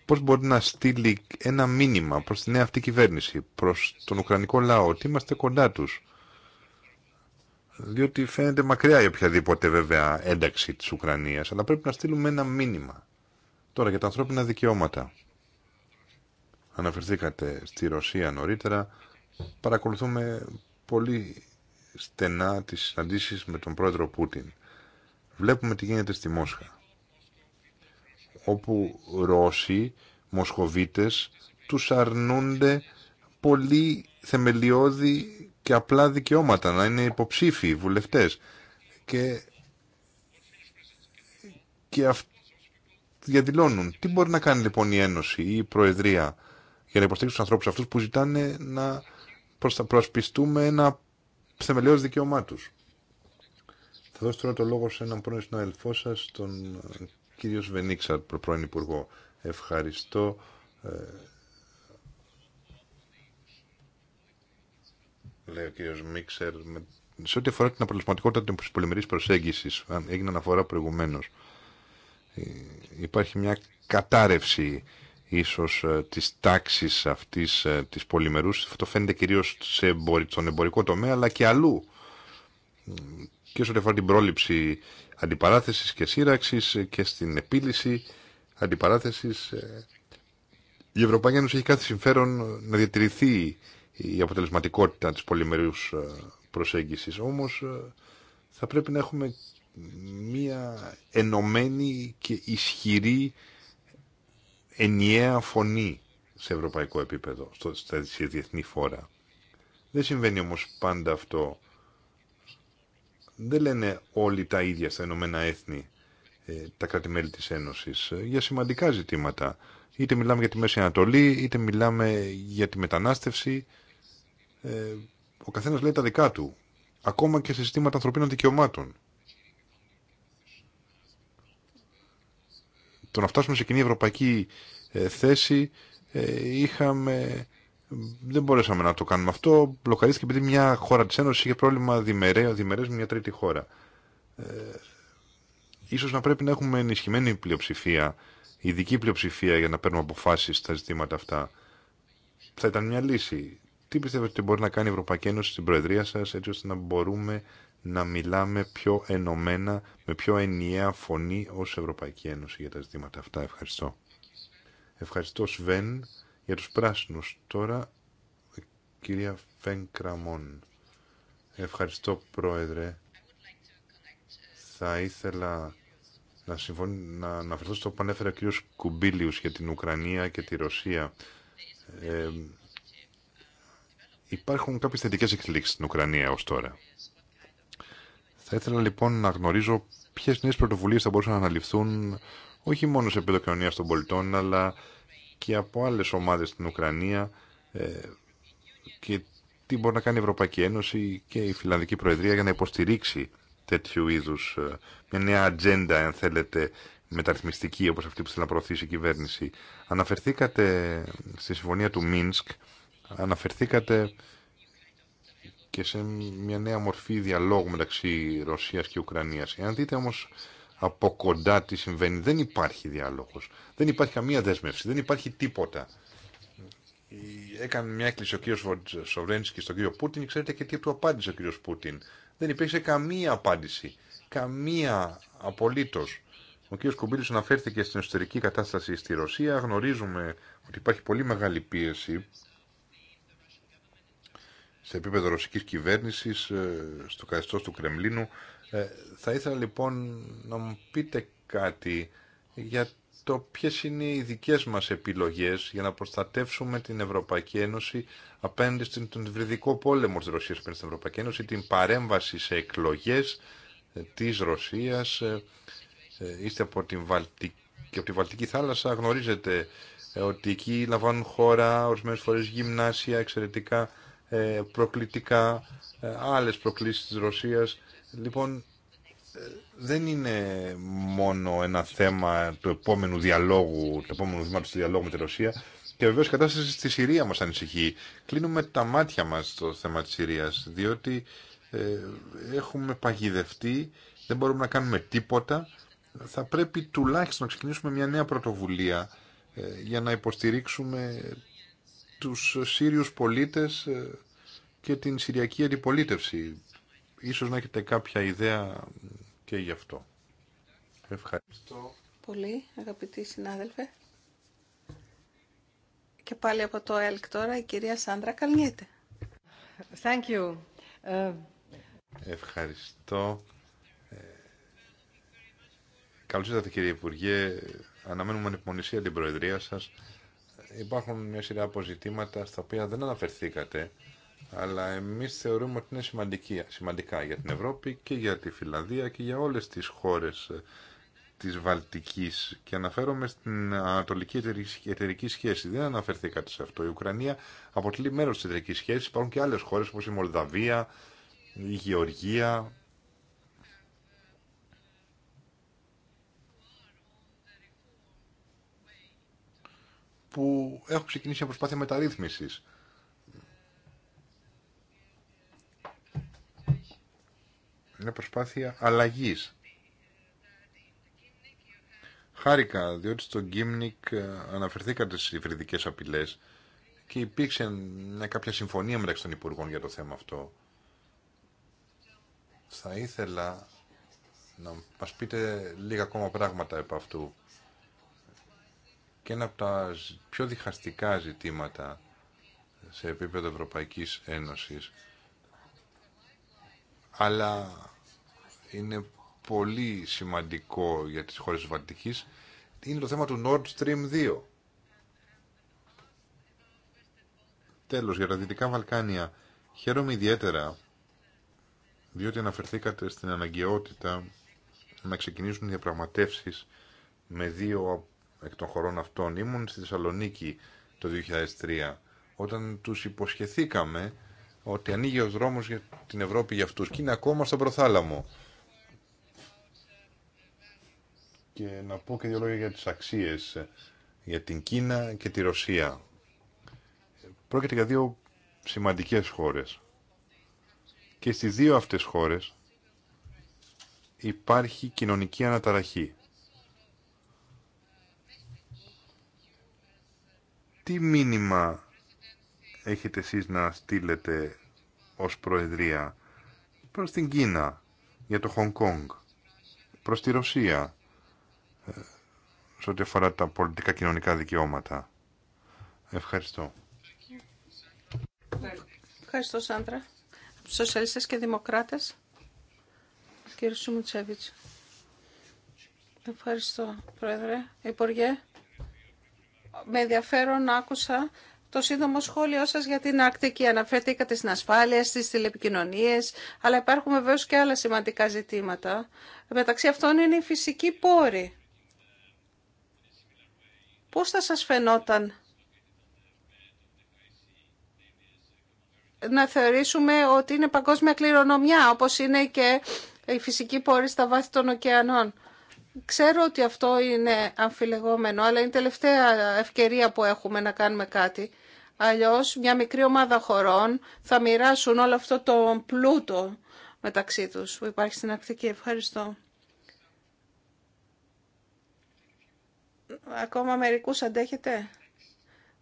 πώς μπορεί να στείλει ένα μήνυμα προς τη νέα αυτή κυβέρνηση, προς τον Ουκρανικό λαό, ότι είμαστε κοντά τους διότι φαίνεται μακριά η οποιαδήποτε βέβαια ένταξη της Ουκρανίας, αλλά πρέπει να στείλουμε ένα μήνυμα. Τώρα για τα ανθρώπινα δικαιώματα. Αναφερθήκατε στη Ρωσία νωρίτερα. Παρακολουθούμε πολύ στενά τις συναντήσεις με τον πρόεδρο Πούτιν. Βλέπουμε τι γίνεται στη Μόσχα. Όπου Ρώσοι, Μοσχοβίτες, τους αρνούνται πολύ θεμελιώδη και απλά δικαιώματα, να είναι υποψήφοι βουλευτές. Και, και αυ... διαδηλώνουν. Τι μπορεί να κάνει λοιπόν η Ένωση ή η Προεδρία για να υποστηρίξει τους ανθρώπους αυτούς που ζητάνε να προσπιστούμε ένα θεμελιώδη δικαίωμά Θα δώσω τώρα το λόγο σε έναν πρώην συνάδελφό σα, τον ε, κύριο Βενίξα, πρώην Υπουργό. Ευχαριστώ. Ε, λέει ο κ. Μίξερ, σε ό,τι αφορά την αποτελεσματικότητα τη πολυμερής προσέγγιση έγινε αναφορά προηγουμένω. Ε, υπάρχει μια κατάρρευση ίσω ε, τη τάξη αυτή ε, τη πολυμερούς. Αυτό φαίνεται κυρίω στον εμπορικό τομέα, αλλά και αλλού. Και σε ό,τι αφορά την πρόληψη αντιπαράθεση και σύραξη και στην επίλυση αντιπαράθεση. η Ευρωπαϊκή Ένωση έχει κάθε συμφέρον να διατηρηθεί η αποτελεσματικότητα της πολυμερούς ε, προσέγγισης. Όμως ε, θα πρέπει να έχουμε μία ενωμένη και ισχυρή ενιαία φωνή σε ευρωπαϊκό επίπεδο, στο, σε διεθνή φόρα. Δεν συμβαίνει όμως πάντα αυτό. Δεν λένε όλοι τα ίδια στα Ηνωμένα Έθνη ε, τα κρατη της Ένωσης για σημαντικά ζητήματα. Είτε μιλάμε για τη Μέση Ανατολή, είτε μιλάμε για τη μετανάστευση, ε, ο καθένας λέει τα δικά του, ακόμα και σε συστήματα ανθρωπίνων δικαιωμάτων. Το να φτάσουμε σε κοινή ευρωπαϊκή ε, θέση ε, είχαμε... Δεν μπορέσαμε να το κάνουμε αυτό. Μπλοκαρίστηκε επειδή μια χώρα της Ένωσης είχε πρόβλημα διμερέα, διμερές με μια τρίτη χώρα. Ε, ίσως να πρέπει να έχουμε ενισχυμένη πλειοψηφία, ειδική πλειοψηφία για να παίρνουμε αποφάσεις στα ζητήματα αυτά. Θα ήταν μια λύση τι πιστεύετε ότι μπορεί να κάνει η Ευρωπαϊκή Ένωση στην Προεδρία σας έτσι ώστε να μπορούμε να μιλάμε πιο ενωμένα, με πιο ενιαία φωνή ως Ευρωπαϊκή Ένωση για τα ζητήματα αυτά. Ευχαριστώ. Ευχαριστώ Σβέν για τους πράσινους. Τώρα κυρία Φέν Κραμών. Ευχαριστώ Πρόεδρε. Θα ήθελα να, συμφωνήσω, να αναφερθώ στο που ανέφερε ο κύριος Κουμπίλιους για την Ουκρανία και τη Ρωσία. Ε, Υπάρχουν κάποιες θετικές εξελίξεις στην Ουκρανία ως τώρα. Θα ήθελα λοιπόν να γνωρίζω ποιες νέες πρωτοβουλίες θα μπορούσαν να αναλυφθούν όχι μόνο σε επίπεδο κοινωνία των πολιτών, αλλά και από άλλες ομάδες στην Ουκρανία ε, και τι μπορεί να κάνει η Ευρωπαϊκή Ένωση και η Φιλανδική Προεδρία για να υποστηρίξει τέτοιου είδους ε, μια νέα ατζέντα, αν θέλετε, μεταρρυθμιστική όπως αυτή που θέλει να προωθήσει η κυβέρνηση. Αναφερθήκατε στη συμφωνία του Μίνσκ Αναφερθήκατε και σε μια νέα μορφή διαλόγου μεταξύ Ρωσίας και Ουκρανίας. Εάν δείτε όμως από κοντά τι συμβαίνει, δεν υπάρχει διάλογος. Δεν υπάρχει καμία δέσμευση, δεν υπάρχει τίποτα. Έκανε μια έκκληση ο κύριος και στον κύριο Πούτιν, ξέρετε και τι του απάντησε ο κύριος Πούτιν. Δεν υπήρξε καμία απάντηση. Καμία απολύτως. Ο κ. Κουμπίλη αναφέρθηκε στην εσωτερική κατάσταση στη Ρωσία. Γνωρίζουμε ότι υπάρχει πολύ μεγάλη πίεση σε επίπεδο ρωσικής κυβέρνησης, ε, στο καθεστώς του Κρεμλίνου. Ε, θα ήθελα λοιπόν να μου πείτε κάτι για το ποιες είναι οι δικές μας επιλογές για να προστατεύσουμε την Ευρωπαϊκή Ένωση απέναντι στον βρυδικό πόλεμο της Ρωσίας απέναντι στην Ευρωπαϊκή Ένωση, την παρέμβαση σε εκλογές ε, της Ρωσίας. Είστε από την Βαλτική, και τη Βαλτική θάλασσα, γνωρίζετε ότι εκεί λαμβάνουν χώρα ορισμένες φορές γυμνάσια εξαιρετικά ε, προκλητικά, ε, άλλες προκλήσεις της Ρωσίας. Λοιπόν, ε, δεν είναι μόνο ένα θέμα του επόμενου διαλόγου, του επόμενου βήματος του διαλόγου με τη Ρωσία και βεβαίως η κατάσταση στη Συρία μας ανησυχεί. Κλείνουμε τα μάτια μας στο θέμα της Συρίας, διότι έχουμε παγιδευτεί, δεν μπορούμε να κάνουμε τίποτα. Θα πρέπει τουλάχιστον να ξεκινήσουμε μια νέα πρωτοβουλία για να υποστηρίξουμε τους Σύριους πολίτες ε, και την Συριακή αντιπολίτευση. Ίσως να έχετε κάποια ιδέα και γι' αυτό. Ευχαριστώ. Πολύ αγαπητοί συνάδελφε. Και πάλι από το ΕΛΚ τώρα η κυρία Σάντρα Καλνιέτε. Thank you. Ε, Ευχαριστώ. Ε, καλώς ήρθατε κύριε Υπουργέ. Αναμένουμε ανυπομονησία την Προεδρία σας υπάρχουν μια σειρά αποζητήματα στα οποία δεν αναφερθήκατε, αλλά εμείς θεωρούμε ότι είναι σημαντική, σημαντικά για την Ευρώπη και για τη Φιλανδία και για όλες τις χώρες ε, της Βαλτικής και αναφέρομαι στην Ανατολική Εταιρική Σχέση. Δεν αναφερθήκατε σε αυτό. Η Ουκρανία αποτελεί μέρος της εταιρικής σχέσης. Υπάρχουν και άλλες χώρες όπως η Μολδαβία, η Γεωργία, που έχουν ξεκινήσει μια προσπάθεια μεταρρύθμισης. Μια προσπάθεια αλλαγής. Χάρηκα, διότι στο Γκίμνικ ε, αναφερθήκατε στις υβριδικές απειλές και υπήρξε μια κάποια συμφωνία μεταξύ των Υπουργών για το θέμα αυτό. Θα ήθελα να μας πείτε λίγα ακόμα πράγματα επ' αυτού και ένα από τα πιο διχαστικά ζητήματα σε επίπεδο Ευρωπαϊκής Ένωσης. Αλλά είναι πολύ σημαντικό για τις χώρες της Βαλτικής είναι το θέμα του Nord Stream 2. Τέλος, για τα Δυτικά Βαλκάνια χαίρομαι ιδιαίτερα διότι αναφερθήκατε στην αναγκαιότητα να ξεκινήσουν διαπραγματεύσεις με δύο εκ των χωρών αυτών. Ήμουν στη Θεσσαλονίκη το 2003 όταν τους υποσχεθήκαμε ότι ανοίγει ο δρόμος για την Ευρώπη για αυτούς και είναι ακόμα στον προθάλαμο. Και να πω και δύο λόγια για τις αξίες, για την Κίνα και τη Ρωσία. Πρόκειται για δύο σημαντικές χώρες. Και στις δύο αυτές χώρες υπάρχει κοινωνική αναταραχή. Τι μήνυμα έχετε εσείς να στείλετε ως Προεδρία προς την Κίνα, για το Χονγκ Κόνγκ, προς τη Ρωσία, ε, σε ό,τι αφορά τα πολιτικά κοινωνικά δικαιώματα. Ευχαριστώ. Ευχαριστώ, Σάντρα. σοσιαλιστές και δημοκράτες, κύριε Σουμουτσέβιτς. Ευχαριστώ, Πρόεδρε. Υπουργέ, με ενδιαφέρον άκουσα το σύντομο σχόλιο σας για την Αρκτική. Αναφερθήκατε στην ασφάλεια, στις τηλεπικοινωνίες, αλλά υπάρχουν βέβαιως και άλλα σημαντικά ζητήματα. Μεταξύ αυτών είναι η φυσική πόροι. Πώς θα σας φαινόταν να θεωρήσουμε ότι είναι παγκόσμια κληρονομιά, όπως είναι και η φυσική πόρη στα βάθη των ωκεανών. Ξέρω ότι αυτό είναι αμφιλεγόμενο, αλλά είναι η τελευταία ευκαιρία που έχουμε να κάνουμε κάτι. Αλλιώς μια μικρή ομάδα χωρών θα μοιράσουν όλο αυτό το πλούτο μεταξύ τους που υπάρχει στην Ακτική. Ευχαριστώ. Ακόμα μερικούς αντέχετε.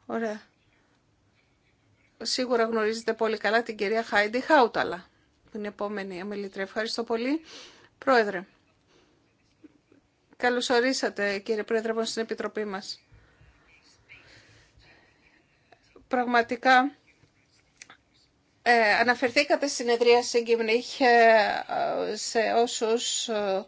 Ωραία. Σίγουρα γνωρίζετε πολύ καλά την κυρία Χάιντι Χάουταλα, την επόμενη ομιλήτρια. Ευχαριστώ πολύ. Πρόεδρε. Καλωσορίσατε, κύριε Πρόεδρε, στην Επιτροπή μας. Πραγματικά, ε, αναφερθήκατε στην εδρία ε, σε όσους ε,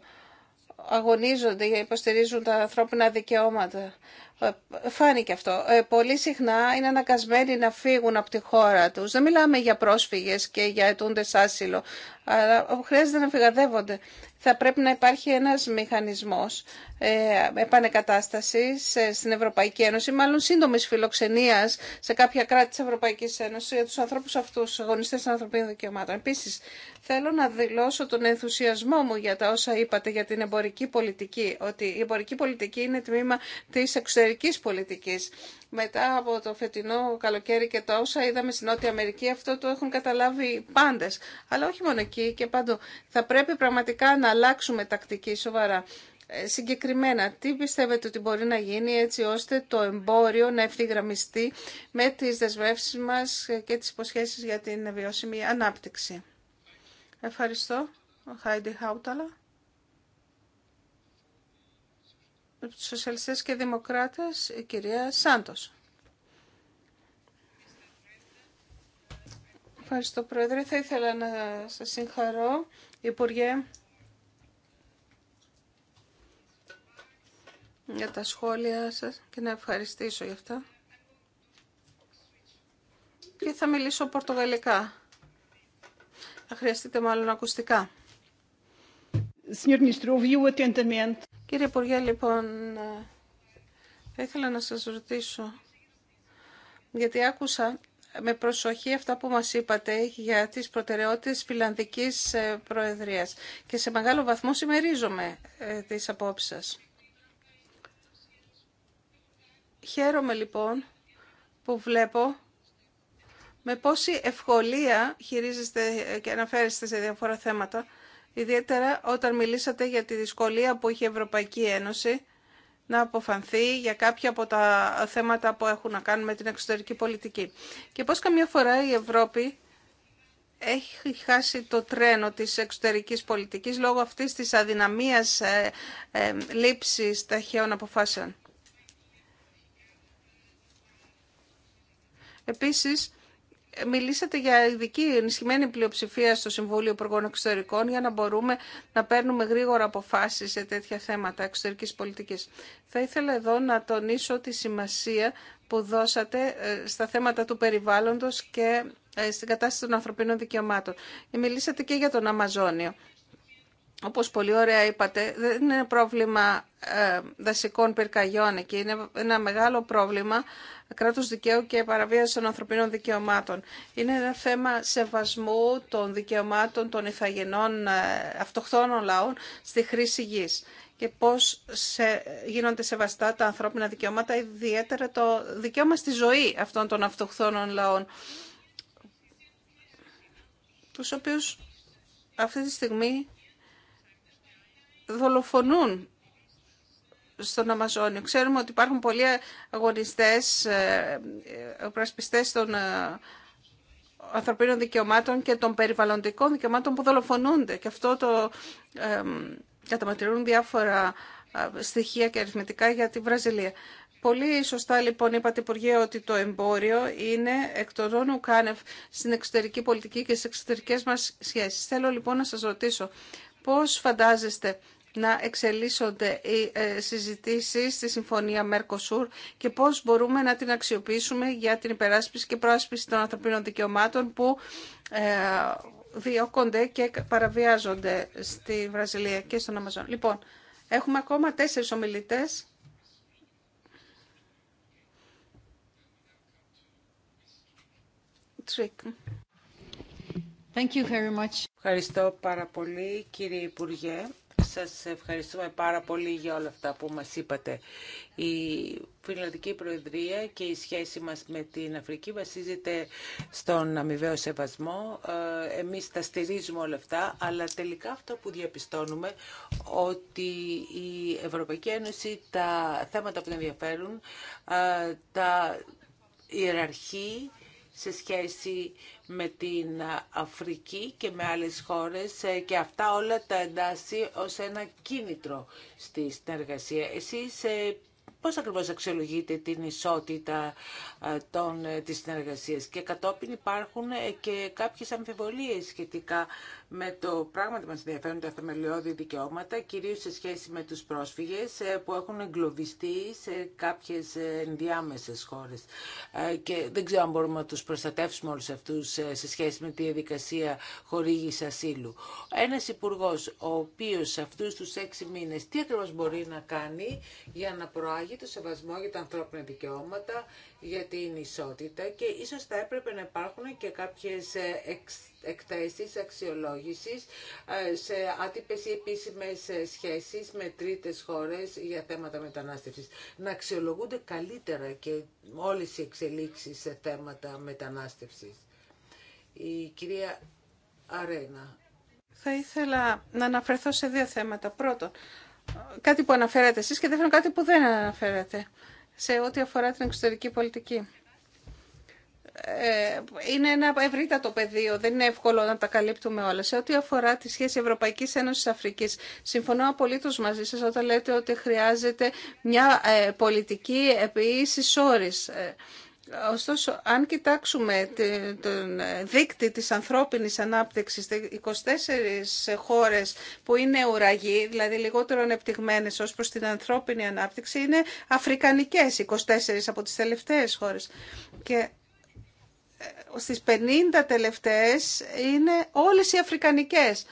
αγωνίζονται για υποστηρίζουν τα ανθρώπινα δικαιώματα. Ε, φάνηκε αυτό. Πολύ συχνά είναι αναγκασμένοι να φύγουν από τη χώρα τους. Δεν μιλάμε για πρόσφυγες και για ετούντες άσυλο, αλλά χρειάζεται να φυγαδεύονται. Θα πρέπει να υπάρχει ένας μηχανισμός ε, επανεκατάστασης ε, στην Ευρωπαϊκή Ένωση, μάλλον σύντομης φιλοξενίας σε κάποια κράτη της Ευρωπαϊκής Ένωσης για τους ανθρώπους αυτούς, αγωνιστές των ανθρωπίνων δικαιωμάτων. Επίσης, θέλω να δηλώσω τον ενθουσιασμό μου για τα όσα είπατε για την εμπορική πολιτική, ότι η εμπορική πολιτική είναι τμήμα της εξωτερικής πολιτικής. Μετά από το φετινό καλοκαίρι και τα όσα είδαμε στην Νότια Αμερική, αυτό το έχουν καταλάβει πάντες, αλλά όχι μόνο και παντού. Θα πρέπει πραγματικά να αλλάξουμε τακτική σοβαρά. Ε, συγκεκριμένα, τι πιστεύετε ότι μπορεί να γίνει έτσι ώστε το εμπόριο να ευθυγραμμιστεί με τις δεσμεύσεις μας και τις υποσχέσεις για την βιώσιμη ανάπτυξη. Ευχαριστώ. Χάιντι Χάουταλα. Σοσιαλιστές και Δημοκράτες, η κυρία Σάντος. Ευχαριστώ, Πρόεδρε. Θα ήθελα να σας συγχαρώ, Υπουργέ, για τα σχόλια σας και να ευχαριστήσω γι' αυτά. Και θα μιλήσω πορτογαλικά. Θα χρειαστείτε μάλλον ακουστικά. Κύριε Υπουργέ, λοιπόν, ε, θα ήθελα να σας ρωτήσω, γιατί άκουσα με προσοχή αυτά που μας είπατε για τις προτεραιότητες φιλανδικής ε, προεδρίας και σε μεγάλο βαθμό συμμερίζομαι ε, τις απόψεις σας. Χαίρομαι λοιπόν που βλέπω με πόση ευκολία χειρίζεστε και αναφέρεστε σε διάφορα θέματα, ιδιαίτερα όταν μιλήσατε για τη δυσκολία που είχε η Ευρωπαϊκή Ένωση να αποφανθεί για κάποια από τα θέματα που έχουν να κάνουν με την εξωτερική πολιτική. Και πώς καμιά φορά η Ευρώπη έχει χάσει το τρένο της εξωτερικής πολιτικής λόγω αυτής της αδυναμίας ε, ε, λήψης ταχαίων αποφάσεων. Επίσης, μιλήσατε για ειδική ενισχυμένη πλειοψηφία στο Συμβούλιο Υπουργών Εξωτερικών για να μπορούμε να παίρνουμε γρήγορα αποφάσεις σε τέτοια θέματα εξωτερικής πολιτικής. Θα ήθελα εδώ να τονίσω τη σημασία που δώσατε ε, στα θέματα του περιβάλλοντος και ε, στην κατάσταση των ανθρωπίνων δικαιωμάτων. Ε, μιλήσατε και για τον Αμαζόνιο όπως πολύ ωραία είπατε, δεν είναι πρόβλημα ε, δασικών πυρκαγιών εκεί. Είναι ένα μεγάλο πρόβλημα κράτους δικαίου και παραβίαση των ανθρωπίνων δικαιωμάτων. Είναι ένα θέμα σεβασμού των δικαιωμάτων των ηθαγενών ε, αυτοχθόνων λαών στη χρήση γης και πώς σε, γίνονται σεβαστά τα ανθρώπινα δικαιώματα, ιδιαίτερα το δικαίωμα στη ζωή αυτών των αυτοχθόνων λαών, τους οποίους αυτή τη στιγμή δολοφονούν στον Αμαζόνιο. Ξέρουμε ότι υπάρχουν πολλοί αγωνιστές, ε, ε, πρασπιστές των ε, ανθρωπίνων δικαιωμάτων και των περιβαλλοντικών δικαιωμάτων που δολοφονούνται. Και αυτό το ε, καταματηρούν διάφορα στοιχεία και αριθμητικά για τη Βραζιλία. Πολύ σωστά λοιπόν είπατε Υπουργέ ότι το εμπόριο είναι εκ των Ρόνου κάνευ στην εξωτερική πολιτική και στις εξωτερικές μας σχέσεις. Θέλω λοιπόν να σας ρωτήσω πώς φαντάζεστε να εξελίσσονται οι ε, συζητήσεις στη Συμφωνία Μέρκοσουρ και πώς μπορούμε να την αξιοποιήσουμε για την υπεράσπιση και πρόσπιση των ανθρωπίνων δικαιωμάτων που ε, διώκονται και παραβιάζονται στη Βραζιλία και στον Αμαζόν. Λοιπόν, έχουμε ακόμα τέσσερις ομιλητές. Thank you very much. Ευχαριστώ πάρα πολύ κύριε Υπουργέ. Σας ευχαριστούμε πάρα πολύ για όλα αυτά που μας είπατε. Η Φιλανδική Προεδρία και η σχέση μας με την Αφρική βασίζεται στον αμοιβαίο σεβασμό. Ε, εμείς τα στηρίζουμε όλα αυτά, αλλά τελικά αυτό που διαπιστώνουμε ότι η Ευρωπαϊκή Ένωση τα θέματα που ενδιαφέρουν ε, τα ιεραρχεί σε σχέση με την Αφρική και με άλλες χώρες ε, και αυτά όλα τα εντάσσει ως ένα κίνητρο στη συνεργασία. Εσείς ε, πώς ακριβώς αξιολογείτε την ισότητα ε, των, της συνεργασίας και κατόπιν υπάρχουν και κάποιες αμφιβολίες σχετικά με το πράγματι μας ενδιαφέρουν τα θεμελιώδη δικαιώματα, κυρίως σε σχέση με τους πρόσφυγες ε, που έχουν εγκλωβιστεί σε κάποιες ενδιάμεσες χώρες. Ε, και δεν ξέρω αν μπορούμε να τους προστατεύσουμε όλους αυτούς ε, σε σχέση με τη διαδικασία χορήγηση ασύλου. Ένας υπουργό, ο οποίος σε αυτούς τους έξι μήνες τι ακριβώ μπορεί να κάνει για να προάγει το σεβασμό για τα ανθρώπινα δικαιώματα, για την ισότητα και ίσως θα έπρεπε να υπάρχουν και κάποιες εξ εκτέσεις αξιολόγησης ε, σε άτυπες ή επίσημες ε, σχέσεις με τρίτες χώρες για θέματα μετανάστευσης. Να αξιολογούνται καλύτερα και όλες οι εξελίξεις σε θέματα μετανάστευσης. Η κυρία Αρένα. Θα ήθελα να αναφερθώ σε δύο θέματα. Πρώτον, κάτι που αναφέρατε εσείς και δεύτερον κάτι που δεν αναφέρατε σε ό,τι αφορά την εξωτερική πολιτική. Ε, είναι ένα ευρύτατο πεδίο, δεν είναι εύκολο να τα καλύπτουμε όλα. Σε ό,τι αφορά τη σχέση Ευρωπαϊκή Ένωση Αφρική, συμφωνώ απολύτω μαζί σα όταν λέτε ότι χρειάζεται μια ε, πολιτική επίση όρη. Ε, ωστόσο, αν κοιτάξουμε τον δείκτη της ανθρώπινης ανάπτυξης, 24 χώρες που είναι ουραγοί, δηλαδή λιγότερο ανεπτυγμένες ως προς την ανθρώπινη ανάπτυξη, είναι αφρικανικές, 24 από τις τελευταίες χώρες. Και στις 50 τελευταίες είναι όλες οι αφρικανικές.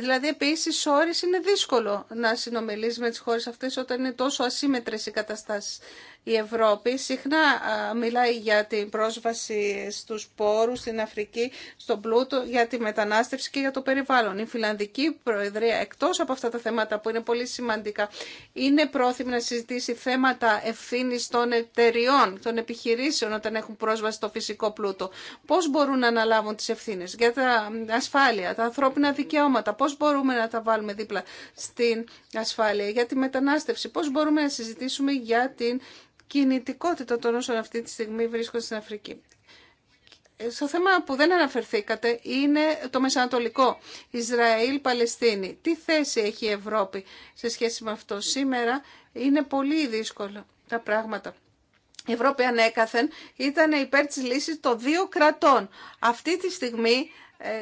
Δηλαδή, επίση, όρει είναι δύσκολο να συνομιλεί με τις χώρες αυτές όταν είναι τόσο ασύμετρες οι καταστάσει η Ευρώπη συχνά μιλάει για την πρόσβαση στους πόρους, στην Αφρική, στον πλούτο, για τη μετανάστευση και για το περιβάλλον. Η Φιλανδική Προεδρία, εκτός από αυτά τα θέματα που είναι πολύ σημαντικά, είναι πρόθυμη να συζητήσει θέματα ευθύνη των εταιριών, των επιχειρήσεων όταν έχουν πρόσβαση στο φυσικό πλούτο. Πώς μπορούν να αναλάβουν τις ευθύνε για τα ασφάλεια, τα ανθρώπινα δικαιώματα, πώς μπορούμε να τα βάλουμε δίπλα στην ασφάλεια, για τη μετανάστευση, πώς μπορούμε να συζητήσουμε για την κινητικότητα των όσων αυτή τη στιγμή βρίσκονται στην Αφρική. Στο θέμα που δεν αναφερθήκατε είναι το μεσανατολικό. Ισραήλ-Παλαιστίνη. Τι θέση έχει η Ευρώπη σε σχέση με αυτό. Σήμερα είναι πολύ δύσκολα τα πράγματα. Η Ευρώπη ανέκαθεν ήταν υπέρ της λύσης των δύο κρατών. Αυτή τη στιγμή ε,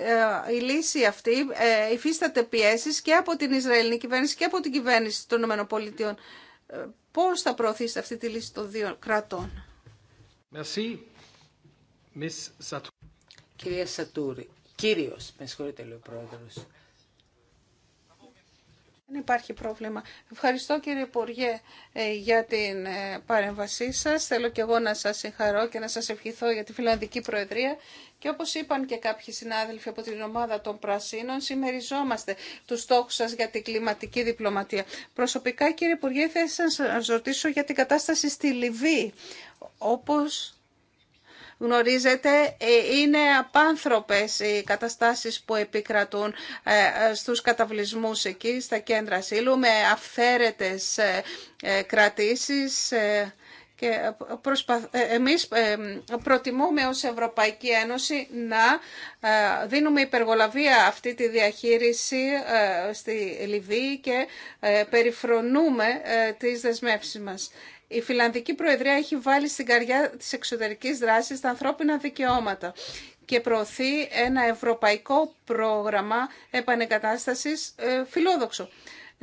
ε, η λύση αυτή ε, υφίσταται πιέσεις και από την Ισραηλινή κυβέρνηση και από την κυβέρνηση των ΗΠΑ. Πώς θα προωθήσετε αυτή τη λύση των δύο κρατών. Merci. Miss Κυρία Σατούρη, κύριος, με συγχωρείτε λέει ο πρόεδρος. Δεν υπάρχει πρόβλημα. Ευχαριστώ κύριε Υπουργέ ε, για την ε, παρέμβασή σας. Θέλω και εγώ να σας συγχαρώ και να σας ευχηθώ για τη Φιλανδική Προεδρία. Και όπως είπαν και κάποιοι συνάδελφοι από την ομάδα των Πρασίνων, συμμεριζόμαστε τους στόχους σας για την κλιματική διπλωματία. Προσωπικά κύριε Υπουργέ, θα σας ρωτήσω για την κατάσταση στη Λιβύη. Όπως γνωρίζετε ε, είναι απάνθρωπες οι καταστάσεις που επικρατούν ε, στους καταβλισμούς εκεί, στα κέντρα σύλλου, με αυθαίρετες ε, κρατήσεις, και ε, εμείς ε, προτιμούμε ως Ευρωπαϊκή Ένωση να ε, δίνουμε υπεργολαβία αυτή τη διαχείριση στη Λιβύη και περιφρονούμε τις δεσμεύσεις μας. Η Φιλανδική Προεδρία έχει βάλει στην καρδιά της εξωτερικής δράσης τα ανθρώπινα δικαιώματα και προωθεί ένα ευρωπαϊκό πρόγραμμα επανεκατάστασης φιλόδοξο.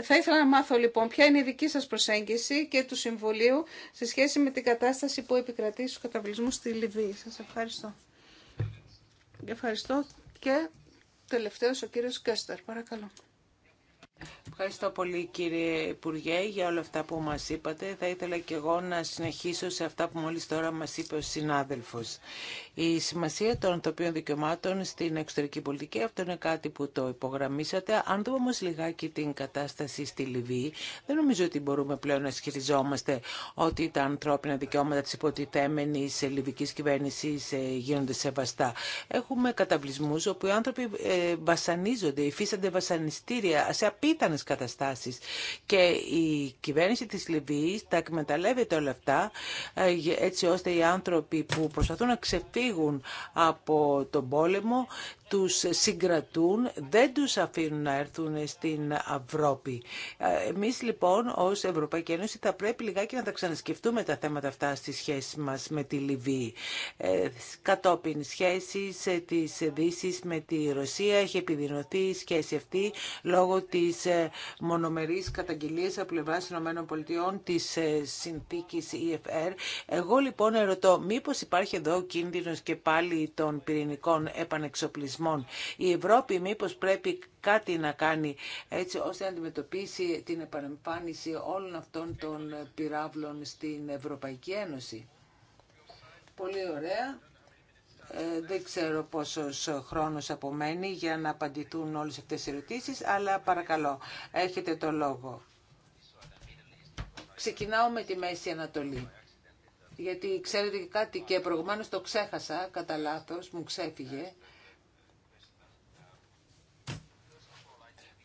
Θα ήθελα να μάθω λοιπόν ποια είναι η δική σας προσέγγιση και του Συμβουλίου σε σχέση με την κατάσταση που επικρατεί στους καταβλισμούς στη Λιβύη. Σας ευχαριστώ. Ευχαριστώ και τελευταίος ο κύριος Κέστερ. Παρακαλώ. Ευχαριστώ πολύ κύριε Υπουργέ για όλα αυτά που μας είπατε. Θα ήθελα και εγώ να συνεχίσω σε αυτά που μόλις τώρα μας είπε ο συνάδελφος. Η σημασία των ανθρωπίνων δικαιωμάτων στην εξωτερική πολιτική, αυτό είναι κάτι που το υπογραμμίσατε. Αν δούμε όμω λιγάκι την κατάσταση στη Λιβύη, δεν νομίζω ότι μπορούμε πλέον να ισχυριζόμαστε ότι τα ανθρώπινα δικαιώματα τη υποτιθέμενη λιβική κυβέρνηση ε, γίνονται σεβαστά. Έχουμε καταβλισμού όπου οι άνθρωποι ε, βασανίζονται, υφίστανται βασανιστήρια σε απίθανες καταστάσεις. Και η κυβέρνηση της Λιβύης τα εκμεταλλεύεται όλα αυτά ε, έτσι ώστε οι άνθρωποι που προσπαθούν να ξεφύγουν από τον πόλεμο τους συγκρατούν, δεν τους αφήνουν να έρθουν στην Ευρώπη. Ε, εμείς λοιπόν ως Ευρωπαϊκή Ένωση θα πρέπει λιγάκι να τα ξανασκεφτούμε τα θέματα αυτά στη σχέση μας με τη Λιβύη. Ε, κατόπιν σχέσεις ε, της Δύσης με τη Ρωσία έχει επιδεινωθεί η σχέση αυτή λόγω της ε, μονομερής καταγγελίας από πλευράς ΗΠΑ της συνθήκης EFR. Εγώ λοιπόν ερωτώ μήπως υπάρχει εδώ κίνδυνος και πάλι των πυρηνικών επανεξοπλισμών η Ευρώπη μήπως πρέπει κάτι να κάνει έτσι ώστε να αντιμετωπίσει την επανεμφάνιση όλων αυτών των πυράβλων στην Ευρωπαϊκή Ένωση. Πολύ ωραία. Ε, δεν ξέρω πόσος χρόνος απομένει για να απαντηθούν όλες αυτές οι ερωτήσεις, αλλά παρακαλώ, έχετε το λόγο. Ξεκινάω με τη Μέση Ανατολή. Γιατί ξέρετε κάτι και προηγουμένως το ξέχασα, κατά λάθο, μου ξέφυγε.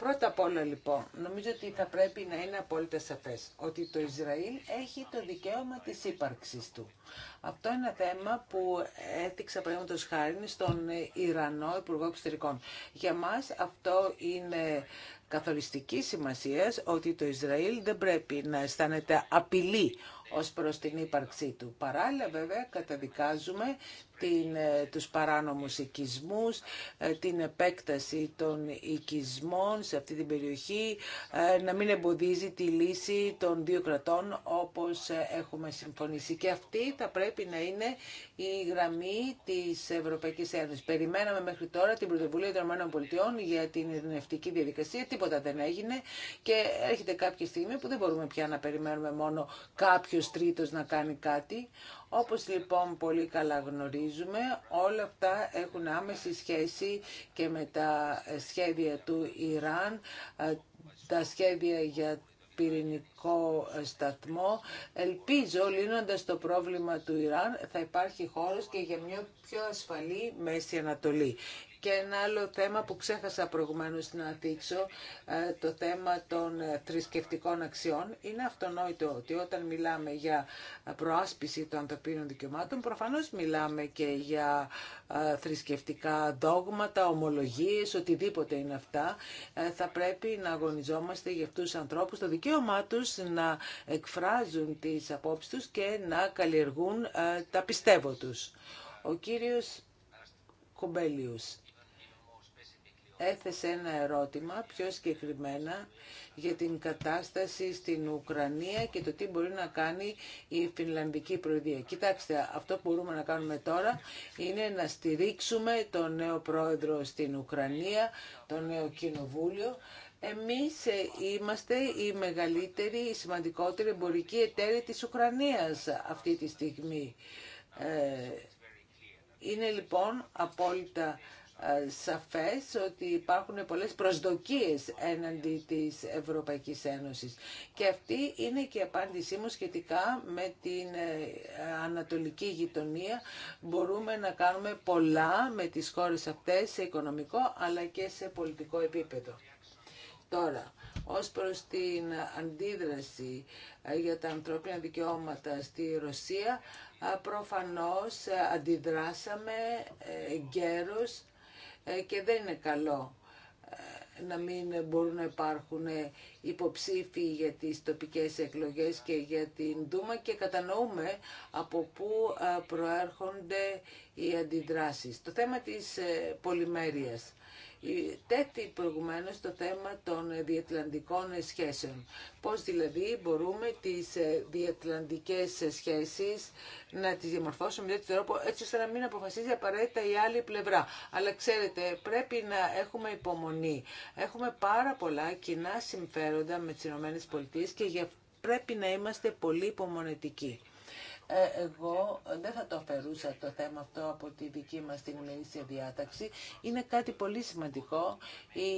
Πρώτα απ' όλα λοιπόν, νομίζω ότι θα πρέπει να είναι απόλυτα σαφές ότι το Ισραήλ έχει το δικαίωμα της ύπαρξης του. Αυτό είναι ένα θέμα που έδειξα παραδείγματο χάρη στον Ιρανό Υπουργό Εξωτερικών. Για μας αυτό είναι καθοριστική σημασία ότι το Ισραήλ δεν πρέπει να αισθάνεται απειλή ως προς την ύπαρξή του. Παράλληλα βέβαια καταδικάζουμε την, ε, τους παράνομους οικισμούς, ε, την επέκταση των οικισμών σε αυτή την περιοχή, ε, να μην εμποδίζει τη λύση των δύο κρατών όπως έχουμε συμφωνήσει. Και αυτή θα πρέπει να είναι η γραμμή της Ευρωπαϊκής Ένωσης. Περιμέναμε μέχρι τώρα την πρωτοβουλία των ΗΠΑ για την ειρηνευτική διαδικασία, τίποτα δεν έγινε και έρχεται κάποια στιγμή που δεν μπορούμε πια να περιμένουμε μόνο κάποιος τρίτος να κάνει κάτι. Όπως λοιπόν πολύ καλά γνωρίζουμε, όλα αυτά έχουν άμεση σχέση και με τα σχέδια του Ιράν, ε, τα σχέδια για πυρηνικό ε, σταθμό. Ελπίζω, λύνοντας το πρόβλημα του Ιράν, θα υπάρχει χώρος και για μια πιο ασφαλή Μέση Ανατολή. Και ένα άλλο θέμα που ξέχασα προηγουμένως να δείξω, ε, το θέμα των ε, θρησκευτικών αξιών. Είναι αυτονόητο ότι όταν μιλάμε για ε, προάσπιση των ανθρωπίνων δικαιωμάτων, προφανώς μιλάμε και για θρησκευτικά δόγματα, ομολογίες, οτιδήποτε είναι αυτά. Θα πρέπει να αγωνιζόμαστε για αυτούς τους ανθρώπους, το δικαίωμά τους να εκφράζουν τις απόψει τους και να καλλιεργούν τα πιστεύω τους. Ο κύριος Κομπέλιους έθεσε ένα ερώτημα πιο συγκεκριμένα για την κατάσταση στην Ουκρανία και το τι μπορεί να κάνει η Φινλανδική Προεδρία. Κοιτάξτε, αυτό που μπορούμε να κάνουμε τώρα είναι να στηρίξουμε τον νέο πρόεδρο στην Ουκρανία, το νέο κοινοβούλιο, εμείς είμαστε η μεγαλύτερη, η σημαντικότερη εμπορική εταίρεια της Ουκρανίας αυτή τη στιγμή. Ε, είναι λοιπόν απόλυτα σαφές ότι υπάρχουν πολλές προσδοκίες έναντι της Ευρωπαϊκής Ένωσης. Και αυτή είναι και η απάντησή μου σχετικά με την ε, ανατολική γειτονία. Μπορούμε να κάνουμε πολλά με τις χώρες αυτές σε οικονομικό αλλά και σε πολιτικό επίπεδο. Τώρα, ως προς την αντίδραση ε, για τα ανθρώπινα δικαιώματα στη Ρωσία, ε, προφανώς αντιδράσαμε γέρος ε, και δεν είναι καλό ε, να μην μπορούν να υπάρχουν υποψήφοι για τις τοπικές εκλογές και για την Δούμα και κατανοούμε από πού ε, προέρχονται οι αντιδράσεις. Το θέμα της πολυμέρειας. Ε, Τέτοι προηγουμένως το θέμα των διατλαντικών σχέσεων. Πώς δηλαδή μπορούμε τις ε, διατλαντικές σχέσεις να τις διαμορφώσουμε με τέτοιο τρόπο έτσι ώστε να μην αποφασίζει απαραίτητα η άλλη πλευρά. Αλλά ξέρετε πρέπει να έχουμε υπομονή. Έχουμε πάρα πολλά κοινά συμφέροντα με τις ΗΠΑ και γι' πρέπει να είμαστε πολύ υπομονετικοί. Ε, εγώ δεν θα το αφαιρούσα το θέμα αυτό από τη δική μας την ημερήσια διάταξη. Είναι κάτι πολύ σημαντικό. Οι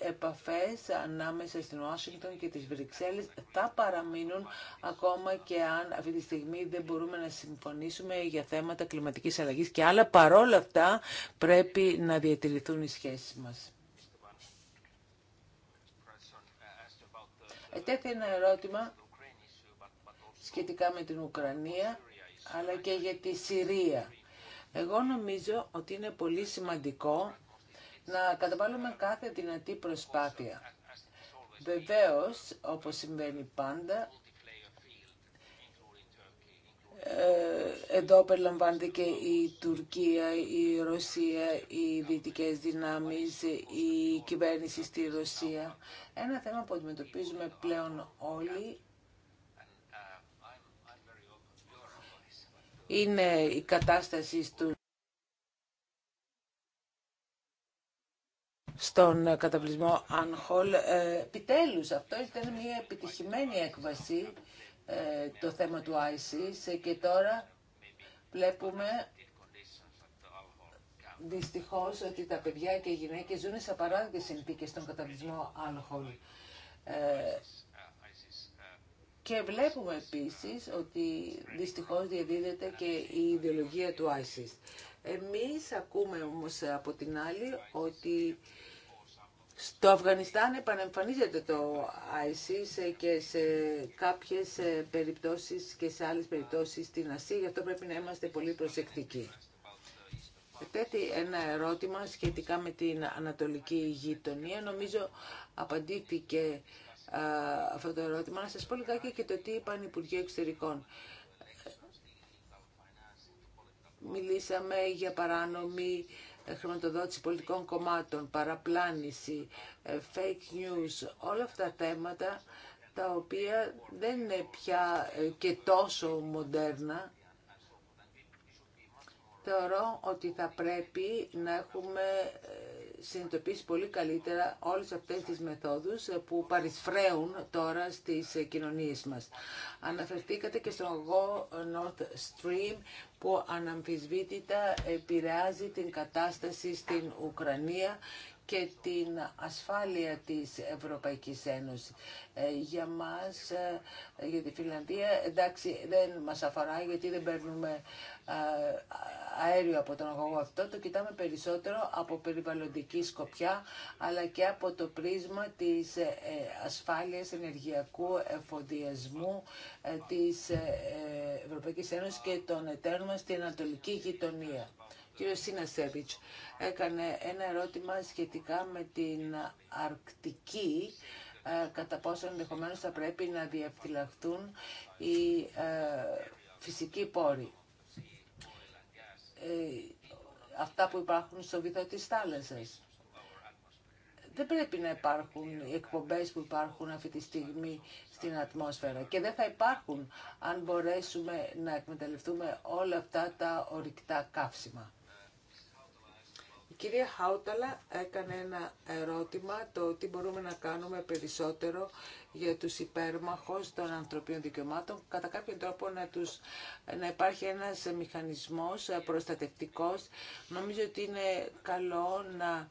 επαφές ανάμεσα στην Ουάσιγκτον και τις Βρυξέλλες θα παραμείνουν ακόμα και αν αυτή τη στιγμή δεν μπορούμε να συμφωνήσουμε για θέματα κλιματικής αλλαγής και άλλα. Παρόλα αυτά πρέπει να διατηρηθούν οι σχέσεις μας. Ετέθη ένα ερώτημα σχετικά με την Ουκρανία αλλά και για τη Συρία. Εγώ νομίζω ότι είναι πολύ σημαντικό να καταβάλουμε κάθε δυνατή προσπάθεια. Βεβαίως, όπως συμβαίνει πάντα, ε, εδώ περιλαμβάνεται και η Τουρκία, η Ρωσία, οι δυτικές δυνάμεις, η κυβέρνηση στη Ρωσία. Ένα θέμα που αντιμετωπίζουμε πλέον όλοι είναι η κατάσταση του στον καταβλισμό Ανχολ. Ε, Επιτέλου, αυτό ήταν μια επιτυχημένη έκβαση ε, το θέμα του ISIS ε, και τώρα βλέπουμε δυστυχώς ότι τα παιδιά και οι γυναίκες ζουν σε απαράδεκτες συνθήκες στον καταβλισμό Ανχολ. Και βλέπουμε επίσης ότι δυστυχώς διαδίδεται και η ιδεολογία του ISIS. Εμείς ακούμε όμως από την άλλη ότι στο Αφγανιστάν επανεμφανίζεται το ISIS και σε κάποιες περιπτώσεις και σε άλλες περιπτώσεις στην Ασία, γι' αυτό πρέπει να είμαστε πολύ προσεκτικοί. Επέτει ένα ερώτημα σχετικά με την Ανατολική γειτονία. Νομίζω απαντήθηκε αυτό το ερώτημα. Να σας πω λιγάκι και το τι είπαν οι Υπουργοί Εξωτερικών. Μιλήσαμε για παράνομη ε, χρηματοδότηση πολιτικών κομμάτων, παραπλάνηση, ε, fake news, όλα αυτά τα θέματα τα οποία δεν είναι πια ε, και τόσο μοντέρνα. Θεωρώ ότι θα πρέπει να έχουμε συνειδητοποιήσει πολύ καλύτερα όλες αυτές τις μεθόδους που παρισφρέουν τώρα στις κοινωνίες μας. Αναφερθήκατε και στον εγώ North Stream που αναμφισβήτητα επηρεάζει την κατάσταση στην Ουκρανία και την ασφάλεια της Ευρωπαϊκής Ένωσης. Ε, για μας, ε, για τη Φιλανδία, εντάξει δεν μας αφορά γιατί δεν παίρνουμε ε, αέριο από τον αγωγό αυτό, το κοιτάμε περισσότερο από περιβαλλοντική σκοπιά, αλλά και από το πρίσμα της ασφάλειας ενεργειακού εφοδιασμού της Ευρωπαϊκής Ένωσης και των εταίρων μας στην Ανατολική Γειτονία κύριος Σίνασεβιτς έκανε ένα ερώτημα σχετικά με την Αρκτική, ε, κατά πόσο ενδεχομένω θα πρέπει να διαφυλαχθούν οι ε, φυσικοί πόροι. Ε, αυτά που υπάρχουν στο βυθό της θάλασσας. Δεν πρέπει να υπάρχουν οι εκπομπές που υπάρχουν αυτή τη στιγμή στην ατμόσφαιρα και δεν θα υπάρχουν αν μπορέσουμε να εκμεταλλευτούμε όλα αυτά τα ορυκτά καύσιμα κυρία Χάουταλα έκανε ένα ερώτημα το τι μπορούμε να κάνουμε περισσότερο για τους υπέρμαχους των ανθρωπίνων δικαιωμάτων, κατά κάποιον τρόπο να, τους, να υπάρχει ένας μηχανισμός προστατευτικός. Νομίζω ότι είναι καλό να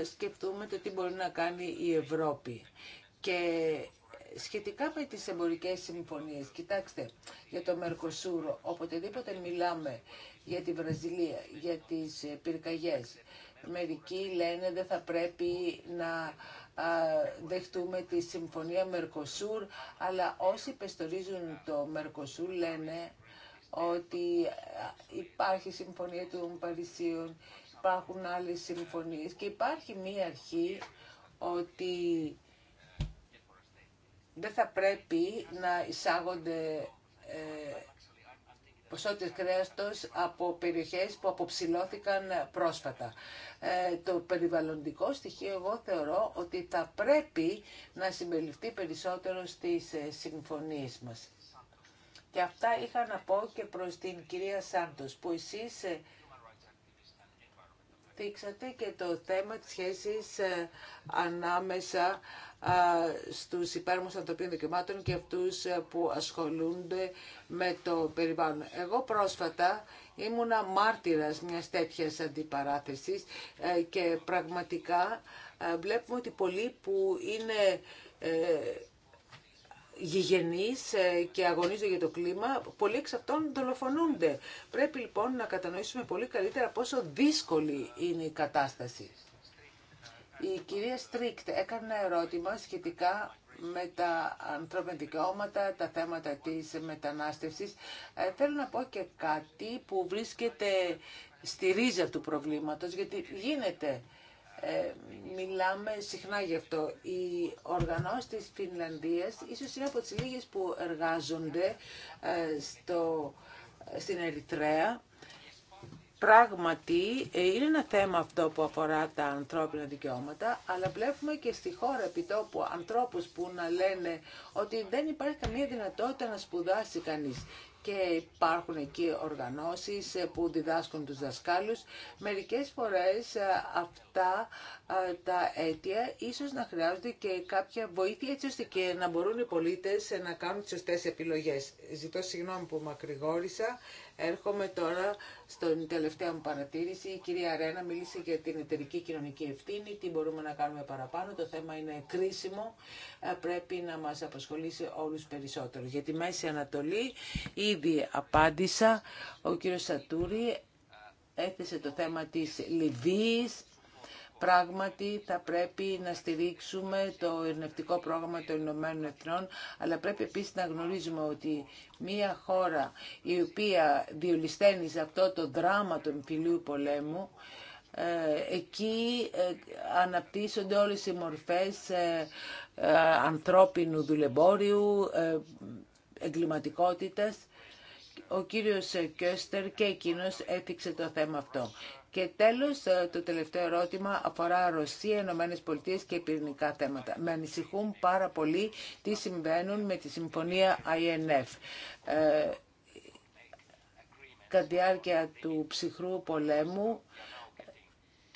ε, σκεφτούμε το τι μπορεί να κάνει η Ευρώπη. Και σχετικά με τις εμπορικές συμφωνίες, κοιτάξτε, για το Μερκοσούρ οποτεδήποτε μιλάμε για τη Βραζιλία, για τις ε, πυρκαγιές, μερικοί λένε δεν θα πρέπει να δεχτούμε τη συμφωνία Μερκοσούρ, αλλά όσοι πεστορίζουν το Μερκοσούρ λένε ότι υπάρχει συμφωνία του Παρισίων, υπάρχουν άλλες συμφωνίες και υπάρχει μία αρχή ότι δεν θα πρέπει να εισάγονται ε, ποσότητες κρέατος από περιοχές που αποψηλώθηκαν πρόσφατα. Ε, το περιβαλλοντικό στοιχείο εγώ θεωρώ ότι θα πρέπει να συμπεριληφθεί περισσότερο στις ε, συμφωνίες μας. Και αυτά είχα να πω και προς την κυρία Σάντος, που εσείς ε, και το θέμα της σχέσης ε, ανάμεσα στους υπέρμους ανθρωπίνων δικαιωμάτων και αυτούς ε, που ασχολούνται με το περιβάλλον. Εγώ πρόσφατα ήμουνα μάρτυρας μιας τέτοιας αντιπαράθεσης ε, και πραγματικά βλέπουμε ότι πολλοί που είναι γηγενείς ε, και αγωνίζονται για το κλίμα, πολλοί εξ αυτών δολοφονούνται. Πρέπει λοιπόν να κατανοήσουμε πολύ καλύτερα πόσο δύσκολη είναι η κατάσταση. Η κυρία Στρίκτ έκανε ένα ερώτημα σχετικά με τα ανθρώπινα δικαιώματα, τα θέματα της μετανάστευσης. Ε, θέλω να πω και κάτι που βρίσκεται στη ρίζα του προβλήματος, γιατί γίνεται ε, μιλάμε συχνά γι' αυτό. Οι οργανώσεις της Φινλανδίας ίσως είναι από τις λίγες που εργάζονται ε, στο, στην Ερυθρέα. Πράγματι, ε, είναι ένα θέμα αυτό που αφορά τα ανθρώπινα δικαιώματα, αλλά βλέπουμε και στη χώρα επιτόπου ανθρώπους που να λένε ότι δεν υπάρχει καμία δυνατότητα να σπουδάσει κανείς και υπάρχουν εκεί οργανώσεις που διδάσκουν τους δασκάλους. Μερικές φορές ε, αυτά ε, τα αίτια, ίσως να χρειάζονται και κάποια βοήθεια έτσι ώστε και να μπορούν οι πολίτες ε, να κάνουν τις σωστές επιλογές. Ζητώ συγγνώμη που μακρηγόρησα. Έρχομαι τώρα στην τελευταία μου παρατήρηση. Η κυρία Ρένα μίλησε για την εταιρική κοινωνική ευθύνη, τι μπορούμε να κάνουμε παραπάνω. Το θέμα είναι κρίσιμο, ε, πρέπει να μας απασχολήσει όλους περισσότερο. Για τη Μέση Ανατολή ήδη απάντησα, ο κύριος Σατούρη έθεσε το θέμα της Λιβύης, Πράγματι θα πρέπει να στηρίξουμε το ειρηνευτικό πρόγραμμα των Ηνωμένων Εθνών, αλλά πρέπει επίσης να γνωρίζουμε ότι μια χώρα η οποία διολυσταίνει σε αυτό το δράμα του εμφυλίου πολέμου, ε, εκεί ε, αναπτύσσονται όλες οι μορφές ε, ανθρώπινου δουλεμπόριου, εγκληματικότητας. Ο κύριος Κιώστερ και εκείνος έθιξε το θέμα αυτό. Και τέλος, ε, το τελευταίο ερώτημα αφορά Ρωσία, Ηνωμένε Πολιτείε και πυρηνικά θέματα. Με ανησυχούν πάρα πολύ τι συμβαίνουν με τη συμφωνία INF. Ε, κατά τη διάρκεια του ψυχρού πολέμου,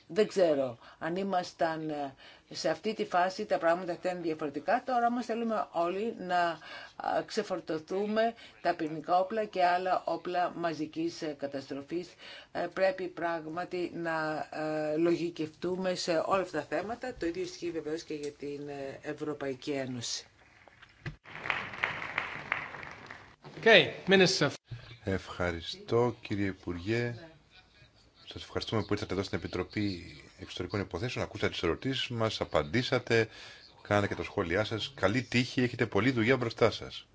δεν ξέρω αν ήμασταν ε, σε αυτή τη φάση τα πράγματα αυτά είναι διαφορετικά. Τώρα όμως θέλουμε όλοι να ξεφορτωθούμε τα πυρηνικά όπλα και άλλα όπλα μαζικής ε, καταστροφής. Ε, πρέπει πράγματι να ε, λογικευτούμε σε όλα αυτά τα θέματα. Το ίδιο ισχύει βεβαίω και για την Ευρωπαϊκή Ένωση. Okay, Ευχαριστώ κύριε Υπουργέ. Σας ευχαριστούμε που ήρθατε εδώ στην Επιτροπή Εξωτερικών Υποθέσεων. Ακούσατε τι ερωτήσει μα, απαντήσατε, κάνατε και τα σχόλιά σα, Καλή τύχη, έχετε πολλή δουλειά μπροστά σα.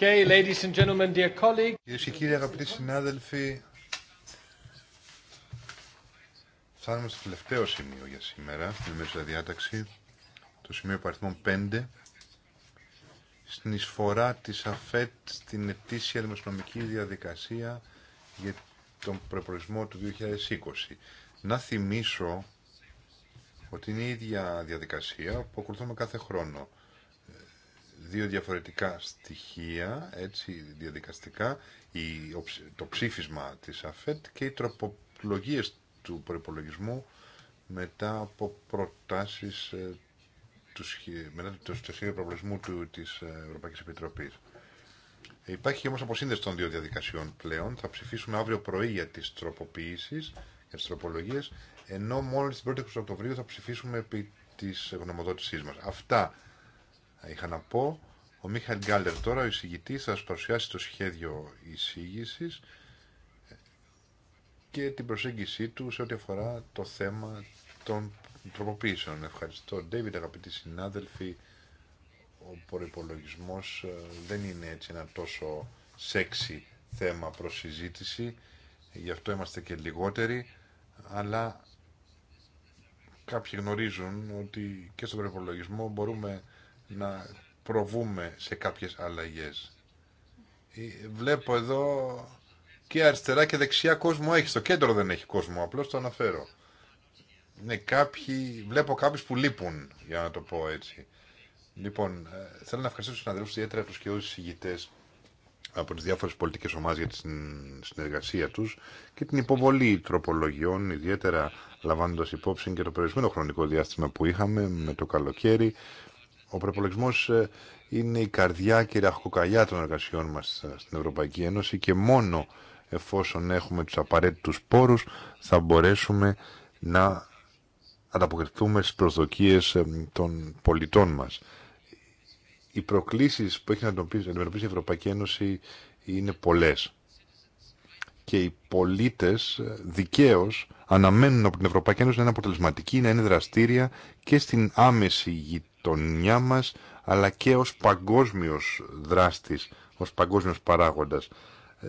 Okay, Κυρίες και κύριοι αγαπητοί συνάδελφοι, φτάνουμε στο τελευταίο σημείο για σήμερα, στην μέσα διάταξη, το σημείο παριθμών 5, στην εισφορά της ΑΦΕΤ στην ετήσια δημοσιονομική διαδικασία για τον προπορισμό του 2020. Να θυμίσω ότι είναι η ίδια διαδικασία που ακολουθούμε κάθε χρόνο δύο διαφορετικά στοιχεία, έτσι, διαδικαστικά, η, το ψήφισμα της ΑΦΕΤ και οι τροπολογίες του προπολογισμού μετά από προτάσεις ε, του, μετά το σχέδιο προπολογισμού του, της ε, Ευρωπαϊκής Επιτροπής. Υπάρχει όμως αποσύνδεση των δύο διαδικασιών πλέον. Θα ψηφίσουμε αύριο πρωί για τις τροποποιήσεις, για τις τροπολογίες, ενώ μόλις την 1η Οκτωβρίου θα ψηφίσουμε επί της γνωμοδότησής μας. Αυτά είχα να πω. Ο Μίχαλ Γκάλερ τώρα, ο εισηγητής, θα σας παρουσιάσει το σχέδιο εισήγηση και την προσέγγιση του σε ό,τι αφορά το θέμα των τροποποίησεων. Ευχαριστώ, Ντέιβιντ, αγαπητοί συνάδελφοι. Ο προπολογισμό ε, δεν είναι έτσι ένα τόσο σεξι θέμα προς συζήτηση, γι' αυτό είμαστε και λιγότεροι, αλλά κάποιοι γνωρίζουν ότι και στον προπολογισμό μπορούμε να προβούμε σε κάποιες αλλαγές. Ε, βλέπω εδώ και αριστερά και δεξιά κόσμο έχει. Στο κέντρο δεν έχει κόσμο, απλώς το αναφέρω. Ναι, κάποιοι, βλέπω κάποιους που λείπουν, για να το πω έτσι. Λοιπόν, ε, θέλω να ευχαριστήσω τους συναδέλφους, ιδιαίτερα τους και όλους τους από τις διάφορες πολιτικές ομάδες για τη συνεργασία τους και την υποβολή τροπολογιών, ιδιαίτερα λαμβάνοντας υπόψη και το περιορισμένο χρονικό διάστημα που είχαμε με το καλοκαίρι. Ο προπολογισμό ε, είναι η καρδιά και η ραχοκαλιά των εργασιών μα ε, στην Ευρωπαϊκή Ένωση και μόνο εφόσον έχουμε του απαραίτητου πόρου θα μπορέσουμε να ανταποκριθούμε στι προσδοκίε ε, των πολιτών μα. Οι προκλήσει που έχει να αντιμετωπίσει η Ευρωπαϊκή Ένωση είναι πολλέ. Και οι πολίτε δικαίω αναμένουν από την Ευρωπαϊκή Ένωση να είναι αποτελεσματική, να είναι δραστήρια και στην άμεση γειτονιά μας, αλλά και ως παγκόσμιος δράστης, ως παγκόσμιος παράγοντας. Ε,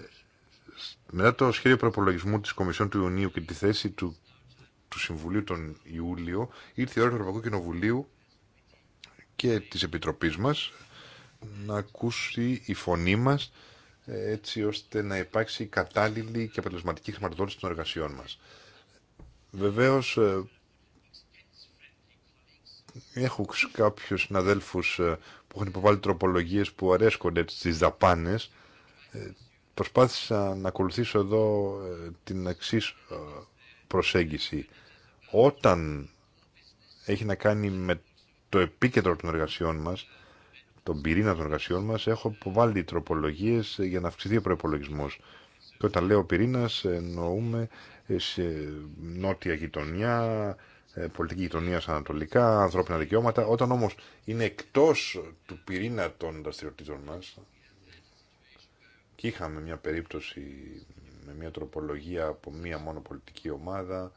μετά το σχέδιο προπολογισμού της Κομισιόν του Ιουνίου και τη θέση του, του Συμβουλίου τον Ιούλιο, ήρθε η ώρα του Ευρωπαϊκού Κοινοβουλίου και της Επιτροπής μας να ακούσει η φωνή μας ε, έτσι ώστε να υπάρξει κατάλληλη και αποτελεσματική χρηματοδότηση των εργασιών μας. Βεβαίως ε, έχω κάποιους συναδέλφους ε, που έχουν υποβάλει τροπολογίες που αρέσκονται στις δαπάνες. Ε, προσπάθησα να ακολουθήσω εδώ ε, την εξή προσέγγιση. Όταν έχει να κάνει με το επίκεντρο των εργασιών μας, τον πυρήνα των εργασιών μας, έχω υποβάλει τροπολογίες για να αυξηθεί ο προπολογισμό. Και όταν λέω πυρήνα εννοούμε σε νότια γειτονιά, ε, πολιτική γειτονία ανατολικά, ανθρώπινα δικαιώματα. Όταν όμως είναι εκτός του πυρήνα των δραστηριοτήτων μας και είχαμε μια περίπτωση με μια τροπολογία από μία μόνο πολιτική ομάδα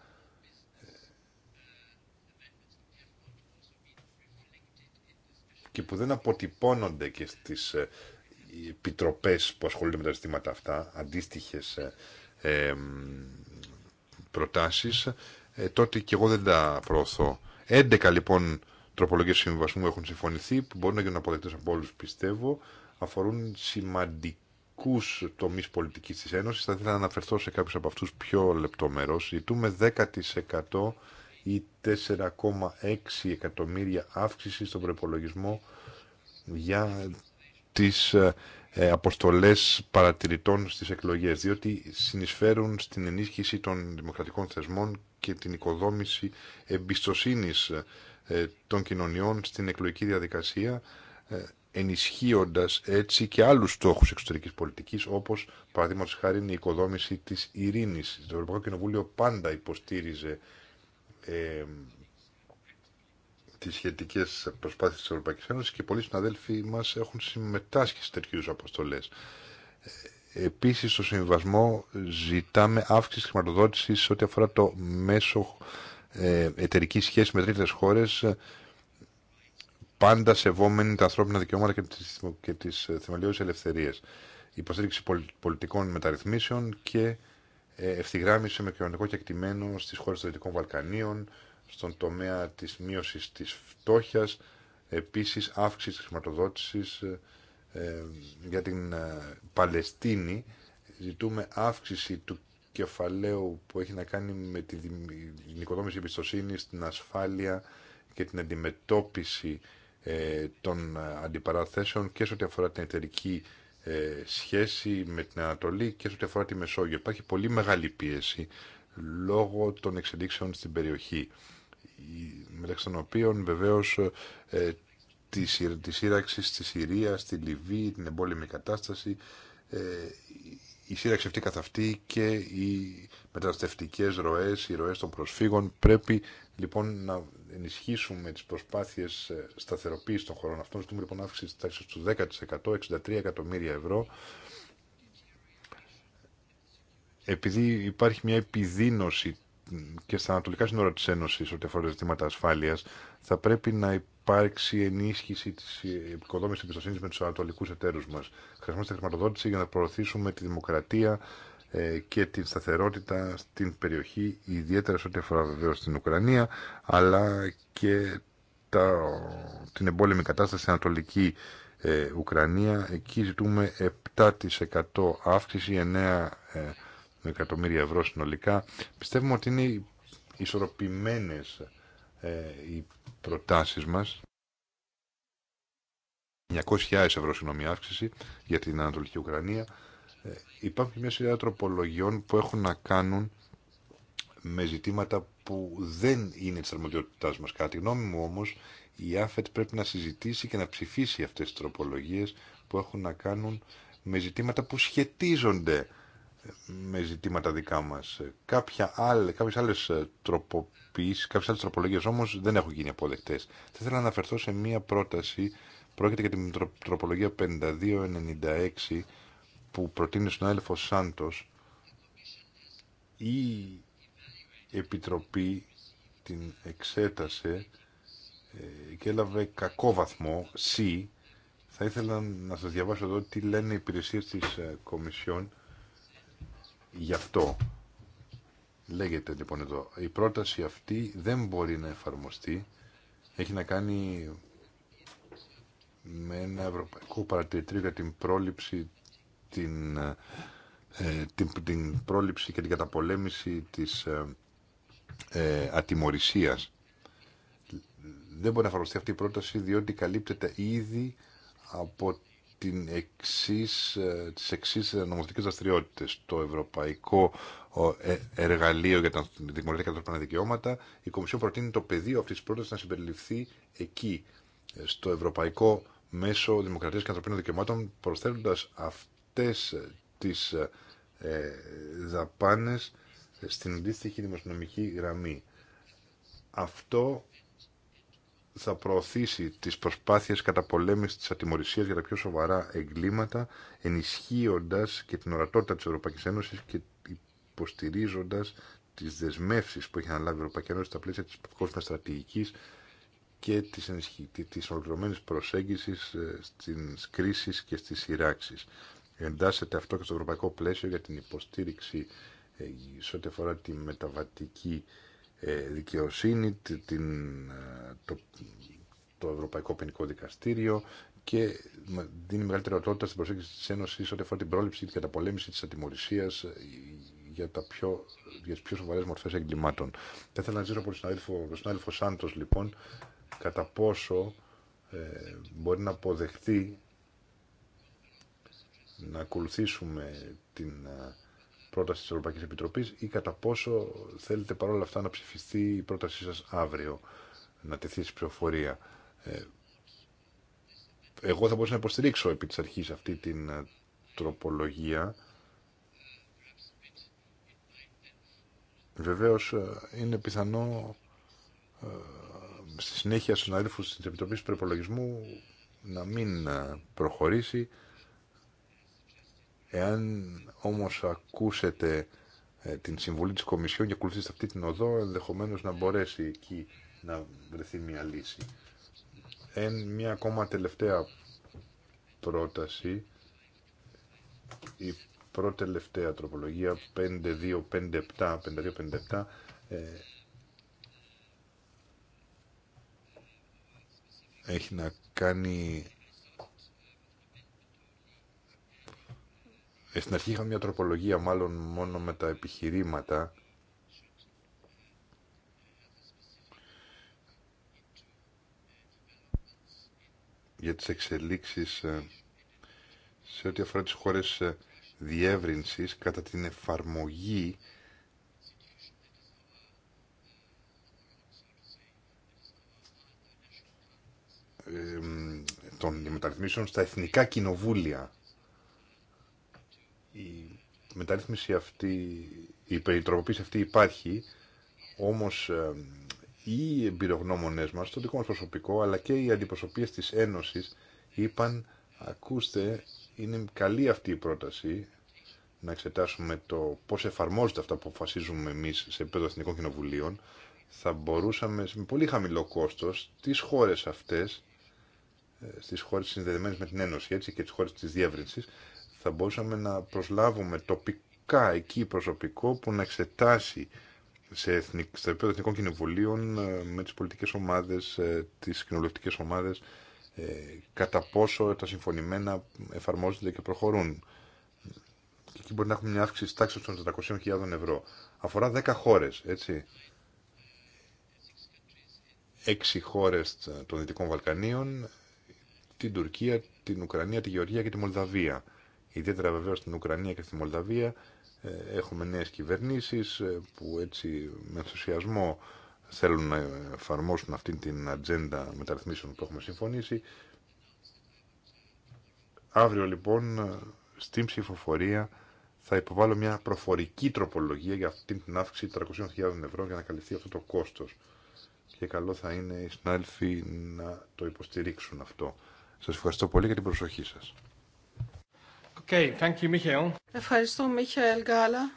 και που δεν αποτυπώνονται και στις ε, επιτροπές που ασχολούνται με τα ζητήματα αυτά, αντίστοιχες ε, προτάσεις ε, τότε και εγώ δεν τα προωθώ. 11 λοιπόν τροπολογίε συμβασμού έχουν συμφωνηθεί, που μπορούν να γίνουν αποδεκτέ από όλου, πιστεύω, αφορούν σημαντικού τομεί πολιτική τη Ένωση. Θα ήθελα να αναφερθώ σε κάποιου από αυτού πιο λεπτομερώ. Ζητούμε 10% ή 4,6 εκατομμύρια αύξηση στον προπολογισμό για τις ε, ε, αποστολές παρατηρητών στις εκλογές, διότι συνεισφέρουν στην ενίσχυση των δημοκρατικών θεσμών και την οικοδόμηση εμπιστοσύνης ε, των κοινωνιών στην εκλογική διαδικασία ε, ενισχύοντας έτσι και άλλους στόχους εξωτερικής πολιτικής όπως παραδείγματος χάρη είναι η οικοδόμηση της ειρήνης. Το Ευρωπαϊκό Κοινοβούλιο πάντα υποστήριζε ε, τις σχετικές προσπάθειες της Ευρωπαϊκής Ένωσης και πολλοί συναδέλφοι μας έχουν συμμετάσχει σε τέτοιου αποστολές. Ε, Επίσης στο συμβιβασμό ζητάμε αύξηση της χρηματοδότησης σε ό,τι αφορά το μέσο ε, εταιρική σχέση με τρίτες χώρες πάντα σεβόμενοι τα ανθρώπινα δικαιώματα και τις, και τις ελευθερίες. Υποστήριξη πολιτικών μεταρρυθμίσεων και ε, ευθυγράμμιση με κοινωνικό κεκτημένο στις χώρες των Δυτικών Βαλκανίων, στον τομέα της μείωσης της φτώχειας, επίσης αύξηση της χρηματοδότησης ε, ε, για την ε, Παλαιστίνη ζητούμε αύξηση του κεφαλαίου που έχει να κάνει με την οικοδόμηση εμπιστοσύνη, την ασφάλεια και την αντιμετώπιση ε, των αντιπαραθέσεων και σε ό,τι αφορά την εταιρική σχέση με την Ανατολή και σε ό,τι αφορά τη Μεσόγειο. Υπάρχει πολύ μεγάλη πίεση λόγω των εξελίξεων στην περιοχή μεταξύ των οποίων βεβαίως τη σύραξη στη Συρία, στη Λιβύη, την εμπόλεμη κατάσταση, ε, η σύραξη αυτή καθ' αυτή και οι μεταναστευτικές ροές, οι ροές των προσφύγων. Πρέπει λοιπόν να ενισχύσουμε τις προσπάθειες ε, σταθεροποίησης των χωρών αυτών. Ζητούμε λοιπόν αύξηση της τάξης του 10%, 63 εκατομμύρια ευρώ. Επειδή υπάρχει μια επιδείνωση και στα ανατολικά σύνορα της Ένωσης ό,τι αφορά ζητήματα ασφάλειας θα πρέπει να υπάρξει ενίσχυση της οικοδόμησης εμπιστοσύνη με τους ανατολικούς εταίρους μας. Χρειαζόμαστε χρηματοδότηση για να προωθήσουμε τη δημοκρατία ε, και την σταθερότητα στην περιοχή, ιδιαίτερα σε ό,τι αφορά βεβαίω την Ουκρανία, αλλά και τα, την εμπόλεμη κατάσταση στην Ανατολική ε, Ουκρανία. Εκεί ζητούμε 7% αύξηση, 9% εκατομμύρια ευρώ συνολικά. Πιστεύουμε ότι είναι ισορροπημένες ε, οι προτάσεις μας. 900.000 ευρώ συγγνώμη αύξηση για την Ανατολική Ουκρανία. Ε, υπάρχει μια σειρά τροπολογιών που έχουν να κάνουν με ζητήματα που δεν είναι της αρμοδιότητάς μας. Κατά τη γνώμη μου όμως, η ΑΦΕΤ πρέπει να συζητήσει και να ψηφίσει αυτές τι τροπολογίες που έχουν να κάνουν με ζητήματα που σχετίζονται με ζητήματα δικά μας. Κάποια άλλε κάποιες άλλες ε, τροποποιήσεις, κάποιες άλλες όμως δεν έχουν γίνει αποδεκτές. Θα ήθελα να αναφερθώ σε μία πρόταση, πρόκειται για την τροπολογία 5296 που προτείνει στον Άλεφο Σάντος η Επιτροπή την εξέτασε ε, και έλαβε κακό βαθμό, C. Θα ήθελα να σας διαβάσω εδώ τι λένε οι υπηρεσίες της ε, Κομισιόν γι' αυτό. Λέγεται λοιπόν εδώ, η πρόταση αυτή δεν μπορεί να εφαρμοστεί. Έχει να κάνει με ένα ευρωπαϊκό παρατηρητήριο για την πρόληψη, την, ε, την, πρόληψη και την καταπολέμηση της ε, ε ατιμορρησίας. Δεν μπορεί να εφαρμοστεί αυτή η πρόταση διότι καλύπτεται ήδη από την εξής, ε, τις εξής ε, νομοθετικές δραστηριότητε. Το Ευρωπαϊκό ε, Εργαλείο για τα Δημοκρατία και τα Δικαιώματα, η Κομισιόν προτείνει το πεδίο αυτής της πρότασης να συμπεριληφθεί εκεί, στο Ευρωπαϊκό Μέσο Δημοκρατίας και Ανθρωπίνων Δικαιωμάτων, προσθέτοντας αυτές τις ε, δαπάνες στην αντίστοιχη δημοσιονομική γραμμή. Αυτό θα προωθήσει τις προσπάθειες πολέμηση της ατιμορρησίας για τα πιο σοβαρά εγκλήματα, ενισχύοντας και την ορατότητα της Ευρωπαϊκής Ένωσης και υποστηρίζοντας τις δεσμεύσεις που έχει αναλάβει η Ευρωπαϊκή Ένωση στα πλαίσια της κόσμιας στρατηγικής και της, ενισχυ... της ολοκληρωμένης προσέγγισης ε, στις κρίσεις και στις σειράξεις. Εντάσσεται αυτό και στο ευρωπαϊκό πλαίσιο για την υποστήριξη ε, σε ό,τι αφορά τη μεταβατική ε, δικαιοσύνη, την, ε, το, το Ευρωπαϊκό Ποινικό Δικαστήριο και δίνει μεγαλύτερη οτότητα στην προσέγγιση της Ένωσης ό,τι αφορά την πρόληψη και καταπολέμηση της ατιμορρησίας ε, για, τα πιο, για τις πιο σοβαρές μορφές εγκλημάτων. Θα ήθελα να ζήσω από τον συνάδελφο, τον Σάντος, λοιπόν, κατά πόσο ε, μπορεί να αποδεχτεί να ακολουθήσουμε την πρόταση τη Ευρωπαϊκή Επιτροπή ή κατά πόσο θέλετε παρόλα αυτά να ψηφιστεί η πρότασή σας αύριο, να τεθεί στη ψηφοφορία. Ε, εγώ θα μπορούσα να υποστηρίξω επί της αρχής αυτή την ε, τροπολογία. Βεβαίως ε, είναι πιθανό στη συνέχεια στους συναδέλφους της αρχης αυτη την τροπολογια Βεβαίω ειναι πιθανο στη συνεχεια στους τη της επιτροπης προπολογισμου να μην προχωρήσει Εάν όμως ακούσετε ε, την συμβουλή της Κομισιόν και ακολουθήσετε αυτή την οδό, ενδεχομένω να μπορέσει εκεί να βρεθεί μια λύση. Εν μια ακόμα τελευταία πρόταση, η τελευταία τροπολογία 5257, 5257 ε, έχει να κάνει Ε, στην αρχή είχαμε μια τροπολογία μάλλον μόνο με τα επιχειρήματα για τις εξελίξεις ε, σε ό,τι αφορά τις χώρες ε, διεύρυνσης κατά την εφαρμογή των μεταρρυθμίσεων στα εθνικά κοινοβούλια. Η μεταρρύθμιση αυτή, η περιτροποποίηση αυτή υπάρχει, όμως οι εμπειρογνώμονές μας, το δικό μας προσωπικό, αλλά και οι αντιπροσωπείες της Ένωσης είπαν, ακούστε, είναι καλή αυτή η πρόταση, να εξετάσουμε το πώς εφαρμόζεται αυτά που αποφασίζουμε εμείς σε επίπεδο Εθνικών Κοινοβουλίων, θα μπορούσαμε με πολύ χαμηλό κόστος τις χώρες αυτές, ε, στις χώρες συνδεδεμένες με την Ένωση έτσι, και τις χώρες της διεύρυνσης, θα μπορούσαμε να προσλάβουμε τοπικά εκεί προσωπικό που να εξετάσει σε εθνικ, στα επίπεδα εθνικών κοινοβουλίων ε, με τις πολιτικές ομάδες, ε, τις κοινοβουλευτικές ομάδες ε, κατά πόσο τα συμφωνημένα εφαρμόζονται και προχωρούν. Και εκεί μπορεί να έχουμε μια αύξηση τάξη των 400.000 ευρώ. Αφορά 10 χώρες, έτσι. 6 χώρες των Δυτικών Βαλκανίων, την Τουρκία, την Ουκρανία, τη Γεωργία και τη Μολδαβία. Ιδιαίτερα βεβαίω στην Ουκρανία και στη Μολδαβία ε, έχουμε νέες κυβερνήσεις ε, που έτσι με ενθουσιασμό θέλουν να εφαρμόσουν αυτή την ατζέντα μεταρρυθμίσεων που έχουμε συμφωνήσει. Αύριο λοιπόν ε, στην ψηφοφορία θα υποβάλω μια προφορική τροπολογία για αυτή την αύξηση 300.000 ευρώ για να καλυφθεί αυτό το κόστος. Και καλό θα είναι οι συνάδελφοι να το υποστηρίξουν αυτό. Σας ευχαριστώ πολύ για την προσοχή σας. Ευχαριστώ, Μιχαήλ Γκάλα.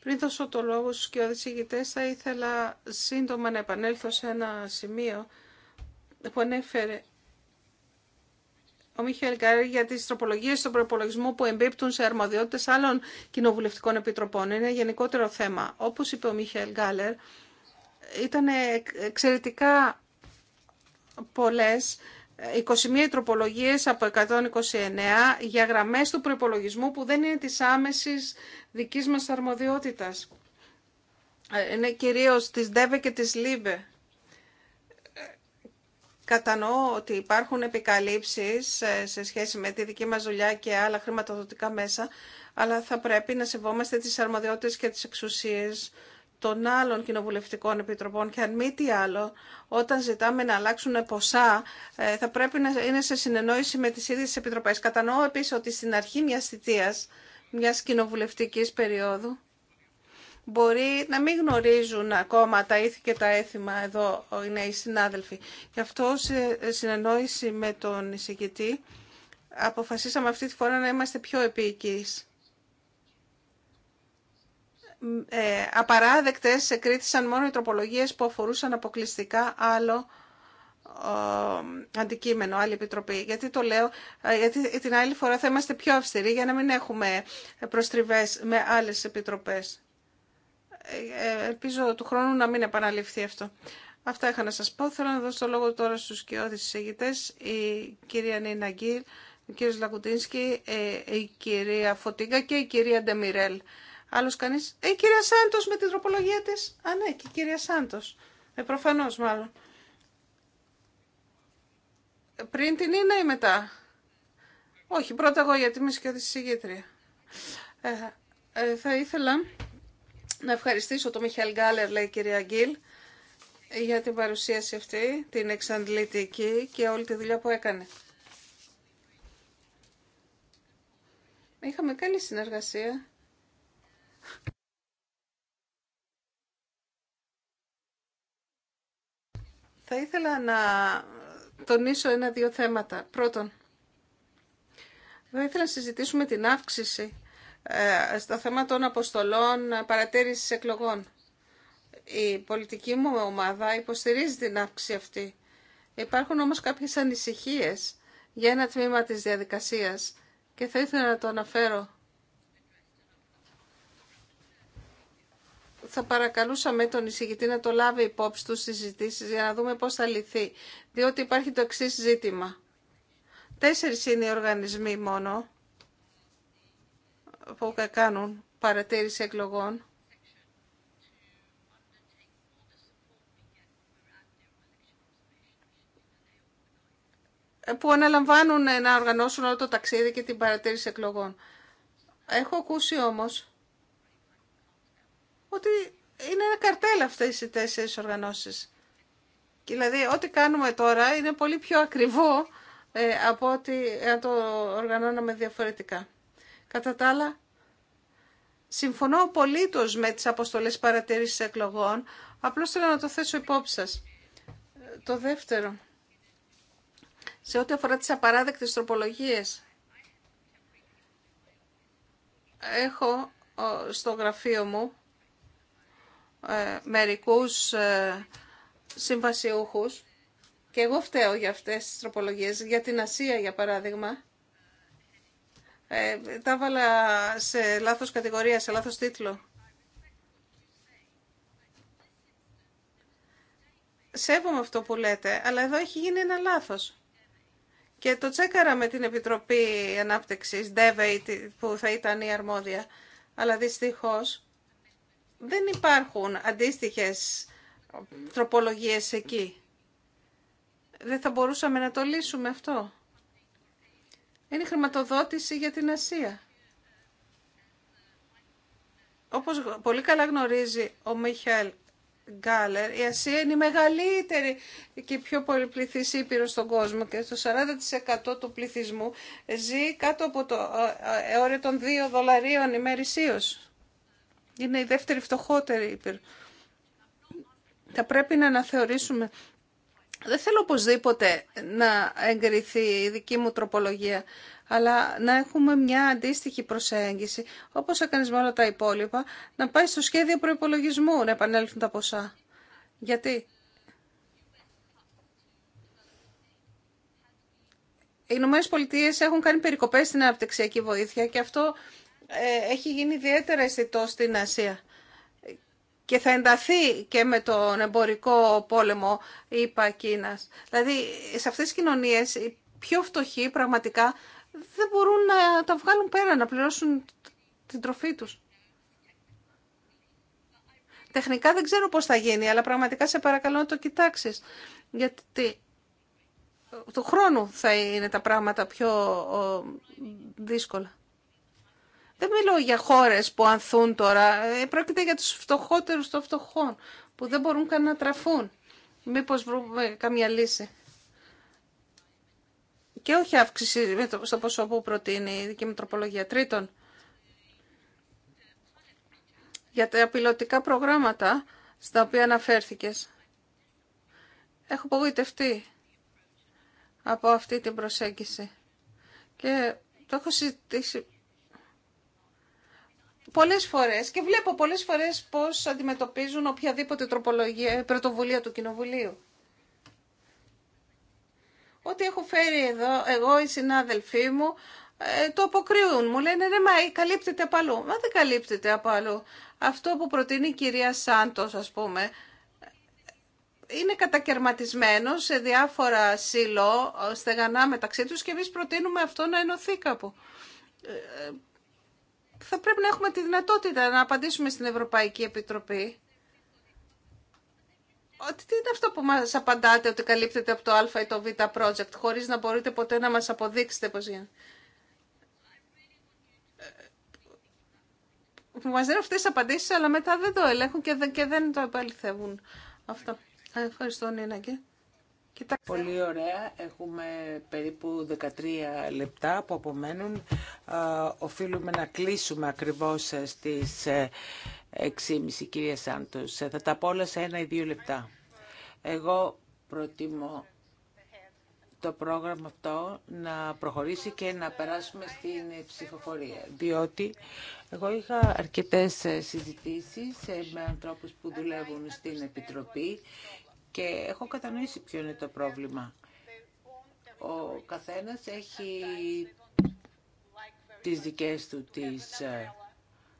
Πριν δώσω το λόγο στους και οδησηγητές, θα ήθελα σύντομα να επανέλθω σε ένα σημείο που ανέφερε ο Μιχαήλ Γκάλα για τις τροπολογίες στον προπολογισμό που εμπίπτουν σε αρμοδιότητες άλλων κοινοβουλευτικών επιτροπών. Είναι γενικότερο θέμα. Όπως είπε ο Μιχαήλ Γκάλα, ήταν εξαιρετικά πολλές 21 τροπολογίες από 129 για γραμμές του προπολογισμού που δεν είναι της άμεσης δικής μας αρμοδιότητας. Ε, είναι κυρίως της ΔΕΒΕ και της ΛΥΒΕ. Κατανοώ ότι υπάρχουν επικαλύψεις ε, σε σχέση με τη δική μας δουλειά και άλλα χρηματοδοτικά μέσα, αλλά θα πρέπει να σεβόμαστε τις αρμοδιότητες και τις εξουσίες των άλλων κοινοβουλευτικών επιτροπών και αν μη τι άλλο, όταν ζητάμε να αλλάξουν ποσά, ε, θα πρέπει να είναι σε συνεννόηση με τις ίδιες επιτροπές. Κατανοώ επίσης ότι στην αρχή μιας θητείας, μιας κοινοβουλευτικής περίοδου, μπορεί να μην γνωρίζουν ακόμα τα ήθη και τα έθιμα εδώ οι νέοι συνάδελφοι. Γι' αυτό σε συνεννόηση με τον εισηγητή αποφασίσαμε αυτή τη φορά να είμαστε πιο επίκης ε, απαράδεκτες εκρίθησαν μόνο οι τροπολογίες που αφορούσαν αποκλειστικά άλλο ε, αντικείμενο, άλλη επιτροπή. Γιατί το λέω, ε, γιατί την άλλη φορά θα είμαστε πιο αυστηροί για να μην έχουμε προστριβές με άλλες επιτροπές. Ελπίζω του χρόνου να μην επαναληφθεί αυτό. Αυτά είχα να σας πω. Θέλω να δώσω το λόγο τώρα στους κοιόδης εισηγητές, η κυρία Νίνα Γκίλ, ο κύριος Λακουτίνσκι, η κυρία Φωτίγκα και η κυρία Ντεμιρέλ άλλο κανει; Ε, η κυρία Σάντο με την τροπολογία τη. Α, ναι, και η κυρία Σάντο. Ε, Προφανώ μάλλον. Πριν την είναι ή μετά. Όχι, πρώτα εγώ γιατί είμαι σκιώδης συγγήτρια. Ε, ε, θα ήθελα να ευχαριστήσω τον Μιχαήλ Γκάλερ, λέει η κυρία Γκίλ, για την παρουσίαση αυτή, την εξαντλητική και όλη τη δουλειά που έκανε. Είχαμε καλή συνεργασία θα ήθελα να τονίσω ένα-δύο θέματα. Πρώτον, θα ήθελα να συζητήσουμε την αύξηση ε, στο θέμα των αποστολών ε, παρατήρησης εκλογών. Η πολιτική μου ομάδα υποστηρίζει την αύξηση αυτή. Υπάρχουν όμως κάποιες ανησυχίες για ένα τμήμα της διαδικασίας και θα ήθελα να το αναφέρω θα παρακαλούσαμε τον εισηγητή να το λάβει υπόψη του στις συζητήσεις για να δούμε πώς θα λυθεί. Διότι υπάρχει το εξή ζήτημα. Τέσσερις είναι οι οργανισμοί μόνο που κάνουν παρατήρηση εκλογών. που αναλαμβάνουν να οργανώσουν όλο το ταξίδι και την παρατήρηση εκλογών. Έχω ακούσει όμως ότι είναι ένα καρτέλ αυτές οι τέσσερις οργανώσεις. Δηλαδή, ό,τι κάνουμε τώρα είναι πολύ πιο ακριβό ε, από ότι αν το οργανώναμε διαφορετικά. Κατά τα άλλα, συμφωνώ απολύτως με τις αποστολές παρατηρήσεις εκλογών, απλώς θέλω να το θέσω υπόψη σας. Το δεύτερο, σε ό,τι αφορά τις απαράδεκτες τροπολογίες, έχω στο γραφείο μου ε, μερικούς ε, συμβασιούχους και εγώ φταίω για αυτές τις τροπολογίες, για την Ασία για παράδειγμα. Ε, τα βάλα σε λάθος κατηγορία, σε λάθος τίτλο. Σέβομαι αυτό που λέτε, αλλά εδώ έχει γίνει ένα λάθος. Και το τσέκαρα με την Επιτροπή Ανάπτυξης, ΔΕΒΕΙ, που θα ήταν η αρμόδια, αλλά δυστυχώς δεν υπάρχουν αντίστοιχες τροπολογίες εκεί. Δεν θα μπορούσαμε να το λύσουμε αυτό. Είναι χρηματοδότηση για την Ασία. Όπως πολύ καλά γνωρίζει ο Μιχαήλ Γκάλερ, η Ασία είναι η μεγαλύτερη και η πιο πολυπληθής ήπειρο στον κόσμο και το 40% του πληθυσμού ζει κάτω από το ε, ε, ε, όριο των 2 δολαρίων ημερησίως. Είναι η δεύτερη φτωχότερη ήπειρο. Θα πρέπει να αναθεωρήσουμε. Δεν θέλω οπωσδήποτε να εγκριθεί η δική μου τροπολογία, αλλά να έχουμε μια αντίστοιχη προσέγγιση, όπως έκανε με όλα τα υπόλοιπα, να πάει στο σχέδιο προϋπολογισμού να επανέλθουν τα ποσά. Γιατί οι Ηνωμένε Πολιτείε έχουν κάνει περικοπές στην αναπτυξιακή βοήθεια και αυτό ε, έχει γίνει ιδιαίτερα αισθητό στην Ασία και θα ενταθεί και με τον εμπορικό πόλεμο είπα Κίνας. Δηλαδή σε αυτές τις κοινωνίες οι πιο φτωχοί πραγματικά δεν μπορούν να τα βγάλουν πέρα, να πληρώσουν την τροφή τους. Τεχνικά δεν ξέρω πώς θα γίνει, αλλά πραγματικά σε παρακαλώ να το κοιτάξεις. Γιατί του χρόνου θα είναι τα πράγματα πιο δύσκολα. Δεν μιλώ για χώρε που ανθούν τώρα. Ε, πρόκειται για τους φτωχότερου των φτωχών που δεν μπορούν καν να τραφούν. Μήπως βρούμε καμία λύση. Και όχι αύξηση στο ποσό που προτείνει η δική μου τροπολογία. Τρίτον, για τα πιλωτικά προγράμματα στα οποία αναφέρθηκες. Έχω απογοητευτεί από αυτή την προσέγγιση. Και το έχω συζητήσει πολλές φορές και βλέπω πολλές φορές πώς αντιμετωπίζουν οποιαδήποτε τροπολογία, πρωτοβουλία του Κοινοβουλίου. Ό,τι έχω φέρει εδώ, εγώ οι συνάδελφοί μου, ε, το αποκρύουν. Μου λένε ναι, μα ε, καλύπτεται από αλλού. Μα δεν καλύπτεται από αλλού. Αυτό που προτείνει η κυρία Σάντος, ας πούμε, είναι κατακαιρματισμένο σε διάφορα σύλλο, ε, στεγανά μεταξύ τους και εμείς προτείνουμε αυτό να ενωθεί κάπου θα πρέπει να έχουμε τη δυνατότητα να απαντήσουμε στην Ευρωπαϊκή Επιτροπή ότι τι είναι αυτό που μας απαντάτε ότι καλύπτεται από το Α ή το Β project χωρίς να μπορείτε ποτέ να μας αποδείξετε πώς γίνεται. Ε, που μας δίνουν αυτές τις απαντήσεις αλλά μετά δεν το ελέγχουν και δεν, το επαληθεύουν. Αυτό. Ευχαριστώ Νίνα και... Κοιτάξτε. Πολύ ωραία. Έχουμε περίπου 13 λεπτά που απομένουν. Οφείλουμε να κλείσουμε ακριβώς στις 6.30 ε, κυρία Σάντος. Ε, θα τα πω όλα σε ένα ή δύο λεπτά. Εγώ προτιμώ το πρόγραμμα αυτό να προχωρήσει και να περάσουμε στην ψηφοφορία. Διότι εγώ είχα αρκετές ε, συζητήσεις με ανθρώπους που δουλεύουν στην Επιτροπή και έχω κατανοήσει ποιο είναι το πρόβλημα. Ο καθένας έχει τις δικές του τις ε,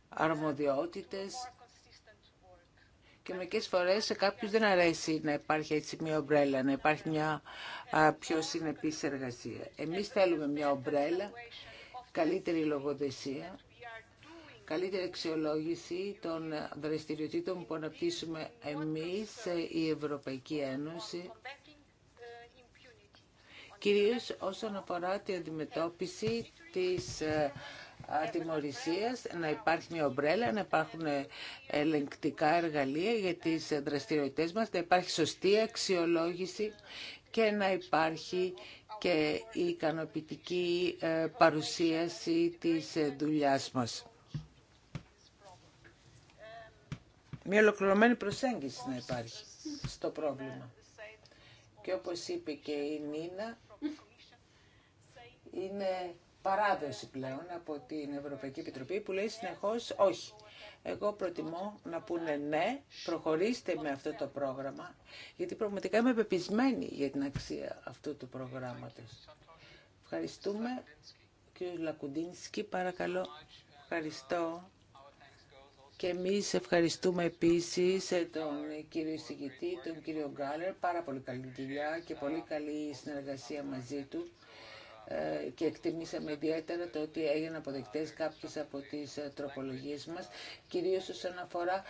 αρμοδιότητες και μερικές φορές σε κάποιους δεν αρέσει να υπάρχει έτσι μια ομπρέλα, να υπάρχει μια πιο συνεπής εργασία. Εμείς θέλουμε μια ομπρέλα, καλύτερη λογοδεσία καλύτερη αξιολόγηση των δραστηριοτήτων που αναπτύσσουμε εμείς, η Ευρωπαϊκή Ένωση, κυρίως όσον αφορά την αντιμετώπιση της ε, ατιμορρησίας, να υπάρχει μια ομπρέλα, να υπάρχουν ελεγκτικά εργαλεία για τις δραστηριότητες μας, να υπάρχει σωστή αξιολόγηση και να υπάρχει και η ικανοποιητική ε, παρουσίαση της ε, δουλειάς μας. μια ολοκληρωμένη προσέγγιση να υπάρχει στο πρόβλημα. Και όπως είπε και η Νίνα, είναι παράδοση πλέον από την Ευρωπαϊκή Επιτροπή που λέει συνεχώς όχι. Εγώ προτιμώ να πούνε ναι, προχωρήστε με αυτό το πρόγραμμα, γιατί πραγματικά είμαι πεπισμένη για την αξία αυτού του προγράμματος. Ευχαριστούμε. Κύριε Λακουντίνσκι, παρακαλώ. Ευχαριστώ. Και εμείς ευχαριστούμε επίσης ε, τον κύριο εισηγητή, τον κύριο Γκάλερ, πάρα πολύ καλή δουλειά και πολύ καλή συνεργασία μαζί του ε, και εκτιμήσαμε ιδιαίτερα το ότι έγιναν αποδεκτές κάποιες από τις ε, τροπολογίες μας, κυρίως όσον αφορά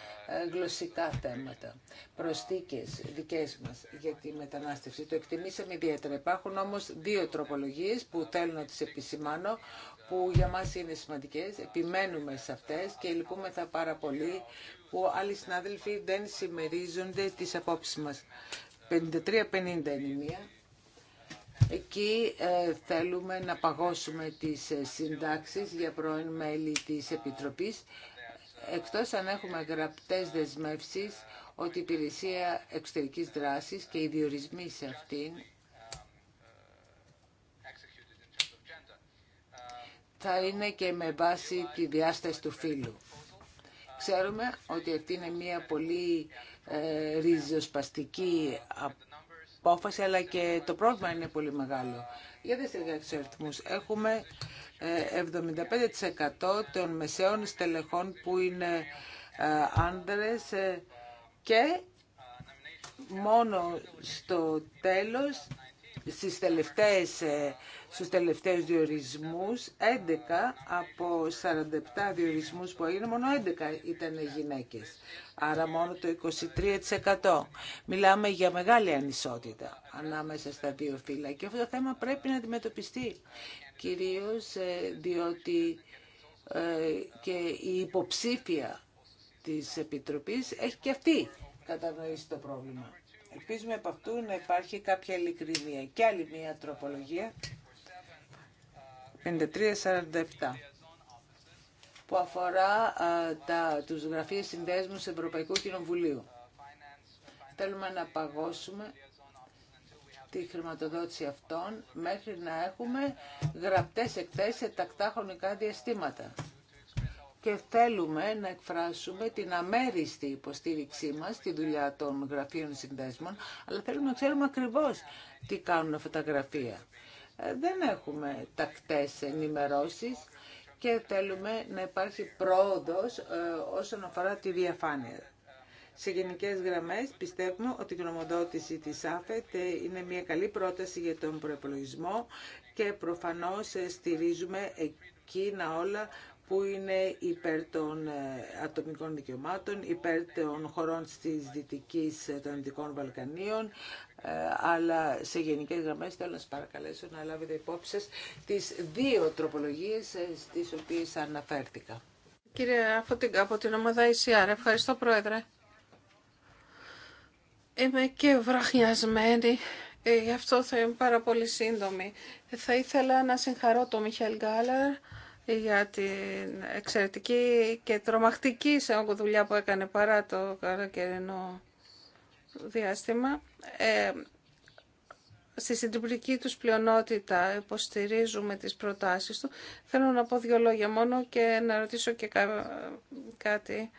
γλωσσικά θέματα, προστίκες δικές μας για τη μετανάστευση. Το εκτιμήσαμε ιδιαίτερα. Υπάρχουν όμως δύο τροπολογίες που θέλω να τις επισημάνω που για μας είναι σημαντικές, επιμένουμε σε αυτές και λυπούμεθα πάρα πολύ που άλλοι συνάδελφοι δεν συμμερίζονται τις απόψεις μας. 53-50 είναι μία. Εκεί ε, θέλουμε να παγώσουμε τις ε, συντάξεις για πρώην μέλη της Επιτροπής, εκτός αν έχουμε γραπτές δεσμεύσεις ότι η υπηρεσία εξωτερικής δράσης και οι διορισμοί σε αυτήν θα είναι και με βάση τη διάσταση του φύλου. Ξέρουμε ότι αυτή είναι μια πολύ ε, ριζοσπαστική απόφαση, αλλά και το πρόβλημα είναι πολύ μεγάλο. Για δε στεργάξεις αριθμούς. Έχουμε 75% ε, των μεσαίων στελεχών που είναι ε, άνδρες ε, και μόνο στο τέλος στις τελευταίες, ε, στους τελευταίους διορισμούς, 11 από 47 διορισμούς που έγινε, μόνο 11 ήταν γυναίκες. Άρα μόνο το 23%. Μιλάμε για μεγάλη ανισότητα ανάμεσα στα δύο φύλλα και αυτό το θέμα πρέπει να αντιμετωπιστεί. Κυρίως ε, διότι ε, και η υποψήφια της Επιτροπής έχει και αυτή κατανοήσει το πρόβλημα. Ελπίζουμε από αυτού να υπάρχει κάποια ειλικρινία. Και άλλη μία τροπολογία, 5347, που αφορά τα, τους γραφείες συνδέσμου του Ευρωπαϊκού Κοινοβουλίου. Θέλουμε να παγώσουμε τη χρηματοδότηση αυτών μέχρι να έχουμε γραπτές εκθέσεις σε τακτά χρονικά διαστήματα και θέλουμε να εκφράσουμε την αμέριστη υποστήριξή μας στη δουλειά των γραφείων συνδέσμων, αλλά θέλουμε να ξέρουμε ακριβώς τι κάνουν αυτά τα γραφεία. Ε, δεν έχουμε τακτές ενημερώσεις και θέλουμε να υπάρχει πρόοδος ε, όσον αφορά τη διαφάνεια. Σε γενικές γραμμές πιστεύουμε ότι η γνωμοδότηση της ΑΦΕΤ ε, είναι μια καλή πρόταση για τον προπολογισμό και προφανώς στηρίζουμε εκείνα όλα που είναι υπέρ των ε, ατομικών δικαιωμάτων, υπέρ των χωρών της Δυτικής, ε, των Δυτικών Βαλκανίων, ε, αλλά σε γενικές γραμμές θέλω να σας παρακαλέσω να λάβετε υπόψη σας τις δύο τροπολογίες στις οποίες αναφέρθηκα. Κύριε Αφωτίγκα, από την ομάδα ECR, ευχαριστώ Πρόεδρε. Είμαι και βραχνιασμένη γι' αυτό θα είμαι πάρα πολύ σύντομη. Θα ήθελα να συγχαρώ τον Μιχαήλ Γκάλερ για την εξαιρετική και τρομακτική σε δουλειά που έκανε παρά το καλοκαιρινό διάστημα. Ε, στη συντριπτική τους πλειονότητα υποστηρίζουμε τις προτάσεις του. Θέλω να πω δύο λόγια μόνο και να ρωτήσω και κάτι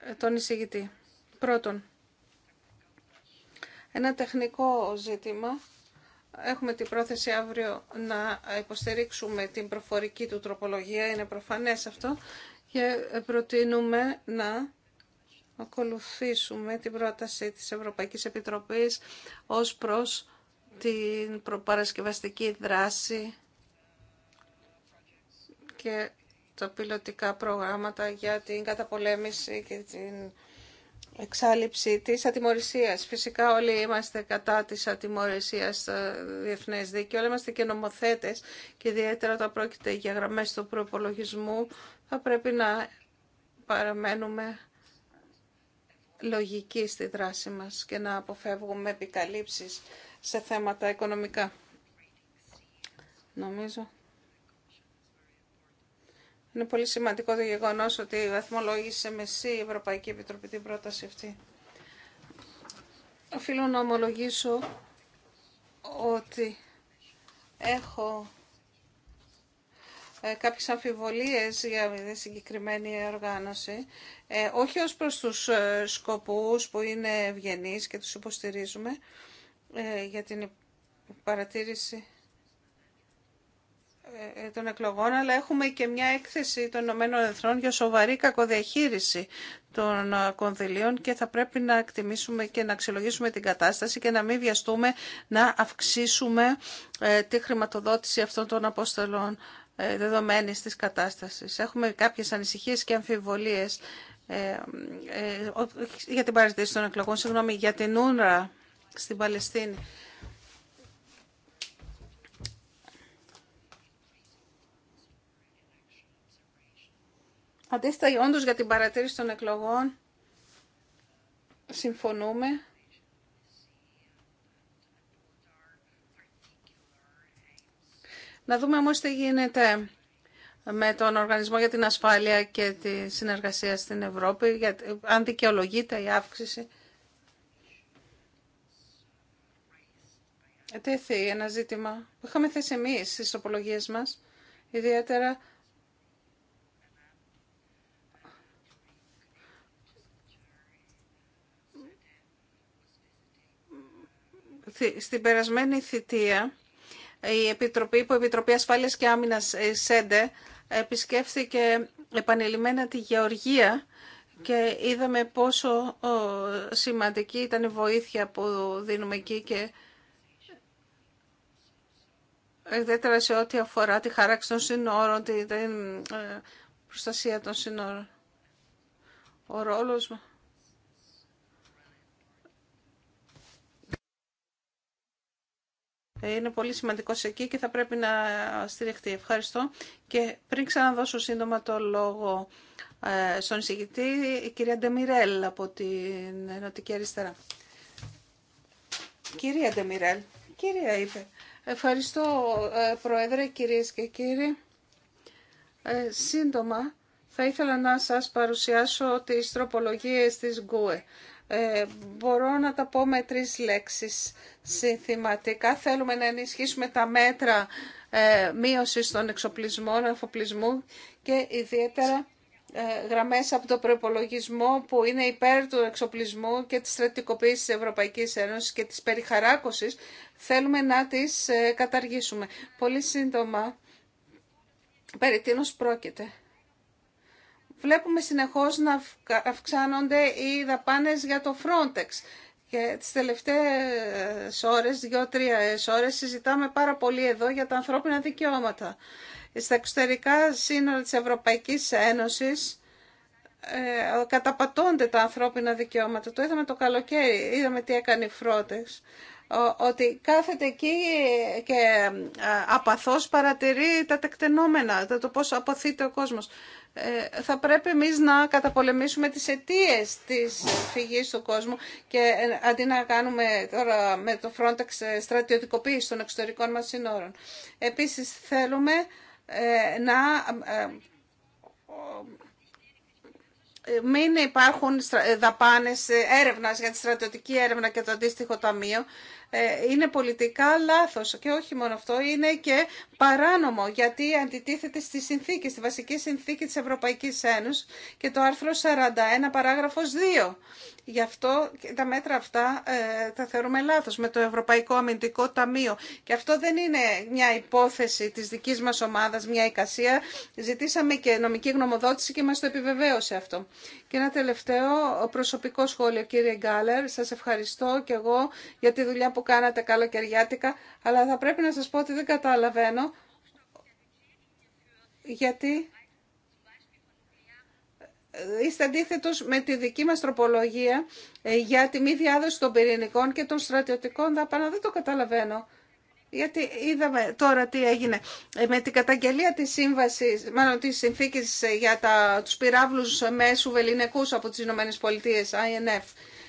ε, τον εισηγητή. Πρώτον, ένα τεχνικό ζήτημα Έχουμε την πρόθεση αύριο να υποστηρίξουμε την προφορική του τροπολογία, είναι προφανές αυτό, και προτείνουμε να ακολουθήσουμε την πρόταση της Ευρωπαϊκής Επιτροπής ως προς την προπαρασκευαστική δράση και τα πιλωτικά προγράμματα για την καταπολέμηση και την εξάλληψη της ατιμορρησίας. Φυσικά όλοι είμαστε κατά της ατιμορρησίας στο διεθνές δίκαιο, όλοι είμαστε και νομοθέτες και ιδιαίτερα όταν πρόκειται για γραμμές του προπολογισμού θα πρέπει να παραμένουμε λογικοί στη δράση μας και να αποφεύγουμε επικαλύψεις σε θέματα οικονομικά. Νομίζω είναι πολύ σημαντικό το γεγονό ότι βαθμολόγησε με η Ευρωπαϊκή Επιτροπή την πρόταση αυτή. Οφείλω να ομολογήσω ότι έχω ε, κάποιες αμφιβολίες για τη συγκεκριμένη οργάνωση, ε, όχι ως προς τους ε, σκοπούς που είναι ευγενείς και τους υποστηρίζουμε για την παρατήρηση ε, ε, των εκλογών, αλλά έχουμε και μια έκθεση των Ηνωμένων Εθνών για σοβαρή κακοδιαχείριση των ε, κονδυλίων και θα πρέπει να εκτιμήσουμε και να αξιολογήσουμε την κατάσταση και να μην βιαστούμε να αυξήσουμε τη χρηματοδότηση αυτών των αποστολών δεδομένης της κατάστασης. Έχουμε κάποιες ανησυχίες και αμφιβολίες για την παρατήρηση των εκλογών, συγγνώμη, για την Ούνρα στην Παλαιστίνη. Αντίθετα, όντω για την παρατήρηση των εκλογών συμφωνούμε. Να δούμε όμως τι γίνεται με τον Οργανισμό για την Ασφάλεια και τη Συνεργασία στην Ευρώπη, για, αν δικαιολογείται η αύξηση. Ετέθη ένα ζήτημα που είχαμε θέσει εμείς στις οπολογίες μας, ιδιαίτερα Στην περασμένη θητεία η Επιτροπή, που η Επιτροπή Ασφάλειας και Άμυνας ε, ΣΕΝΤΕ επισκέφθηκε επανειλημμένα τη Γεωργία και είδαμε πόσο σημαντική ήταν η βοήθεια που δίνουμε εκεί και ιδιαίτερα σε ό,τι αφορά τη χαράξη των συνόρων, την ε, προστασία των συνόρων. Ο ρόλος είναι πολύ σημαντικό εκεί και θα πρέπει να στηριχτεί. Ευχαριστώ. Και πριν ξαναδώσω σύντομα το λόγο ε, στον εισηγητή, η κυρία Ντεμιρέλ από την Ενωτική Αριστερά. Κυρία Ντεμιρέλ, κυρία είπε. Ευχαριστώ, ε, Πρόεδρε, κυρίες και κύριοι. Ε, σύντομα, θα ήθελα να σας παρουσιάσω τις τροπολογίες της ΓΚΟΕ. Ε, μπορώ να τα πω με τρεις λέξεις συνθηματικά. Θέλουμε να ενισχύσουμε τα μέτρα ε, μείωσης των εξοπλισμών, εφοπλισμού και ιδιαίτερα ε, γραμμές από το προπολογισμό που είναι υπέρ του εξοπλισμού και της στρατικοποίησης της Ευρωπαϊκής Ένωσης και της περιχαράκωσης, θέλουμε να τις ε, καταργήσουμε. Πολύ σύντομα, περί τίνος πρόκειται βλέπουμε συνεχώς να αυξάνονται οι δαπάνες για το Frontex. Και τις τελευταίες ώρες, δύο-τρία ώρες, συζητάμε πάρα πολύ εδώ για τα ανθρώπινα δικαιώματα. Στα εξωτερικά σύνορα της Ευρωπαϊκής Ένωσης ε, καταπατώνται τα ανθρώπινα δικαιώματα. Το είδαμε το καλοκαίρι, είδαμε τι έκανε η Frontex ότι κάθεται εκεί και ε, απαθώς παρατηρεί τα τεκτενόμενα, το πώς αποθείται ο κόσμος. Ε, θα πρέπει εμείς να καταπολεμήσουμε τις αιτίε της φυγής του κόσμου και ε, αντί να κάνουμε τώρα με το Frontex ε, στρατιωτικοποίηση των εξωτερικών μας σύνορων. Επίσης θέλουμε να μην υπάρχουν δαπάνες έρευνας για τη στρατιωτική έρευνα και το αντίστοιχο ταμείο ε, είναι πολιτικά λάθος και όχι μόνο αυτό, είναι και παράνομο γιατί αντιτίθεται στη συνθήκη, στη βασική συνθήκη της Ευρωπαϊκής Ένωσης και το άρθρο 41 παράγραφος 2. Γι' αυτό τα μέτρα αυτά ε, τα θεωρούμε λάθος με το Ευρωπαϊκό Αμυντικό Ταμείο. Και αυτό δεν είναι μια υπόθεση της δικής μας ομάδας, μια εικασία. Ζητήσαμε και νομική γνωμοδότηση και μας το επιβεβαίωσε αυτό. Και ένα τελευταίο προσωπικό σχόλιο, κύριε Γκάλερ. Σας ευχαριστώ και εγώ για τη δουλειά που κάνατε καλοκαιριάτικα, αλλά θα πρέπει να σας πω ότι δεν καταλαβαίνω γιατί είστε αντίθετος με τη δική μας τροπολογία ε, για τη μη διάδοση των πυρηνικών και των στρατιωτικών δαπανών. Δεν το καταλαβαίνω. Γιατί είδαμε τώρα τι έγινε με την καταγγελία της σύμβασης, μάλλον της συνθήκης για τα, τους πυράβλους μέσου βεληνικούς από τις Ηνωμένες Πολιτείες, INF.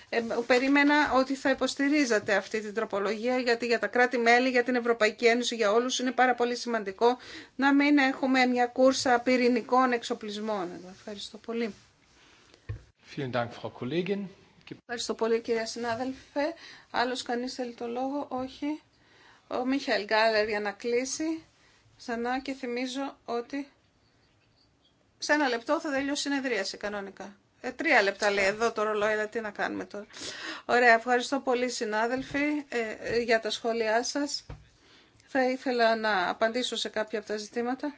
Ε, περίμενα ότι θα υποστηρίζατε αυτή την τροπολογία, γιατί για τα κράτη-μέλη, για την Ευρωπαϊκή Ένωση, για όλους είναι πάρα πολύ σημαντικό να μην έχουμε μια κούρσα πυρηνικών εξοπλισμών. Ευχαριστώ πολύ. Ευχαριστώ πολύ κυρία συνάδελφε. Άλλος κανείς θέλει το λόγο, όχι ο Μίχαελ Γκάλερ για να κλείσει. Ξανά και θυμίζω ότι σε ένα λεπτό θα τελειώσει η συνεδρίαση κανονικά. Ε, τρία λεπτά λέει εδώ το ρολόι, αλλά τι να κάνουμε τώρα. Ωραία, ευχαριστώ πολύ συνάδελφοι ε, ε, για τα σχόλιά σας. Θα ήθελα να απαντήσω σε κάποια από τα ζητήματα.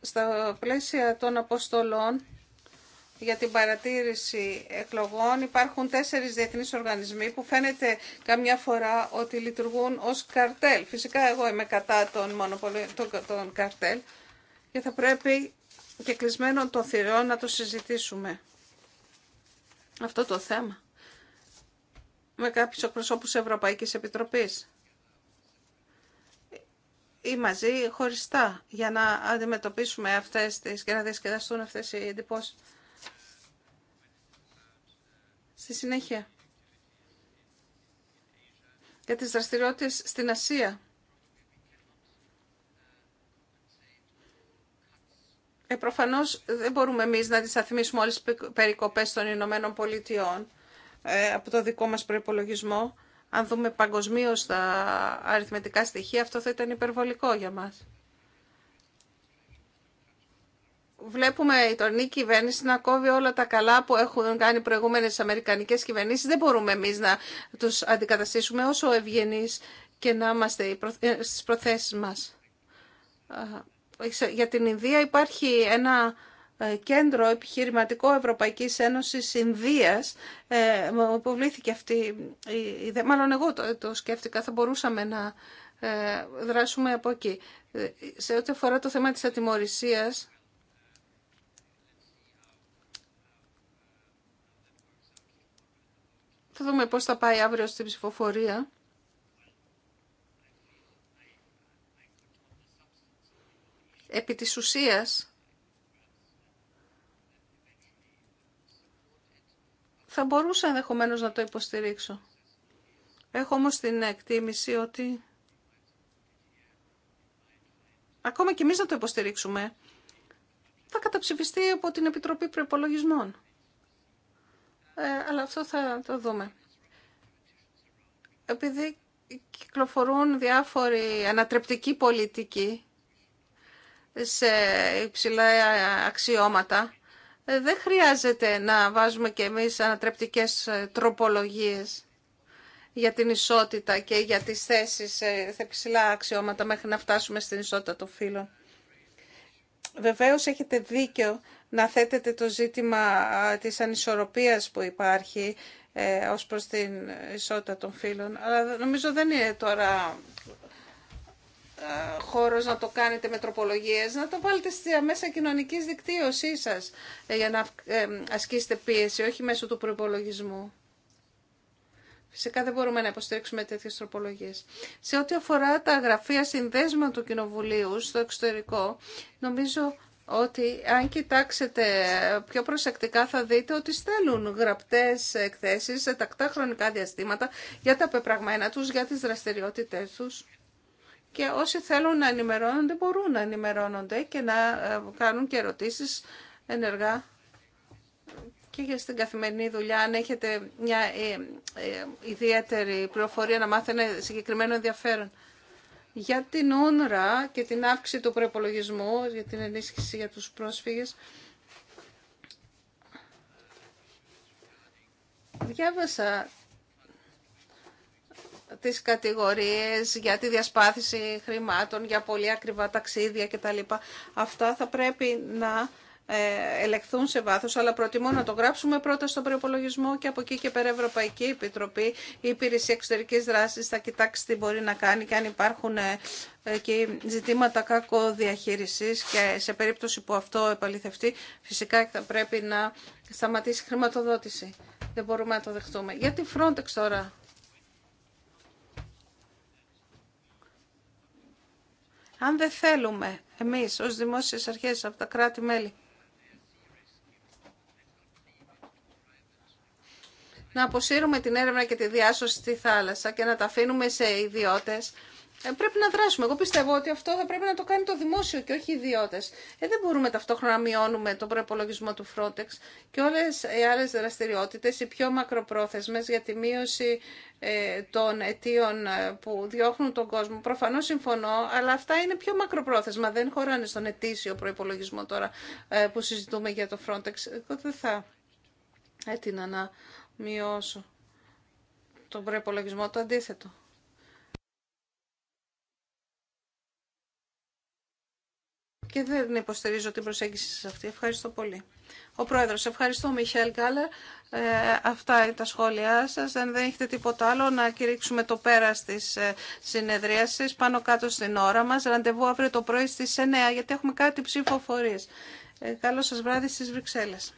Στα πλαίσια των αποστολών για την παρατήρηση εκλογών υπάρχουν τέσσερις διεθνείς οργανισμοί που φαίνεται καμιά φορά ότι λειτουργούν ως καρτέλ. Φυσικά εγώ είμαι κατά των, μονοπολι... των καρτέλ και θα πρέπει και κλεισμένο των θυρών να το συζητήσουμε αυτό το θέμα με κάποιους εκπροσώπους Ευρωπαϊκής Επιτροπής ή μαζί χωριστά για να αντιμετωπίσουμε αυτές τις και να διασκεδαστούν αυτές οι εντυπώσεις. Στη συνέχεια. Για τις δραστηριότητες στην Ασία. Ε, προφανώς δεν μπορούμε εμείς να αντισταθμίσουμε όλες τις περικοπές των Ηνωμένων Πολιτειών ε, από το δικό μας προϋπολογισμό. Αν δούμε παγκοσμίω τα αριθμητικά στοιχεία, αυτό θα ήταν υπερβολικό για μας βλέπουμε η τωρινή κυβέρνηση να κόβει όλα τα καλά που έχουν κάνει προηγούμενε αμερικανικέ κυβερνήσει, Δεν μπορούμε εμεί να του αντικαταστήσουμε όσο ευγενεί και να είμαστε ε, στι προθέσει μα. Για την Ινδία υπάρχει ένα ε, κέντρο επιχειρηματικό Ευρωπαϊκής Ένωσης Ινδίας ε, υποβλήθηκε αυτή μάλλον εγώ το, το σκέφτηκα θα μπορούσαμε να δράσουμε από εκεί σε ό,τι αφορά το θέμα της ατιμορρησίας Θα δούμε πώς θα πάει αύριο στην ψηφοφορία. Επί της ουσίας, θα μπορούσα ενδεχομένως να το υποστηρίξω. Έχω όμως την εκτίμηση ότι ακόμα και εμείς να το υποστηρίξουμε, θα καταψηφιστεί από την Επιτροπή Προπολογισμών. Ε, αλλά αυτό θα το δούμε. Επειδή κυκλοφορούν διάφοροι ανατρεπτικοί πολιτικοί σε υψηλά αξιώματα, ε, δεν χρειάζεται να βάζουμε και εμείς ανατρεπτικές ε, τροπολογίες για την ισότητα και για τις θέσεις σε υψηλά αξιώματα μέχρι να φτάσουμε στην ισότητα των φύλων. Βεβαίως έχετε δίκιο να θέτετε το ζήτημα της ανισορροπίας που υπάρχει ε, ως προς την ισότητα των φύλων. Αλλά νομίζω δεν είναι τώρα ε, χώρος να το κάνετε με τροπολογίες, να το βάλετε στη μέσα κοινωνικής δικτύωσής σας ε, για να ε, ασκήσετε πίεση, όχι μέσω του προπολογισμού. Φυσικά δεν μπορούμε να υποστηρίξουμε τέτοιε τροπολογίε. Σε ό,τι αφορά τα γραφεία συνδέσμα του Κοινοβουλίου στο εξωτερικό, νομίζω ότι αν κοιτάξετε πιο προσεκτικά θα δείτε ότι στέλνουν γραπτές εκθέσεις σε τακτά χρονικά διαστήματα για τα πεπραγμένα τους, για τις δραστηριότητές τους. Και όσοι θέλουν να ενημερώνονται μπορούν να ενημερώνονται και να ε, κάνουν και ερωτήσεις ενεργά και για στην καθημερινή δουλειά, αν έχετε μια ε, ε, ιδιαίτερη πληροφορία να μάθετε συγκεκριμένο ενδιαφέρον για την όνρα και την αύξηση του προπολογισμού, για την ενίσχυση για τους πρόσφυγες. Διάβασα τις κατηγορίες για τη διασπάθηση χρημάτων, για πολύ ακριβά ταξίδια κτλ. Αυτά θα πρέπει να ε, ελεχθούν σε βάθος, αλλά προτιμώ να το γράψουμε πρώτα στον προπολογισμό και από εκεί και πέρα Ευρωπαϊκή Επιτροπή, η Υπηρεσία Εξωτερικής Δράσης θα κοιτάξει τι μπορεί να κάνει και αν υπάρχουν ε, ε, και ζητήματα κακό διαχείρισης και σε περίπτωση που αυτό επαληθευτεί φυσικά θα πρέπει να σταματήσει η χρηματοδότηση. Δεν μπορούμε να το δεχτούμε. Για τη Frontex τώρα. Αν δεν θέλουμε εμείς ως δημόσιες αρχές από τα κράτη-μέλη να αποσύρουμε την έρευνα και τη διάσωση στη θάλασσα και να τα αφήνουμε σε ιδιώτες. Ε, πρέπει να δράσουμε. Εγώ πιστεύω ότι αυτό θα πρέπει να το κάνει το δημόσιο και όχι οι ιδιώτε. Ε, δεν μπορούμε ταυτόχρονα να μειώνουμε τον προπολογισμό του Frontex και όλε οι άλλε δραστηριότητε, οι πιο μακροπρόθεσμε για τη μείωση ε, των αιτίων ε, που διώχνουν τον κόσμο. Προφανώ συμφωνώ, αλλά αυτά είναι πιο μακροπρόθεσμα. Δεν χωράνε στον ετήσιο προπολογισμό τώρα ε, που συζητούμε για το Frontex. Εγώ θα έτεινα να μειώσω τον προπολογισμό, το αντίθετο. Και δεν υποστηρίζω την προσέγγιση σας αυτή. Ευχαριστώ πολύ. Ο Πρόεδρος, ευχαριστώ Μιχέλ Γκάλερ. Ε, αυτά είναι τα σχόλιά σας. δεν έχετε τίποτα άλλο, να κηρύξουμε το πέρας της ε, συνεδρίασης πάνω κάτω στην ώρα μας. Ραντεβού αύριο το πρωί στις 9, γιατί έχουμε κάτι ψηφοφορίες. Ε, καλό σας βράδυ στις Βρυξέλλες.